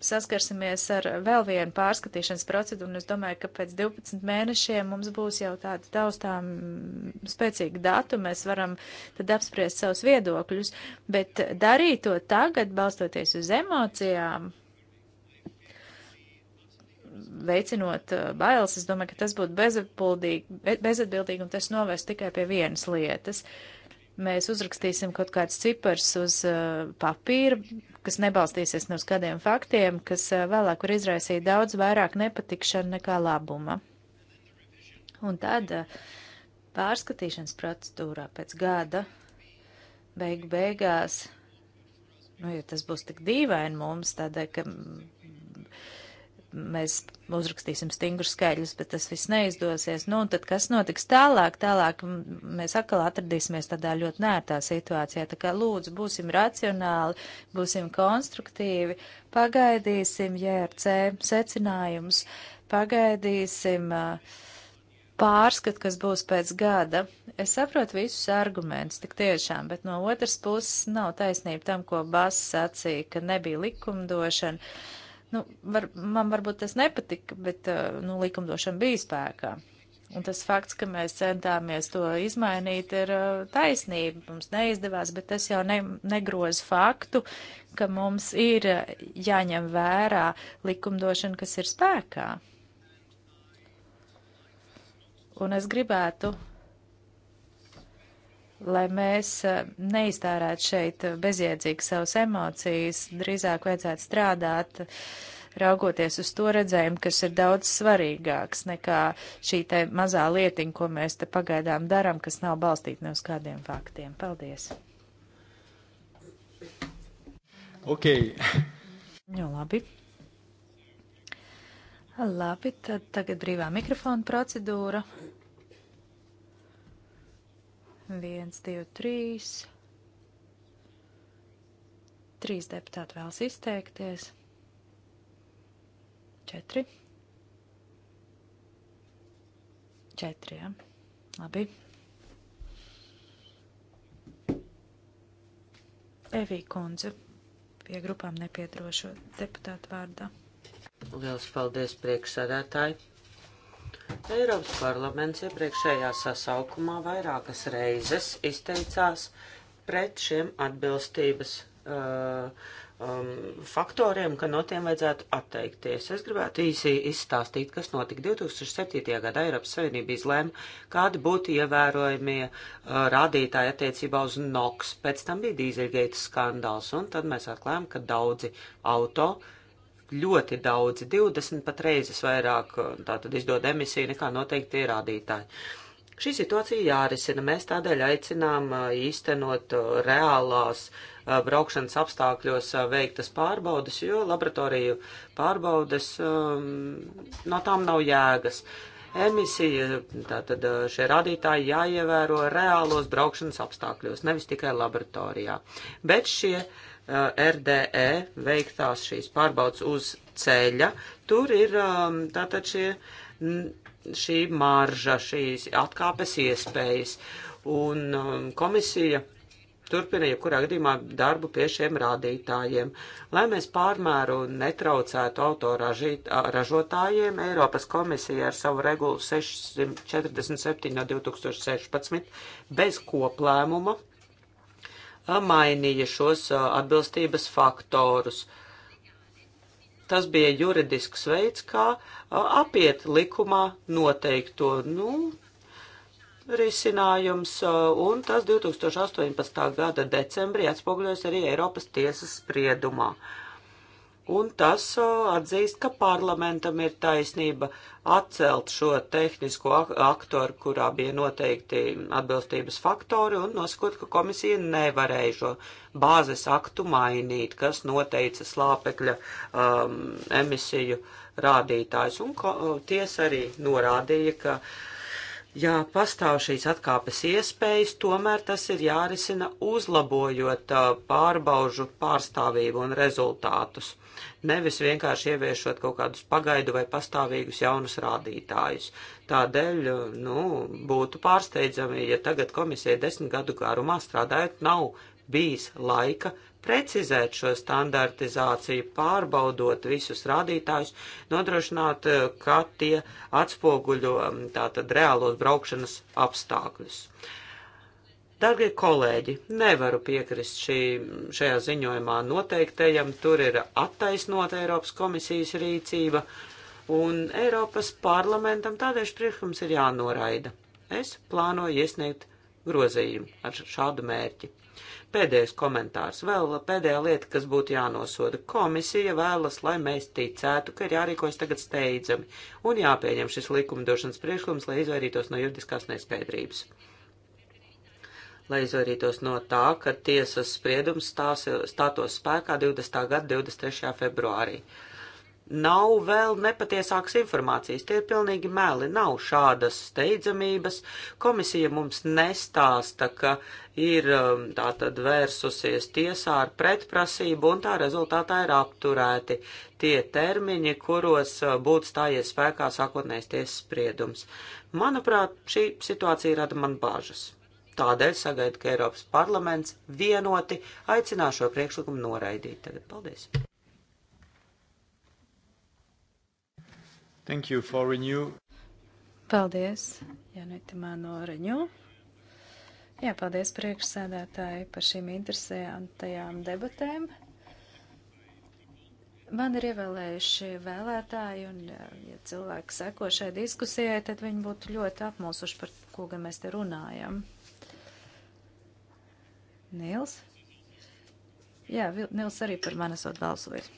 saskarsimies ar vēl vienu pārskatīšanas procedūru, un es domāju, ka pēc 12 mēnešiem mums būs jau tāda taustām spēcīga datu, mēs varam tad apspriest savus viedokļus, bet darīt to tagad, balstoties uz emocijām, veicinot uh, bailes, es domāju, ka tas būtu bezatbildīgi, bezatbildīgi un tas novērst tikai pie vienas lietas. Uh, mēs uzrakstīsim kaut kāds cipars uz uh, papīra, kas nebalstīsies no skadiem faktiem, kas uh, vēlāk var izraisīt daudz vairāk nepatikšana nekā labuma. Un tad uh, pārskatīšanas procedūrā pēc gada beigu beigās, nu, ja tas būs tik dīvaini mums, tādēļ, ka mēs uzrakstīsim stingrus skaļus, bet tas viss neizdosies. Nu, un tad kas notiks tālāk? Tālāk mēs atkal atradīsimies tādā ļoti nērtā situācijā. Tā kā lūdzu, būsim racionāli, būsim konstruktīvi, pagaidīsim JRC secinājumus, pagaidīsim pārskat, kas būs pēc gada. Es saprotu visus argumentus, tik tiešām, bet no otras puses nav taisnība tam, ko Bass sacīja, ka nebija likumdošana Nu, var, man varbūt tas nepatika, bet eh, nu, likumdošana bija spēkā. Un tas fakts, ka mēs centāmies to izmainīt, ir eh, taisnība. Mums neizdevās, bet tas jau ne, negroza faktu, ka mums ir eh, jāņem vērā likumdošana, kas ir spēkā. Un es gribētu lai mēs eh, neiztērētu šeit bezjēdzīgi savas emocijas, drīzāk vajadzētu strādāt, raugoties uz to redzējumu, kas ir daudz svarīgāks nekā šī te mazā lietiņa, ko mēs te pagaidām daram, kas nav balstīta ne uz kādiem faktiem. Paldies! Ok. Jo, nu, labi. Labi, tad tagad brīvā mikrofona procedūra. Viens, divi, trīs. Trīs deputāti vēlas izteikties. Četri. Četri, jā. Ja? Labi. Evī kundze, pie grupām nepiedrošo deputātu vārdā. Liels paldies priekšsādātāji! Eiropas parlaments iepriekšējā sasaukumā vairākas reizes izteicās pret šiem atbilstības uh, um, faktoriem, ka no tiem vajadzētu atteikties. Es gribētu īsi izstāstīt, kas notika 2007. gadā Eiropas Savienība izlēma, kādi būtu ievērojamie uh, rādītāji attiecībā uz NOX. Pēc tam bija dīzeļgeita skandāls, un tad mēs atklājām, ka daudzi auto uh, ļoti daudzi, 20 pat reizes vairāk tātad izdod emisiju nekā noteikti ir rādītāji. Šī situācija jārisina. Mēs tādēļ aicinām īstenot reālās braukšanas apstākļos veiktas pārbaudes, jo laboratoriju pārbaudes no tām nav jēgas. Emisija, tātad šie rādītāji jāievēro reālos braukšanas apstākļos, nevis tikai laboratorijā. Bet šie uh, Eh, RDE veiktās šīs pārbaudas uz ceļa, tur ir ehm, tātad šie, šī marža, šīs atkāpes iespējas. Un ehm, komisija turpina jebkurā gadījumā darbu pie šiem rādītājiem. Lai mēs pārmēru netraucētu autoražotājiem, Eiropas komisija ar savu regulu 647 no 2016 bez koplēmuma mainīja šos atbilstības faktorus. Tas bija juridisks veids, kā apiet likumā noteikto nu, risinājums, un tas 2018. gada decembrī atspoguļojas arī Eiropas tiesas spriedumā. Uh, un tas atzīst, ka parlamentam ir taisnība atcelt šo tehnisko aktoru, kurā bija noteikti atbilstības faktori, un nosakot, ka komisija nevarēja šo bāzes aktu mainīt, kas noteica slāpekļa um, emisiju rādītājs. Un ko, tiesa arī norādīja, ka, ja pastāv šīs atkāpes iespējas, tomēr tas ir jārisina uzlabojot uh, pārbaužu pārstāvību un rezultātus nevis vienkārši ieviešot kaut kādus pagaidu vai pastāvīgus jaunus rādītājus. Tādēļ, nu, būtu pārsteidzami, ja tagad komisija desmit gadu garumā strādājot nav bijis laika precizēt šo standartizāciju, pārbaudot visus rādītājus, nodrošināt, eh, ka tie atspoguļo mm, tātad reālos braukšanas apstākļus. Uh, Dargie kolēģi, nevaru piekrist šī, šajā ziņojumā noteiktajam, tur ir attaisnota Eiropas komisijas rīcība, un Eiropas parlamentam tādēļ priekšlikums ir jānoraida. Es plānoju iesniegt grozījumu ar šādu mērķi. Pēdējais komentārs, vēl pēdējā lieta, kas būtu jānosoda. Komisija vēlas, lai mēs ticētu, ka ir jārīkojas tagad steidzami un jāpieņem šis likumdošanas priekšlikums, lai izvairītos no juridiskās neskaidrības lai izvairītos no tā, ka tiesas spriedums stās, stātos spēkā 20. gada 23. februārī. Nav vēl nepatiesākas informācijas, tie ir pilnīgi meli, nav šādas steidzamības. Komisija mums nestāsta, ka ir um, tātad vērsusies tiesā ar pretprasību un tā rezultātā ir apturēti tie termiņi, kuros uh, būtu stājies spēkā sākotnējais tiesas spriedums. Manuprāt, šī situācija rada man bāžas. Tādēļ sagaidu, ka Eiropas parlaments vienoti aicinās šo priekšlikumu noraidīt. Tagad paldies! Thank you for renew. Paldies, Janitimā no Renew. Jā, paldies priekšsēdētāji par šīm interesantajām debatēm. Man ir ievēlējuši vēlētāji, un ja cilvēki seko šai diskusijai, tad viņi būtu ļoti apmulsuši par ko gan mēs te runājam. Nils? Jā, Nils arī par mani esot balsojis.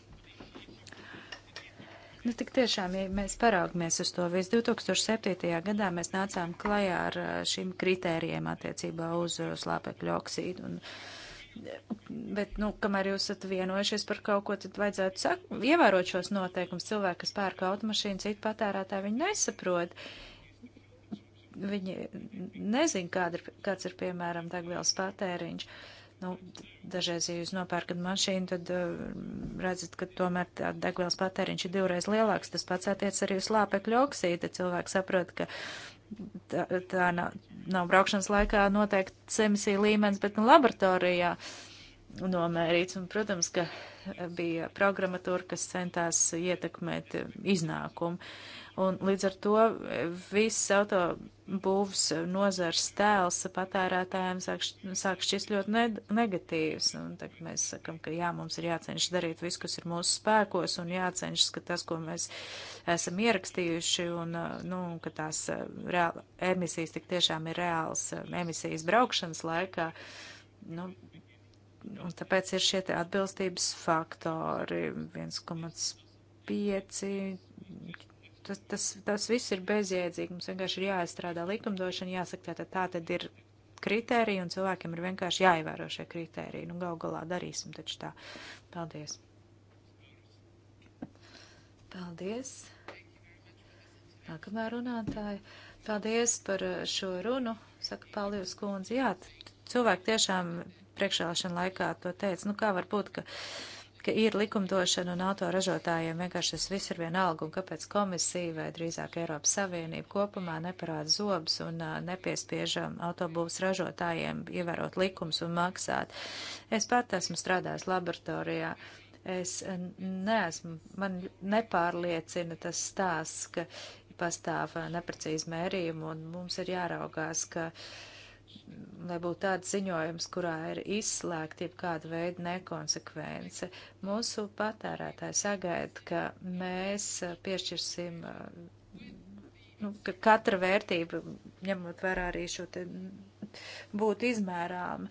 Nu, tik tiešām, ja mēs paraugamies uz to visu, 2007. gadā mēs nācām klajā ar eh, šīm kritērijiem attiecībā uz eh, slāpekļu oksīdu. Un, eh, bet, nu, kamēr jūs esat vienojušies par kaut ko, tad vajadzētu sak, ievērot šos noteikumus. Cilvēki, kas pērka automašīnu, citu patērētāju, viņi nesaprot. Uh, viņi nezin, kāda ir, kāds ir, piemēram, degvielas patēriņš. Nu, dažreiz, ja jūs nopērkat mašīnu, tad uh, redzat, ka tomēr tā degvielas patēriņš ir divreiz lielāks. Tas pats attiec arī uz lāpekļu oksīdu. Cilvēki saprot, ka tā, tā nav, nav braukšanas laikā noteikts emisija līmenis, bet nu, laboratorijā nomērīts. Un, protams, ka bija programmatūra, kas centās ietekmēt uh, iznākumu. Uh, Un līdz ar to e, viss autobūvs nozars tēls patērētājiem sāk, sāk šķist ļoti ne, negatīvs. Un tagad mēs sakam, ka jā, mums ir jācenšas darīt viss, kas ir mūsu spēkos, un jācenšas, ka tas, ko mēs esam ierakstījuši, un, e, nu, ka tās e, reāla, emisijas tik tiešām ir reāls emisijas braukšanas laikā. Nu, un tāpēc ir šie te atbilstības faktori 1,5 Tas, tas, tas viss ir bezjēdzīgi. Mums vienkārši ir jāizstrādā likumdošana, jāsaka, tātad tā tad ir kritērija, un cilvēkiem ir vienkārši jāievēro šie kritēriji. Nu, gal galā darīsim taču tā. Paldies! Paldies! Nākamā runātāja. Paldies par uh, šo runu, saka Paldies kundze. Jā, cilvēki tiešām priekšēlēšana laikā to teica. Nu, kā var būt, ka ka ir likumdošana un autoražotājiem vienkārši tas viss ir vienalga, un kāpēc komisija vai drīzāk Eiropas Savienība kopumā neparāda zobus un uh, nepiespiežam autobūvas ražotājiem ievērot likums un maksāt. Es pat esmu strādājis laboratorijā es neesmu, man nepārliecina tas stāsts, ka pastāv neprecīzi mērījumi, un mums ir jāraugās, ka uh, lai būtu tāds ziņojums, kurā ir izslēgta jebkāda veida nekonsekvence. Mūsu patērētāji sagaida, ka mēs piešķirsim, nu, ka katra vērtība, ņemot vērā arī šo te būtu izmērām,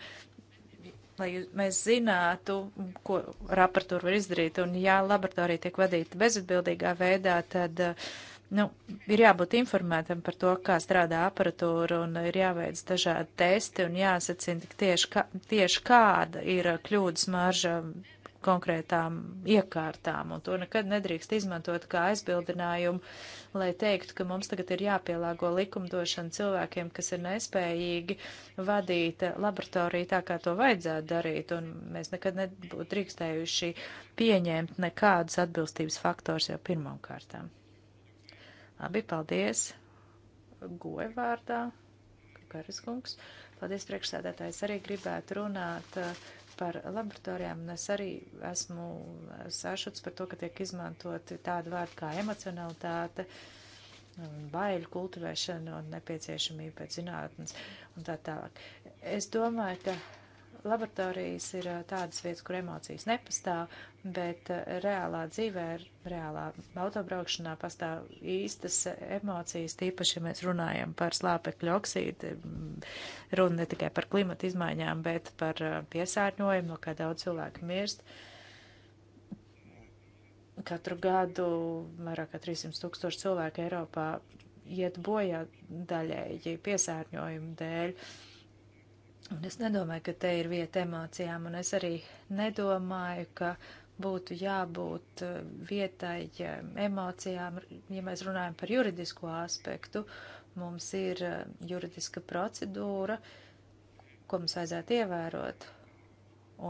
lai jūs, mēs zinātu, ko ar aparatūru var izdarīt. Un ja laboratorija tiek vadīta bezatbildīgā veidā, tad uh, Nu, ir jābūt informētam par to, kā strādā aparatūra, un ir jāveic dažādi testi, un jāsacina tik tieši, ka, tieši kāda ir kļūdas marža konkrētām iekārtām, un to nekad nedrīkst izmantot kā aizbildinājumu, lai teiktu, ka mums tagad ir jāpielāgo likumdošana cilvēkiem, kas ir nespējīgi vadīt laboratoriju tā, kā to vajadzētu darīt, un mēs nekad nebūtu drīkstējuši pieņemt nekādus atbilstības faktors jau pirmām kārtām. Abi paldies. Goja vārdā. Karas kungs. Paldies priekšsēdētājs. Arī gribētu runāt uh, par laboratorijām, un es arī esmu uh, sašuts par to, ka tiek izmantot tādu vārdu kā emocionalitāte, um, baiļu kultivēšana un nepieciešamība pēc zinātnes un tā tālāk. Es domāju, ka laboratorijas ir tādas vietas, kur emocijas nepastāv, bet reālā dzīvē, reālā autobraukšanā pastāv īstas emocijas, tīpaši, ja mēs runājam par slāpekļu oksīdu, mm, runa ne tikai par klimatu izmaiņām, bet par piesārņojumu, no kā daudz cilvēku mirst. Katru gadu vairāk kā 300 tūkstoši cilvēku Eiropā iet bojā daļēji piesārņojumu dēļ. Uh, Un es nedomāju, ka te ir vieta emocijām, un es arī nedomāju, ka būtu jābūt eh, vietai emocijām, ja mēs runājam par juridisko aspektu. Mums ir eh, juridiska procedūra, ko mums vajadzētu ievērot,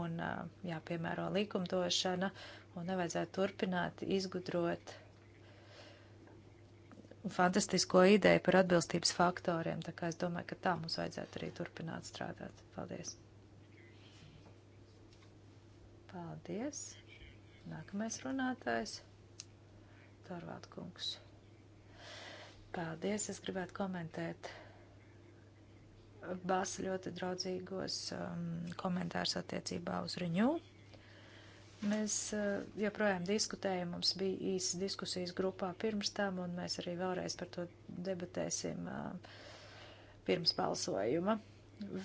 un eh, jāpiemēro likumdošana, un nevajadzētu turpināt izgudrot fantastisko ideju par atbilstības faktoriem, tā kā es domāju, ka tā mums vajadzētu arī turpināt strādāt. Paldies! Paldies! Nākamais runātājs - Torvāt kungs. Paldies! Es gribētu komentēt Basa ļoti draudzīgos um, komentārus attiecībā uz riņu. Mēs eh, joprojām diskutējam, mums bija īsas diskusijas grupā pirms tam, un mēs arī vēlreiz par to debatēsim eh, pirms balsojuma.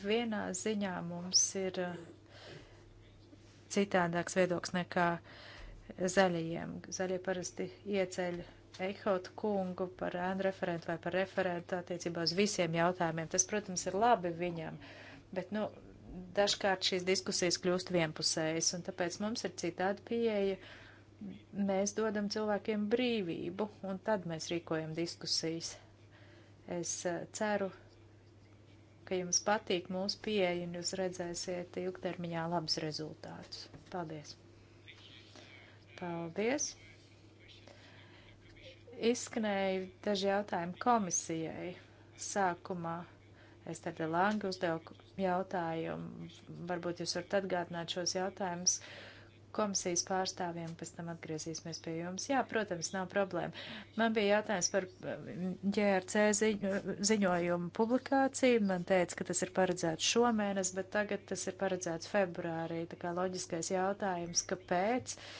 Vienā ziņā mums ir eh, citādāks viedoklis nekā zaļajiem. Zaļie parasti ieceļ Eihotu kungu par ēnu referentu vai par referentu attiecībā uz visiem jautājumiem. Tas, protams, ir labi viņam, bet, nu, dažkārt šīs diskusijas kļūst vienpusējas, un tāpēc mums ir citāda pieeja. Mēs dodam cilvēkiem brīvību, un tad mēs rīkojam diskusijas. Es eh, ceru, ka jums patīk mūsu pieeja, un jūs redzēsiet ilgtermiņā labus rezultātus. Paldies! Paldies! Izskanēja daži jautājumi komisijai sākumā. Es tad Langu uzdevu jautājumu. Varbūt jūs varat atgādināt šos jautājumus komisijas pārstāvjiem, pēc tam atgriezīsimies pie jums. Jā, protams, nav problēma. Man bija jautājums par ģērcē mm, ziņo, ziņojumu publikāciju. Man teica, ka tas ir paredzēts šomēnes, bet tagad tas ir paredzēts februārī. Tā kā loģiskais jautājums, kāpēc? Ka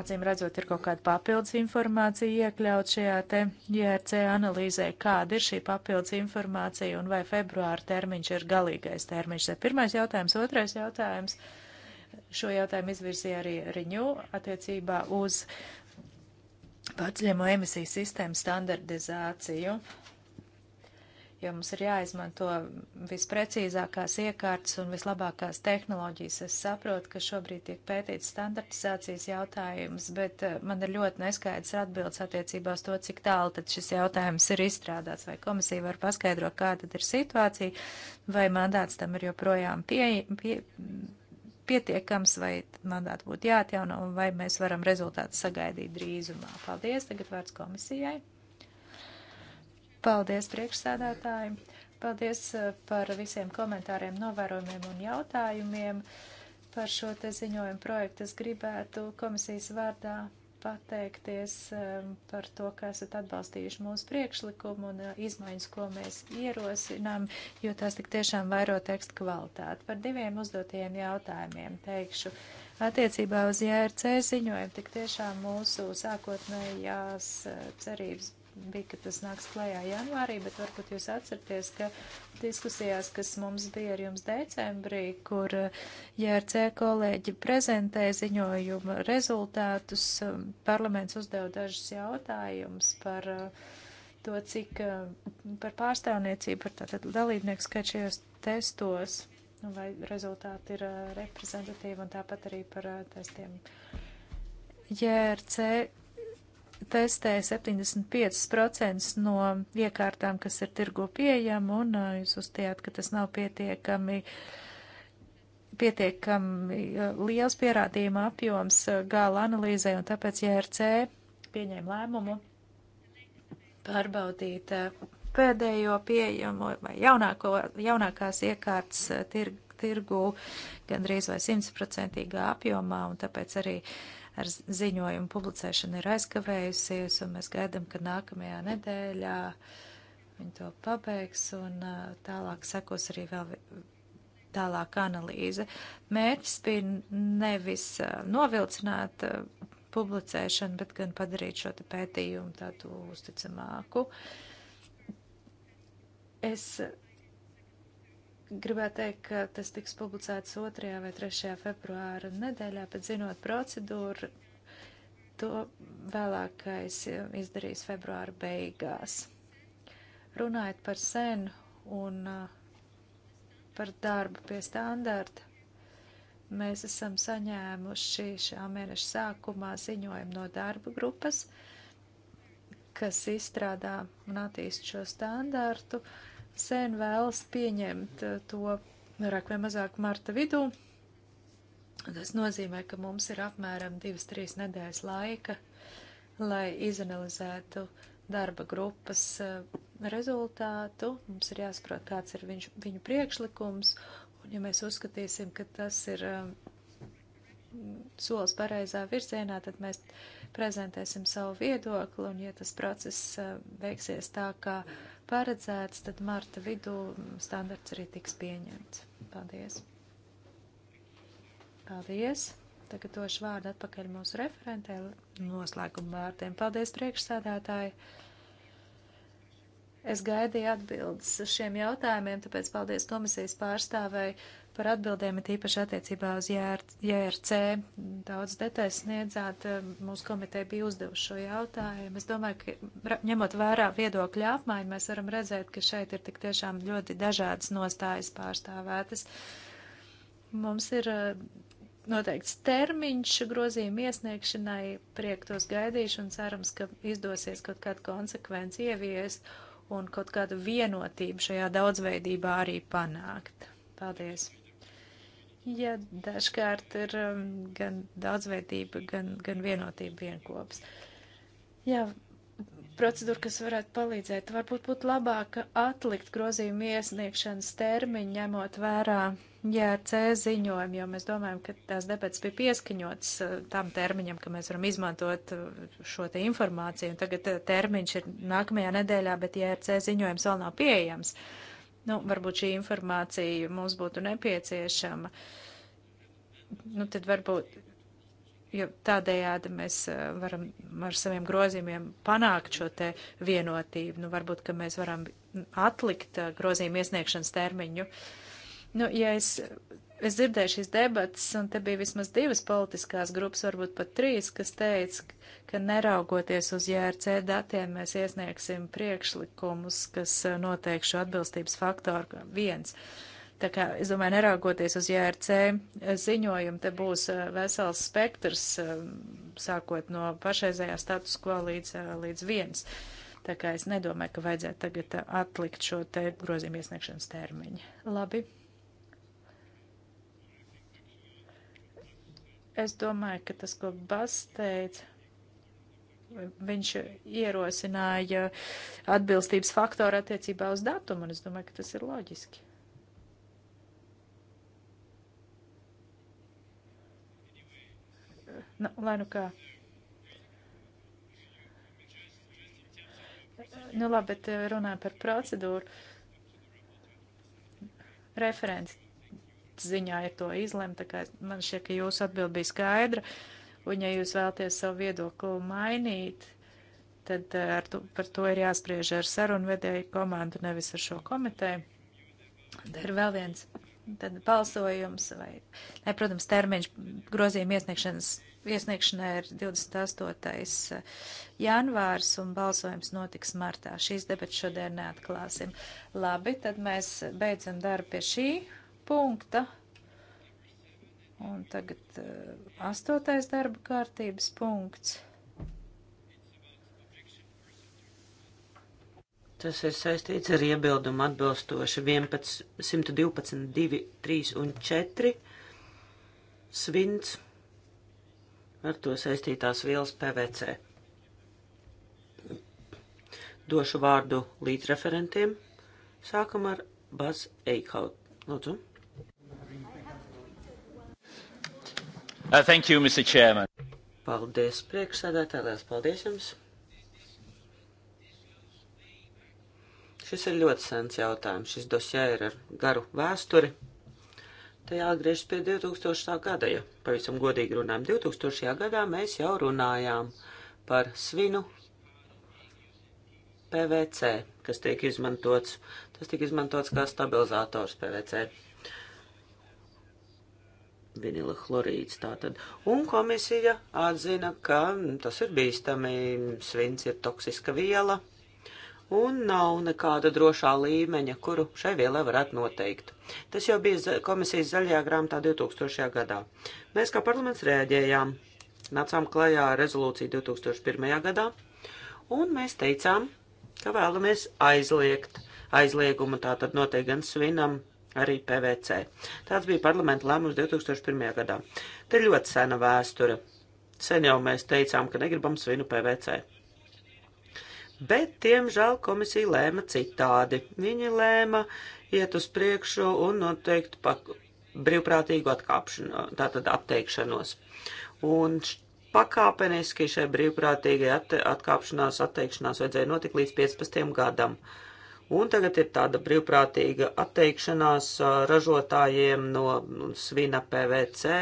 acīm redzot, ir kaut kāda papildus informācija iekļaut šajā te JRC analīzē, kāda ir šī papildus informācija un vai februāra termiņš ir galīgais termiņš. Tā pirmais jautājums, otrais jautājums. Šo jautājumu izvirzīja arī Riņu attiecībā uz paceļamo emisiju sistēmu standardizāciju. Uh, jo mums ir jāizmanto visprecīzākās iekārtas un vislabākās tehnoloģijas. Es saprotu, ka šobrīd tiek pētīts standartizācijas jautājums, bet eh, man ir ļoti neskaidrs atbildes attiecībā uz to, cik tālu tad šis jautājums ir izstrādāts, vai komisija var paskaidrot, kāda ir situācija, vai mandāts tam ir joprojām pie, pie, pietiekams, vai mandāti būtu jāatjauno, un vai mēs varam rezultātu sagaidīt drīzumā. Paldies, tagad vārds komisijai. Paldies, priekšsēdētāji! Paldies eh, par visiem komentāriem, novērojumiem un jautājumiem par šo te ziņojumu projektu. Es gribētu komisijas vārdā pateikties eh, par to, ka esat atbalstījuši mūsu priekšlikumu un eh, izmaiņas, ko mēs ierosinām, jo tās tik tiešām vairo tekstu kvalitāti. Par diviem uzdotajiem jautājumiem teikšu. Attiecībā uz JRC ziņojumu tik tiešām mūsu sākotnējās cerības bija, ka tas nāks klajā janvārī, bet varbūt jūs atcerties, ka diskusijās, kas mums bija ar jums decembrī, kur eh, JRC kolēģi prezentēja ziņojumu rezultātus, eh, parlaments uzdeva dažus jautājumus par eh, to, cik par pārstāvniecību, par tātad dalībnieku skaitu šajos testos, nu, vai rezultāti ir reprezentatīvi, un tāpat arī par testiem. JRC testē 75% no iekārtām, kas ir tirgo pieejama, un uh, jūs uzstījāt, ka tas nav pietiekami, pietiekami uh, liels pierādījuma apjoms uh, gala analīzē, un tāpēc JRC pieņēma lēmumu pārbaudīt pēdējo pieejamo vai jaunāko, jaunākās iekārtas tir, tirgu gandrīz vai simtprocentīgā apjomā, un tāpēc arī uh, ar ziņojumu publicēšanu ir aizkavējusies, un mēs gaidām, ka nākamajā nedēļā viņi to pabeigs, un tālāk sekos arī vēl tālāk analīze. Mērķis bija nevis novilcināt publicēšanu, bet gan padarīt šo pētījumu tādu uzticamāku. Es gribētu teikt, ka tas tiks publicēts 2. vai 3. februāra nedēļā, bet zinot procedūru, to vēlākais izdarīs februāra beigās. Runājot par senu un uh, par darbu pie standarta, mēs esam saņēmuši šā mēneša sākumā ziņojumu no darba grupas, kas izstrādā un attīst šo standartu. Uh, sen vēlas pieņemt eh, to vairāk vai mazāk marta vidū. Tas nozīmē, ka mums ir apmēram 2-3 nedēļas laika, lai izanalizētu darba grupas eh, rezultātu. Mums ir jāsaprot, kāds ir viņš, viņu priekšlikums, un ja mēs uzskatīsim, ka tas ir eh, solis pareizā virzienā, tad mēs prezentēsim savu viedokli, un ja tas process veiksies tā, kā. Ka paredzēts, tad marta vidū standarts arī tiks pieņemts. Paldies! Paldies! Tagad došu vārdu atpakaļ mūsu referentē noslēguma vārdiem. Paldies, priekšsādātāji! Es gaidīju atbildes uz šiem jautājumiem, tāpēc paldies komisijas pārstāvēji par atbildēm, it īpaši attiecībā uz JRC. Daudz detaļas sniedzāt, eh, mūsu komiteja bija uzdevuši šo jautājumu. Es domāju, ka ņemot vērā viedokļu apmaiņu, mēs varam redzēt, ka šeit ir tik tiešām ļoti dažādas nostājas pārstāvētas. Mums ir eh, noteikts termiņš grozījuma iesniegšanai, priek tos gaidīšu un cerams, ka izdosies kaut kādu konsekvenci ieviest un kaut kādu vienotību šajā daudzveidībā arī panākt. Paldies! ja dažkārt ir um, gan daudzveidība, gan, gan vienotība vienkops. Jā, procedūra, kas varētu palīdzēt, varbūt būtu labāk atlikt grozījumu iesniegšanas termiņu, ņemot vērā JRC ziņojumu, jo mēs domājam, ka tās debats bija pieskaņots uh, tam termiņam, ka mēs varam izmantot uh, šo te informāciju, un tagad uh, termiņš ir nākamajā nedēļā, bet JRC ziņojums vēl nav pieejams. Uh, Nu, varbūt šī informācija mums būtu nepieciešama. Nu, tad varbūt, jo tādējādi mēs eh, varam ar saviem grozījumiem panākt šo te vienotību. Nu, varbūt, ka mēs varam atlikt eh, grozījumu iesniegšanas termiņu. Nu, ja es Es dzirdēju šīs debatas, un te bija vismaz divas politiskās grupas, varbūt pat trīs, kas teica, ka neraugoties uz JRC datiem, mēs iesniegsim priekšlikumus, kas eh, noteikti šo atbilstības faktoru viens. Tā kā, es domāju, neraugoties uz JRC eh, ziņojumu, te būs eh, vesels spektrs, sākot no pašreizējā status quo līdz, līdz viens. Tā kā es nedomāju, ka vajadzētu tagad atlikt šo te grozījumu iesniegšanas termiņu. Labi. Es domāju, ka tas, ko Bas teica, viņš ierosināja atbilstības faktoru attiecībā uz datumu, un es domāju, ka tas ir loģiski. Nu, lai nu kā. Nu labi, bet eh, runājam par procedūru. Referents ziņā ir to izlemt, tā kā man šķiet, ka jūsu atbild bija skaidra, un ja jūs vēlties savu viedokli mainīt, tad eh, ar to, par to ir jāspriež ar sarunvedēju komandu, nevis ar šo komiteju. Tad ir vēl viens tad balsojums, vai, ne, protams, termiņš grozījuma iesniegšanas, iesniegšanai ir 28. Eh, janvārs, un balsojums notiks martā. Šīs debats šodien neatklāsim. Labi, tad mēs beidzam darbu pie šī punkta. Un tagad eh, astotais darba kārtības punkts. Tas ir saistīts ar iebildumu atbilstoši 11, 112, 2, 3 un 4 svinds ar to saistītās vielas PVC. Došu vārdu līdzreferentiem. Sākam ar Baz Eikhaut. Lūdzu. Uh, thank you, Mr. Chairman. Paldies, priekšsēdētāj, liels paldies jums. Šis ir ļoti sens jautājums. Šis dosjē ir ar garu vēsturi. Te jāatgriežas pie 2000. gada, ja pavisam godīgi runājam. 2000. gadā mēs jau runājām par svinu PVC, kas tiek izmantots. Tas tiek izmantots kā stabilizators PVC vinila chlorīds. Tātad. Un komisija atzina, ka tas ir bīstami, svins ir toksiska viela un nav nekāda drošā līmeņa, kuru šai vielai varētu noteikt. Tas jau bija komisijas zaļajā grāmatā 2000. gadā. Mēs kā parlaments rēģējām, nācām klajā rezolūciju 2001. gadā, un mēs teicām, ka vēlamies aizliegt aizliegumu tātad noteikti gan svinam, arī PVC. Tāds bija parlamenta lēmums 2001. gadā. Te ir ļoti sena vēsture. Sen jau mēs teicām, ka negribam svinu PVC. Bet, diemžēl, komisija lēma citādi. Viņa lēma iet uz priekšu un noteikti pa brīvprātīgu atkāpšanu, tātad atteikšanos. Un pakāpeniski šai brīvprātīgai atkāpšanās, atteikšanās vajadzēja notikt līdz 15 gadam. Uh, Un tagad ir tāda brīvprātīga atteikšanās ražotājiem no nu, svina PVC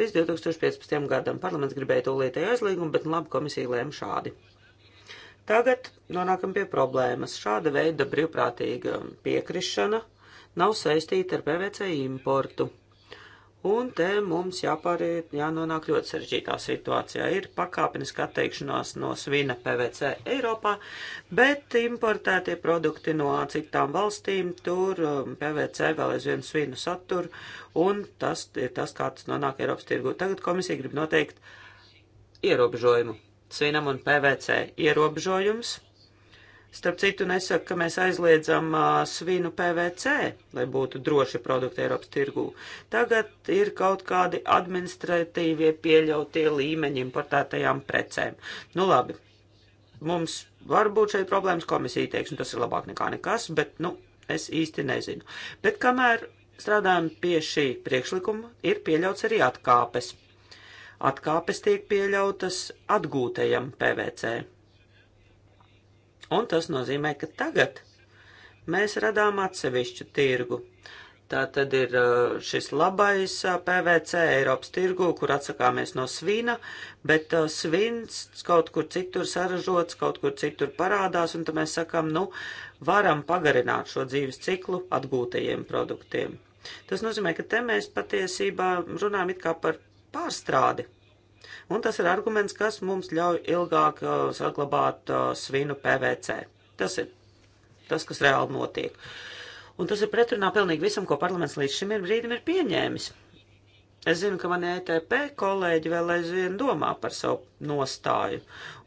līdz 2015. gadam. Parlaments gribēja tūlītēju aizliegumu, bet nu, labi komisija lēma šādi. Tagad nonākam pie problēmas. Šāda veida brīvprātīga piekrišana nav saistīta ar PVC importu. Un te mums jāpāriet, jānonāk ļoti sarežģītā situācijā. Ir pakāpeniska atteikšanās no svina PVC Eiropā, bet importētie produkti no citām valstīm tur um, PVC vēl aizvien svinu satur, un tas ir tas, kā tas nonāk Eiropas tirgu. Tagad komisija grib noteikt ierobežojumu svinam un PVC ierobežojums Starp citu, nesaka, ka mēs aizliedzam uh, svinu PVC, lai būtu droši produkti Eiropas tirgū. Tagad ir kaut kādi administratīvie pieļautie līmeņi importētajām precēm. Nu labi, mums var būt šeit problēmas komisija teiks, un nu, tas ir labāk nekā nekas, bet, nu, es īsti nezinu. Bet kamēr strādājam pie šī priekšlikuma, ir pieļauts arī atkāpes. Atkāpes tiek pieļautas atgūtajam PVC Un tas nozīmē, ka tagad mēs radām atsevišķu tirgu. Tā tad ir uh, šis labais uh, PVC Eiropas tirgu, kur atsakāmies no svina, bet uh, svins kaut kur citur saražots, kaut kur citur parādās, un tad mēs sakam, nu, varam pagarināt šo dzīves ciklu atgūtajiem produktiem. Tas nozīmē, ka te mēs patiesībā runājam it kā par pārstrādi, Un tas ir arguments, kas mums ļauj ilgāk uh, saglabāt uh, svinu PVC. Tas ir tas, kas reāli notiek. Un tas ir pretrunā pilnīgi visam, ko parlaments līdz šim ir brīdim ir pieņēmis. Es zinu, ka man ETP kolēģi vēl aizvien domā par savu nostāju.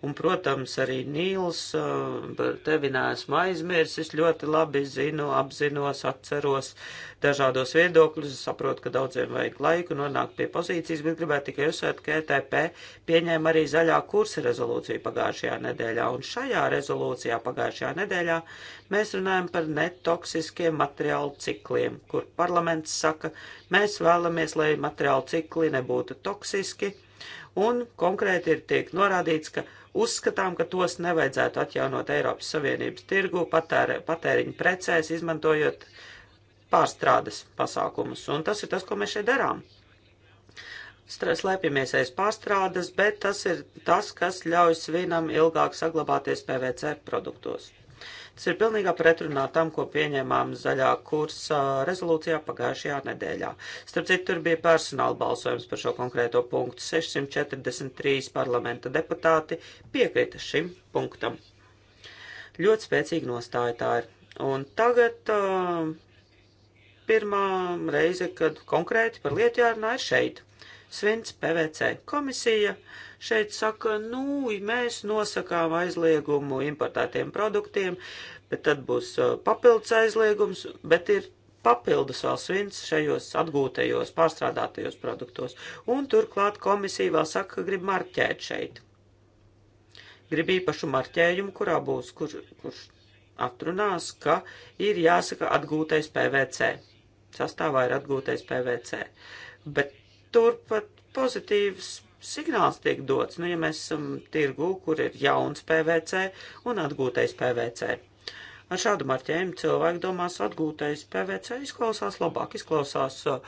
Un, protams, arī Nīls, eh, par tevi neesmu aizmirsis, ļoti labi zinu, apzinos, atceros dažādos viedokļus, saprotu, ka daudziem vajag laiku nonākt pie pozīcijas, bet gribētu tikai uzsvērt, ka ETP pieņēma arī zaļā kursa rezolūciju pagājušajā nedēļā. Un šajā rezolūcijā pagājušajā nedēļā mēs runājam par netoksiskiem materiālu cikliem, kur parlaments saka, mēs vēlamies, lai materiāli minerālu cikli nebūtu toksiski, un konkrēti ir tiek norādīts, ka uzskatām, ka tos nevajadzētu atjaunot Eiropas Savienības tirgu patēri, patēriņu precēs, izmantojot pārstrādes pasākumus, un tas ir tas, ko mēs šeit darām slēpjamies aiz pārstrādes, bet tas ir tas, kas ļauj svinam ilgāk saglabāties PVC produktos. Tas ir pilnīgā pretrunā tam, ko pieņēmām zaļā kursa rezolūcijā pagājušajā nedēļā. Starp citu, tur bija personāla balsojums par šo konkrēto punktu. 643 parlamenta deputāti piekrita šim punktam. Ļoti spēcīga nostāja tā ir. Un tagad uh, pirmā reize, kad konkrēti par lietu jārunā, ir šeit. Svins PVC komisija šeit saka, nu, mēs nosakām aizliegumu importētiem produktiem, bet tad būs uh, papildus aizliegums, bet ir papildus vēl svins šajos atgūtajos, pārstrādātajos produktos. Un turklāt komisija vēl saka, ka grib marķēt šeit. Grib īpašu marķējumu, kurā būs, kur, kurš atrunās, ka ir jāsaka atgūtais PVC. Sastāvā ir atgūtais PVC. Bet turpat pozitīvs signāls tiek dots, nu, ja mēs esam tirgū, kur ir jauns PVC un atgūtais PVC. Ar šādu marķējumu cilvēki domās atgūtais PVC izklausās labāk, izklausās uh,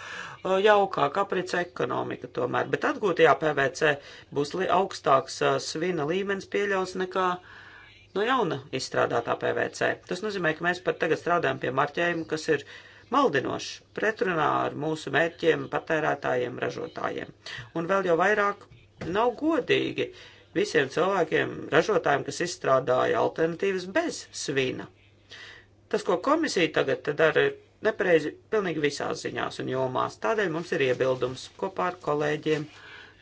uh, jaukāk, aprits ekonomika tomēr, bet atgūtajā PVC būs augstāks uh, svina līmenis pieļaus nekā no nu, jauna izstrādātā PVC. Tas nozīmē, ka mēs pat tagad strādājam pie marķējuma, kas ir uh, maldinošs, pretrunā ar mūsu mērķiem, patērētājiem, ražotājiem. Un vēl jau vairāk nav godīgi visiem cilvēkiem, ražotājiem, kas izstrādāja alternatīvas bez svina. Tas, ko komisija tagad dara, ir nepareizi pilnīgi visās ziņās un jomās. Tādēļ mums ir iebildums kopā ar kolēģiem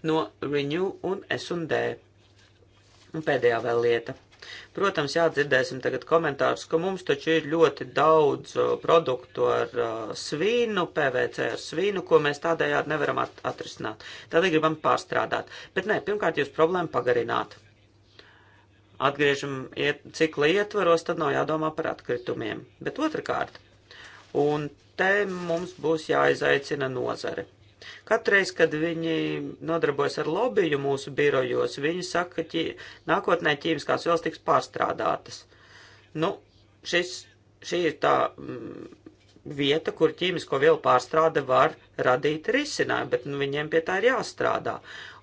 no Renew un S&D. Un pēdējā vēl lieta. Protams, jādzirdēsim tagad komentārus, ka mums taču ir ļoti daudz uh, produktu ar uh, svīnu, PVC ar svīnu, ko mēs tādējādi nevaram at atrisināt. Tādēļ gribam pārstrādāt. Bet nē, pirmkārt, jūs problēmu pagarināt. Atgriežam iet, cikla ietvaros, tad nav jādomā par atkritumiem. Bet otrkārt, un te mums būs jāizaicina nozare. Katreiz, kad viņi nodarbojas ar lobiju mūsu birojos, viņi saka, ka ķi, nākotnē ķīmiskās vielas tiks pārstrādātas. Nu, šis, šī ir tā m, mm, vieta, kur ķīmisko vielu pārstrāde var radīt risinājumu, bet nu, viņiem pie tā ir jāstrādā.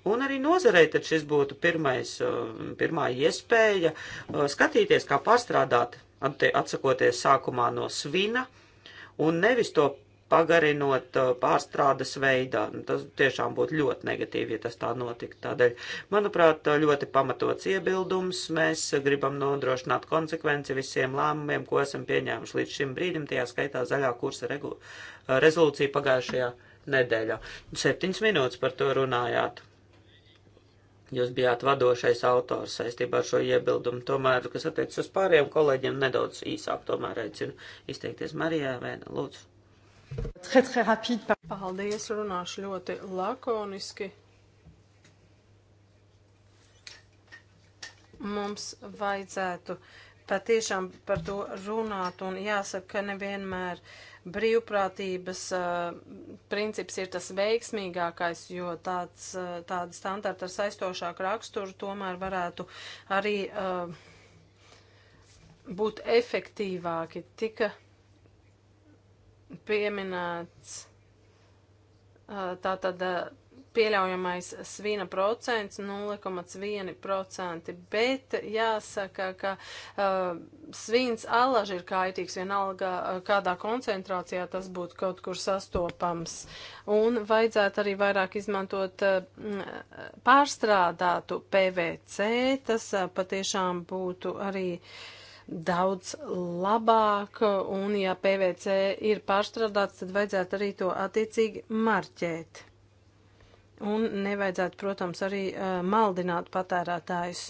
Un arī nozarei tad šis būtu pirmais, mm, pirmā iespēja mm, skatīties, kā pārstrādāt, atsakoties sākumā no svina, un nevis to pagarinot uh, pārstrādes veidā. Nu, tas tiešām būtu ļoti negatīvi, ja tas tā notiktu. Tādēļ, manuprāt, uh, ļoti pamatots iebildums. Mēs gribam nodrošināt konsekvenci visiem lēmumiem, ko esam pieņēmuši līdz šim brīdim, tajā skaitā zaļā kursa regu, uh, rezolūcija pagājušajā nedēļā. Septiņas minūtes par to runājāt. Jūs bijāt vadošais autors saistībā ar šo iebildumu, tomēr, kas attiecas uz pārējiem kolēģiem, nedaudz īsāk tomēr aicinu izteikties Marijā Vēna, lūdzu. Très, très rapide. Paldies, runāšu ļoti lakoniski. Mums vajadzētu patiešām par to runāt un jāsaka, ka nevienmēr brīvprātības uh, princips ir tas veiksmīgākais, jo tāds, uh, tāda standarta ar saistošāku raksturu tomēr varētu arī uh, būt efektīvāki. Tika pieminēts tātad pieļaujamais svina procents 0,1%, bet jāsaka, ka uh, svins allaži ir kaitīgs, vienalga kādā koncentrācijā tas būtu kaut kur sastopams. Un vajadzētu arī vairāk izmantot uh, pārstrādātu PVC, tas uh, patiešām būtu arī uh, daudz labāk, un ja PVC ir pārstrādāts, tad vajadzētu arī to attiecīgi marķēt. Un nevajadzētu, protams, arī uh, maldināt patērētājus.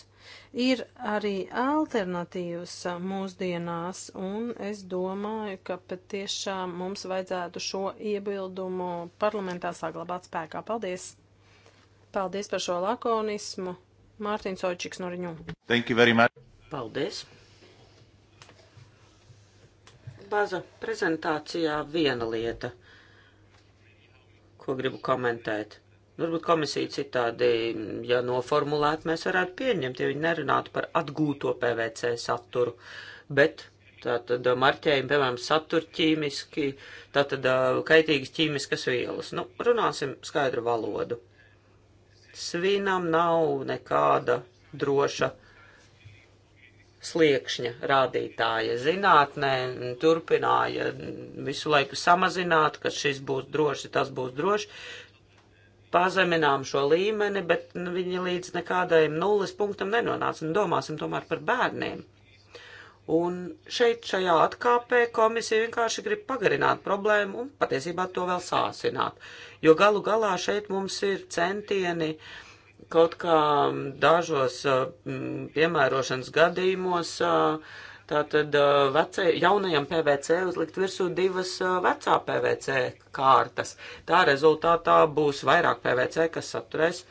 Ir arī alternatīvas uh, mūsdienās, un es domāju, ka patiešām mums vajadzētu šo iebildumu parlamentā saglabāt spēkā. Paldies! Paldies par šo lakonismu! Mārtiņš Oļčiks no Riņu. Thank you very much! Paldies! Baza prezentācijā viena lieta, ko gribu komentēt. Varbūt komisija citādi, ja noformulētu, mēs varētu pieņemt, ja viņi nerunātu par atgūto PVC saturu, bet tātad uh, marķējumi, piemēram, satur ķīmiski, tātad uh, kaitīgas ķīmiskas vielas. Nu, runāsim skaidru valodu. Svinam nav nekāda droša sliekšņa rādītāja zinātnē turpināja visu laiku samazināt, ka šis būs droši, tas būs droši. Pazeminām šo līmeni, bet nu, viņi līdz nekādajam nulles punktam nenonāca. Un nu, domāsim tomēr par bērniem. Un šeit šajā atkāpē komisija vienkārši grib pagarināt problēmu un patiesībā to vēl sāsināt. Jo galu galā šeit mums ir centieni uh, kaut kā dažos piemērošanas gadījumos tātad vecē, jaunajam PVC uzlikt virsū divas vecā PVC kārtas. Tā rezultātā būs vairāk PVC, kas saturēs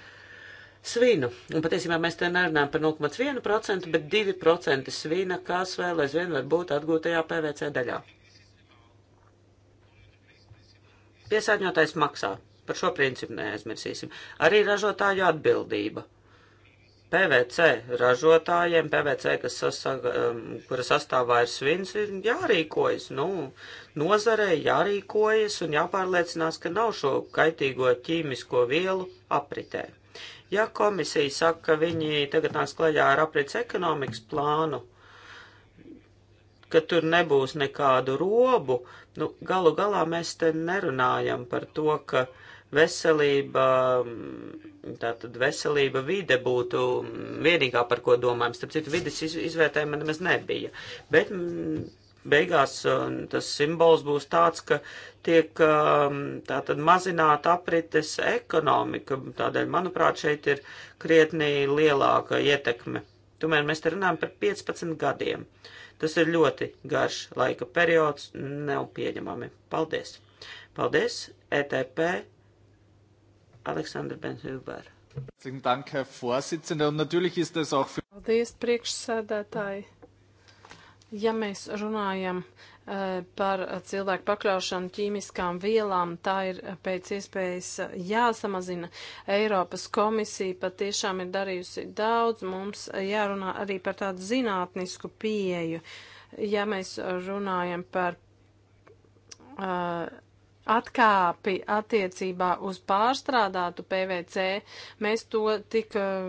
svinu. Un patiesībā mēs te nerunājam par 0,1%, bet 2% svina, kas vēl aizvien var būt atgūtajā PVC daļā. Piesārņotais maksā. Par šo principu neaizmirsīsim. Arī ražotāju atbildība. PVC ražotājiem, PVC, kas sasaga, um, kura sastāvā ir svins, ir jārīkojas. Nu, nozarei jārīkojas un jāpārliecinās, ka nav šo kaitīgo ķīmisko vielu apritē. Ja komisija saka, ka viņi tagad nāks klajā ar aprits ekonomikas plānu, ka tur nebūs nekādu robu, nu, galu galā mēs te nerunājam par to, ka uh, veselība, tātad veselība vide būtu vienīgā, par ko domājam. Starp citu, vides izvērtējuma nemaz nebija. Bet mm, beigās tas simbols būs tāds, ka tiek um, tātad mazināta aprites ekonomika. Tādēļ, manuprāt, šeit ir krietnī lielāka ietekme. Tomēr mēs te runājam par 15 gadiem. Tas ir ļoti garš laika periods, nav pieņemami. Paldies! Paldies! ETP Aleksandra Benhūbāra. Paldies, priekšsēdētāji! Ja mēs runājam eh, par cilvēku pakļaušanu ķīmiskām vielām, tā ir pēc iespējas jāsamazina. Eiropas komisija patiešām ir darījusi daudz, mums jārunā arī par tādu zinātnisku pieeju. Ja mēs runājam par uh, atkāpi attiecībā uz pārstrādātu PVC, mēs to tik eh,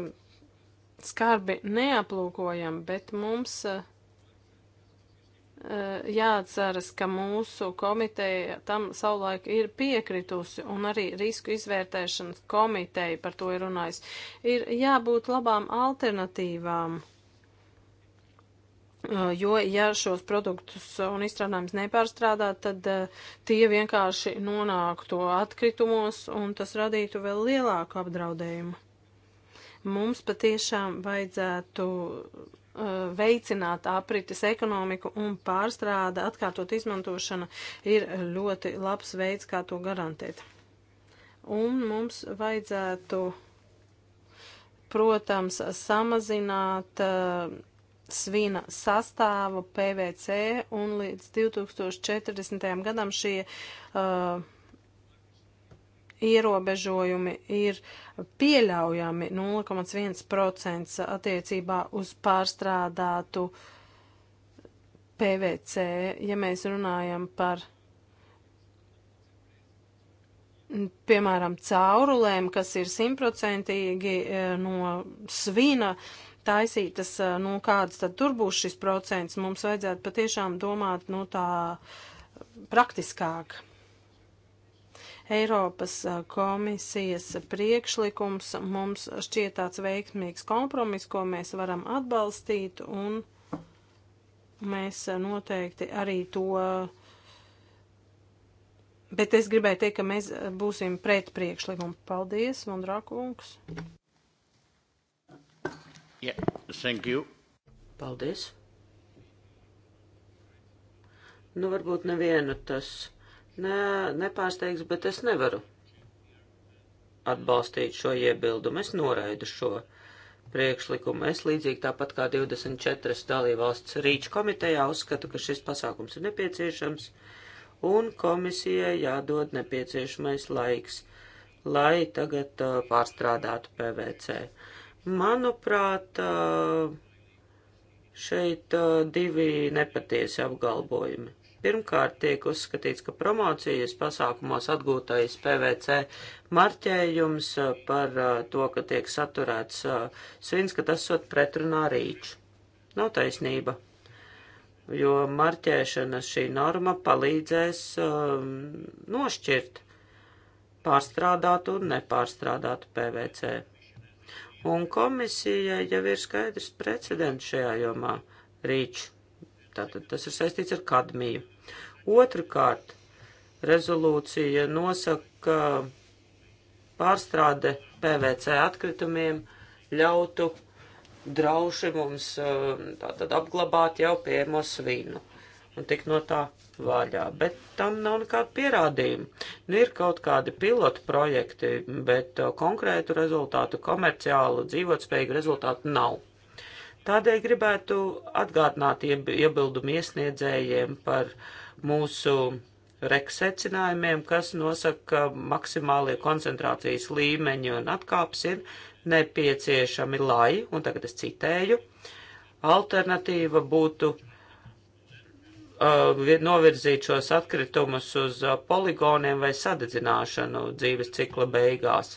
skarbi neaplūkojam, bet mums eh, jāatceras, ka mūsu komiteja tam savulaik ir piekritusi un arī risku izvērtēšanas komiteja par to ir runājis. Ir jābūt labām alternatīvām. Uh, jo, ja šos produktus un izstrādājumus nepārstrādā, tad uh, tie vienkārši nonāktu atkritumos un tas radītu vēl lielāku apdraudējumu. Mums patiešām vajadzētu uh, veicināt aprites ekonomiku un pārstrāda, atkārtot izmantošana ir ļoti labs veids, kā to garantēt. Un mums vajadzētu, protams, samazināt uh, svina sastāvu PVC un līdz 2040. gadam šie uh, ierobežojumi ir pieļaujami 0,1% attiecībā uz pārstrādātu PVC, ja mēs runājam par, piemēram, caurulēm, kas ir simtprocentīgi eh, no svina, uh, taisītas, eh, nu, kāds tad tur būs šis procents, mums vajadzētu patiešām domāt, nu, tā praktiskāk. Eiropas eh, komisijas priekšlikums mums šķiet tāds veiksmīgs kompromis, ko mēs varam atbalstīt, un mēs eh, noteikti arī to. Bet es gribēju teikt, ka mēs būsim pret priekšlikumu. Paldies, Vondrākungs. Yeah, thank you. Paldies. Nu, varbūt nevienu tas ne, nepārsteigs, bet es nevaru atbalstīt šo iebildumu. Es noraidu šo priekšlikumu. Es līdzīgi tāpat kā 24 dalībvalsts rīču komitejā uzskatu, ka šis pasākums ir nepieciešams un komisijai jādod nepieciešamais laiks, lai tagad uh, pārstrādātu PVC. Manuprāt, šeit divi nepatiesi apgalvojumi. Pirmkārt, tiek uzskatīts, ka promocijas pasākumos atgūtais PVC marķējums par to, ka tiek saturēts svins, ka tas sot pretrunā rīču. Nav taisnība, jo marķēšanas šī norma palīdzēs um, nošķirt pārstrādātu un nepārstrādātu PVC. Un komisijai jau ir skaidrs precedents šajā jomā rīč. Tātad tas ir saistīts ar kadmiju. Otrakārt, rezolūcija nosaka, ka pārstrāde PVC atkritumiem ļautu drauši mums eh, tātad apglabāt jau pieejamo svinu un tik no tā vaļā, bet tam nav nekāda pierādījuma. Nu, ir kaut kādi pilotu projekti, bet uh, konkrētu rezultātu, komerciālu, dzīvotspējīgu rezultātu nav. Tādēļ gribētu atgādināt iebildumu iesniedzējiem par mūsu reksecinājumiem, kas nosaka, ka maksimālie koncentrācijas līmeņi un atkāps ir nepieciešami, lai, un tagad es citēju, alternatīva būtu Uh, novirzīt šos atkritumus uz uh, poligoniem vai sadedzināšanu dzīves cikla beigās.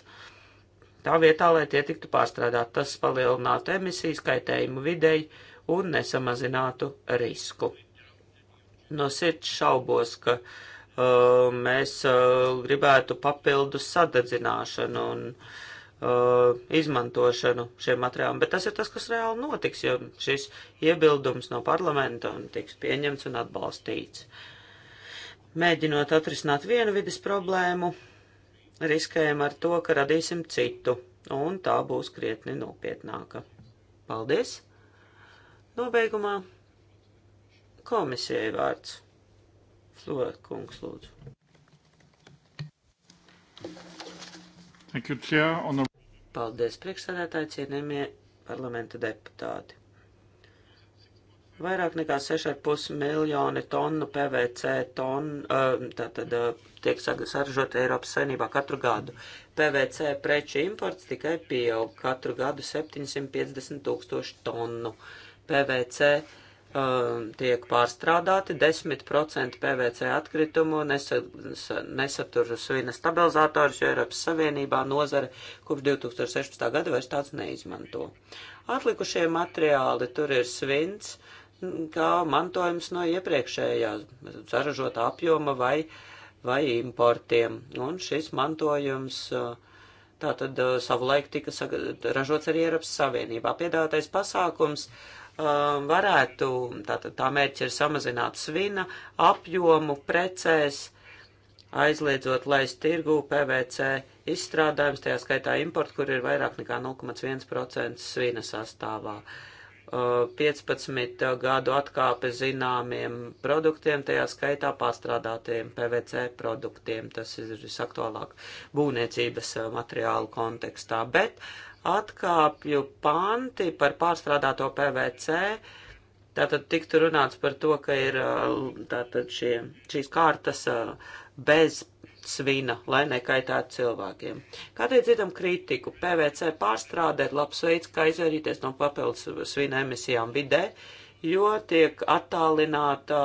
Tā vietā, lai tie tiktu pārstrādāti, tas palielinātu emisiju skaitējumu videi un nesamazinātu risku. No sirds šaubos, ka uh, mēs uh, gribētu papildus sadedzināšanu un uh, Uh, izmantošanu šiem materiāliem, bet tas ir tas, kas reāli notiks, jo šis iebildums no parlamenta tiks pieņemts un atbalstīts. Mēģinot atrisināt vienu vidas problēmu, riskējam ar to, ka radīsim citu, un tā būs krietni nopietnāka. Paldies! Nobeigumā komisijai vārds. Flora kungs, lūdzu. Thank you, Chair. Honorable Paldies, priekšsēdētāji, cienījamie parlamenta deputāti. Vairāk nekā 6,5 miljoni tonu PVC tonu eh, tātad, eh, tiek saražota Eiropas saimnībā katru gadu. PVC preču imports tikai pieaug katru gadu 750 tūkstoši tonu. PVC uh, Um, tiek pārstrādāti, 10% PVC atkritumu nesatur svina stabilizatorus, jo Eiropas Savienībā nozare kopš 2016. gada vairs tāds neizmanto. Atlikušie materiāli tur ir svins, kā mantojums no iepriekšējā saražota apjoma vai, vai importiem. Un šis mantojums uh, tātad uh, savulaik tika ražots arī Eiropas Savienībā. Piedāvātais pasākums uh, Um, varētu, tātad tā mērķi ir samazināt svina apjomu precēs, aizliedzot laist tirgū PVC izstrādājums, tajā skaitā importu, kur ir vairāk nekā 0,1% svina sastāvā. 15 uh, gadu atkāpe zināmiem produktiem, tajā skaitā pārstrādātiem PVC produktiem. Tas ir visaktuālāk būvniecības uh, materiālu kontekstā. Bet uh, atkāpju panti par pārstrādāto PVC. Tātad tiktu runāts par to, ka ir tātad šie, šīs kārtas bez svina, lai nekaitētu cilvēkiem. Kādēļ dzirdam kritiku? PVC pārstrāde ir labs veids, kā izvairīties no papildus svina emisijām vidē, jo tiek attālināta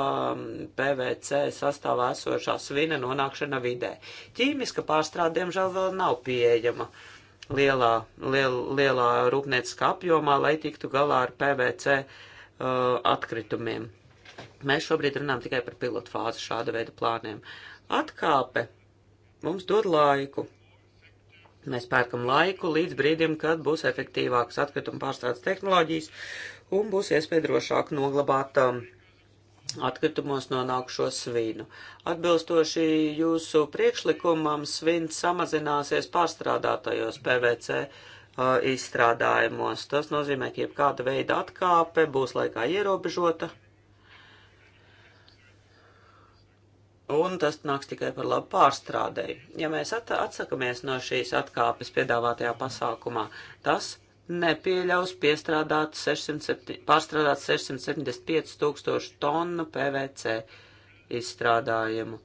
PVC sastāvā esošā svina nonākšana vidē. Ķīmiska pārstrāde, diemžēl, vēl nav pieejama. Uh, lielā, liel, lielā rūpnieciskā apjomā, lai tiktu galā ar PVC uh, atkritumiem. Mēs šobrīd runājam tikai par pilotu fāzi šāda veida plāniem. Atkāpe mums dod laiku. Mēs pērkam laiku līdz brīdim, kad būs efektīvākas atkrituma pārstrādes tehnoloģijas un būs iespēja drošāk noglabāt um, atkritumos nonākušo svinu. Atbilstoši jūsu priekšlikumam, svins samazināsies pārstrādātajos PVC uh, izstrādājumos. Tas nozīmē, ka jebkāda veida atkāpe būs laikā ierobežota. Un tas nāks tikai par labu pārstrādēju. Ja mēs atsakamies no šīs atkāpes piedāvātajā pasākumā, tas nepieļaus piestrādāt 607, pārstrādāt 675 tūkstošu tonu PVC izstrādājumu,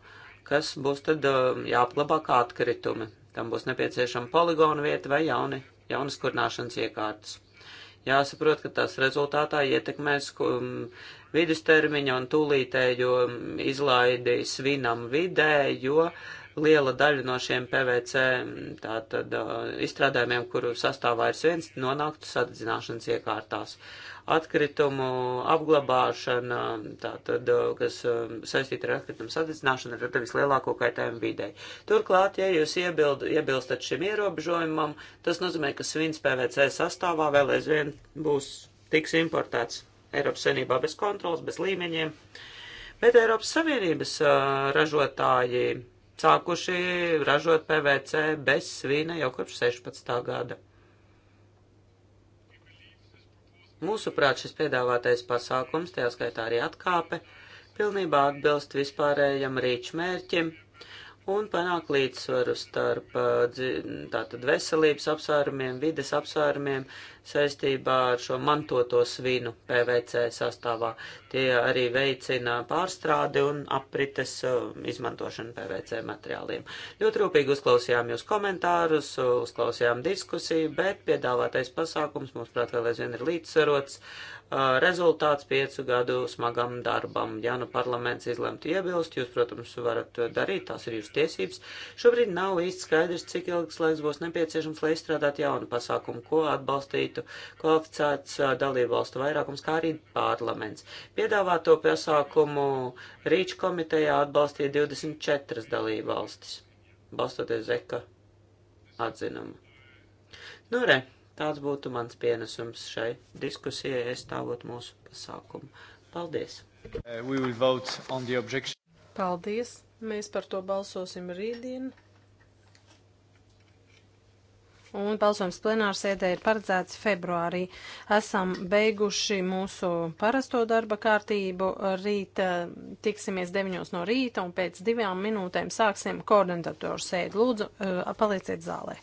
kas būs tad um, jāaplabā kā atkritumi. Tam būs nepieciešama poligona vieta vai jauni, jaunas kurināšanas iekārtas. Jāsaprot, ka tās rezultātā ietekmēs um, vidustermiņa un tūlītējo um, izlaidi svinam vidē, jo uh, liela daļa no šiem PVC mm, tātad, uh, izstrādājumiem, kuru sastāvā ir viens, nonāktu sadedzināšanas iekārtās. Atkritumu apglabāšana, tātad, uh, kas um, saistīta ar atkritumu sadedzināšanu, rada vislielāko kaitējumu videi. Turklāt, ja jūs iebild, iebilstat šim ierobežojumam, tas nozīmē, ka svins PVC sastāvā vēl aizvien būs tiks importēts Eiropas Savienībā bez kontrolas, bez līmeņiem. Bet Eiropas Savienības uh, ražotāji sākuši ražot PVC bez svīna jau kopš 16. gada. Mūsuprāt, šis piedāvātais pasākums, tajā skaitā arī atkāpe, pilnībā atbilst vispārējam rīčmērķim un panākt līdzsvaru starp uh, tātad veselības apsvērumiem, vides apsvērumiem saistībā ar šo mantoto svinu PVC sastāvā. Tie arī veicina pārstrādi un aprites uh, izmantošanu PVC materiāliem. Ļoti rūpīgi uzklausījām jūs komentārus, uzklausījām diskusiju, bet piedāvātais pasākums, mums prāt, vēl aizvien ir līdzsvarots. Uh, rezultāts piecu gadu smagam darbam. Ja nu parlaments izlemtu iebilst, jūs, protams, varat to darīt, tās ir jūsu tiesības. Šobrīd nav īsti skaidrs, cik ilgs laiks būs nepieciešams, lai izstrādātu jaunu pasākumu, ko atbalstītu kvalificēts dalībvalstu vairākums, kā arī parlaments. Piedāvāto pasākumu Rīču komitejā atbalstīja 24 dalībvalstis, balstoties Zeka atzinumu. Nu, re, Tāds būtu mans pienesums šai diskusijai, aizstāvot mūsu pasākumu. Paldies! Uh, Paldies! Mēs par to balsosim rītdien. Un balsojums plenāra sēdē ir paredzēts februārī. Esam beiguši mūsu parasto darba kārtību. Rīt uh, tiksimies 9 no rīta un pēc divām minūtēm sāksim koordinatoru sēdi. Lūdzu, uh, palieciet zālē.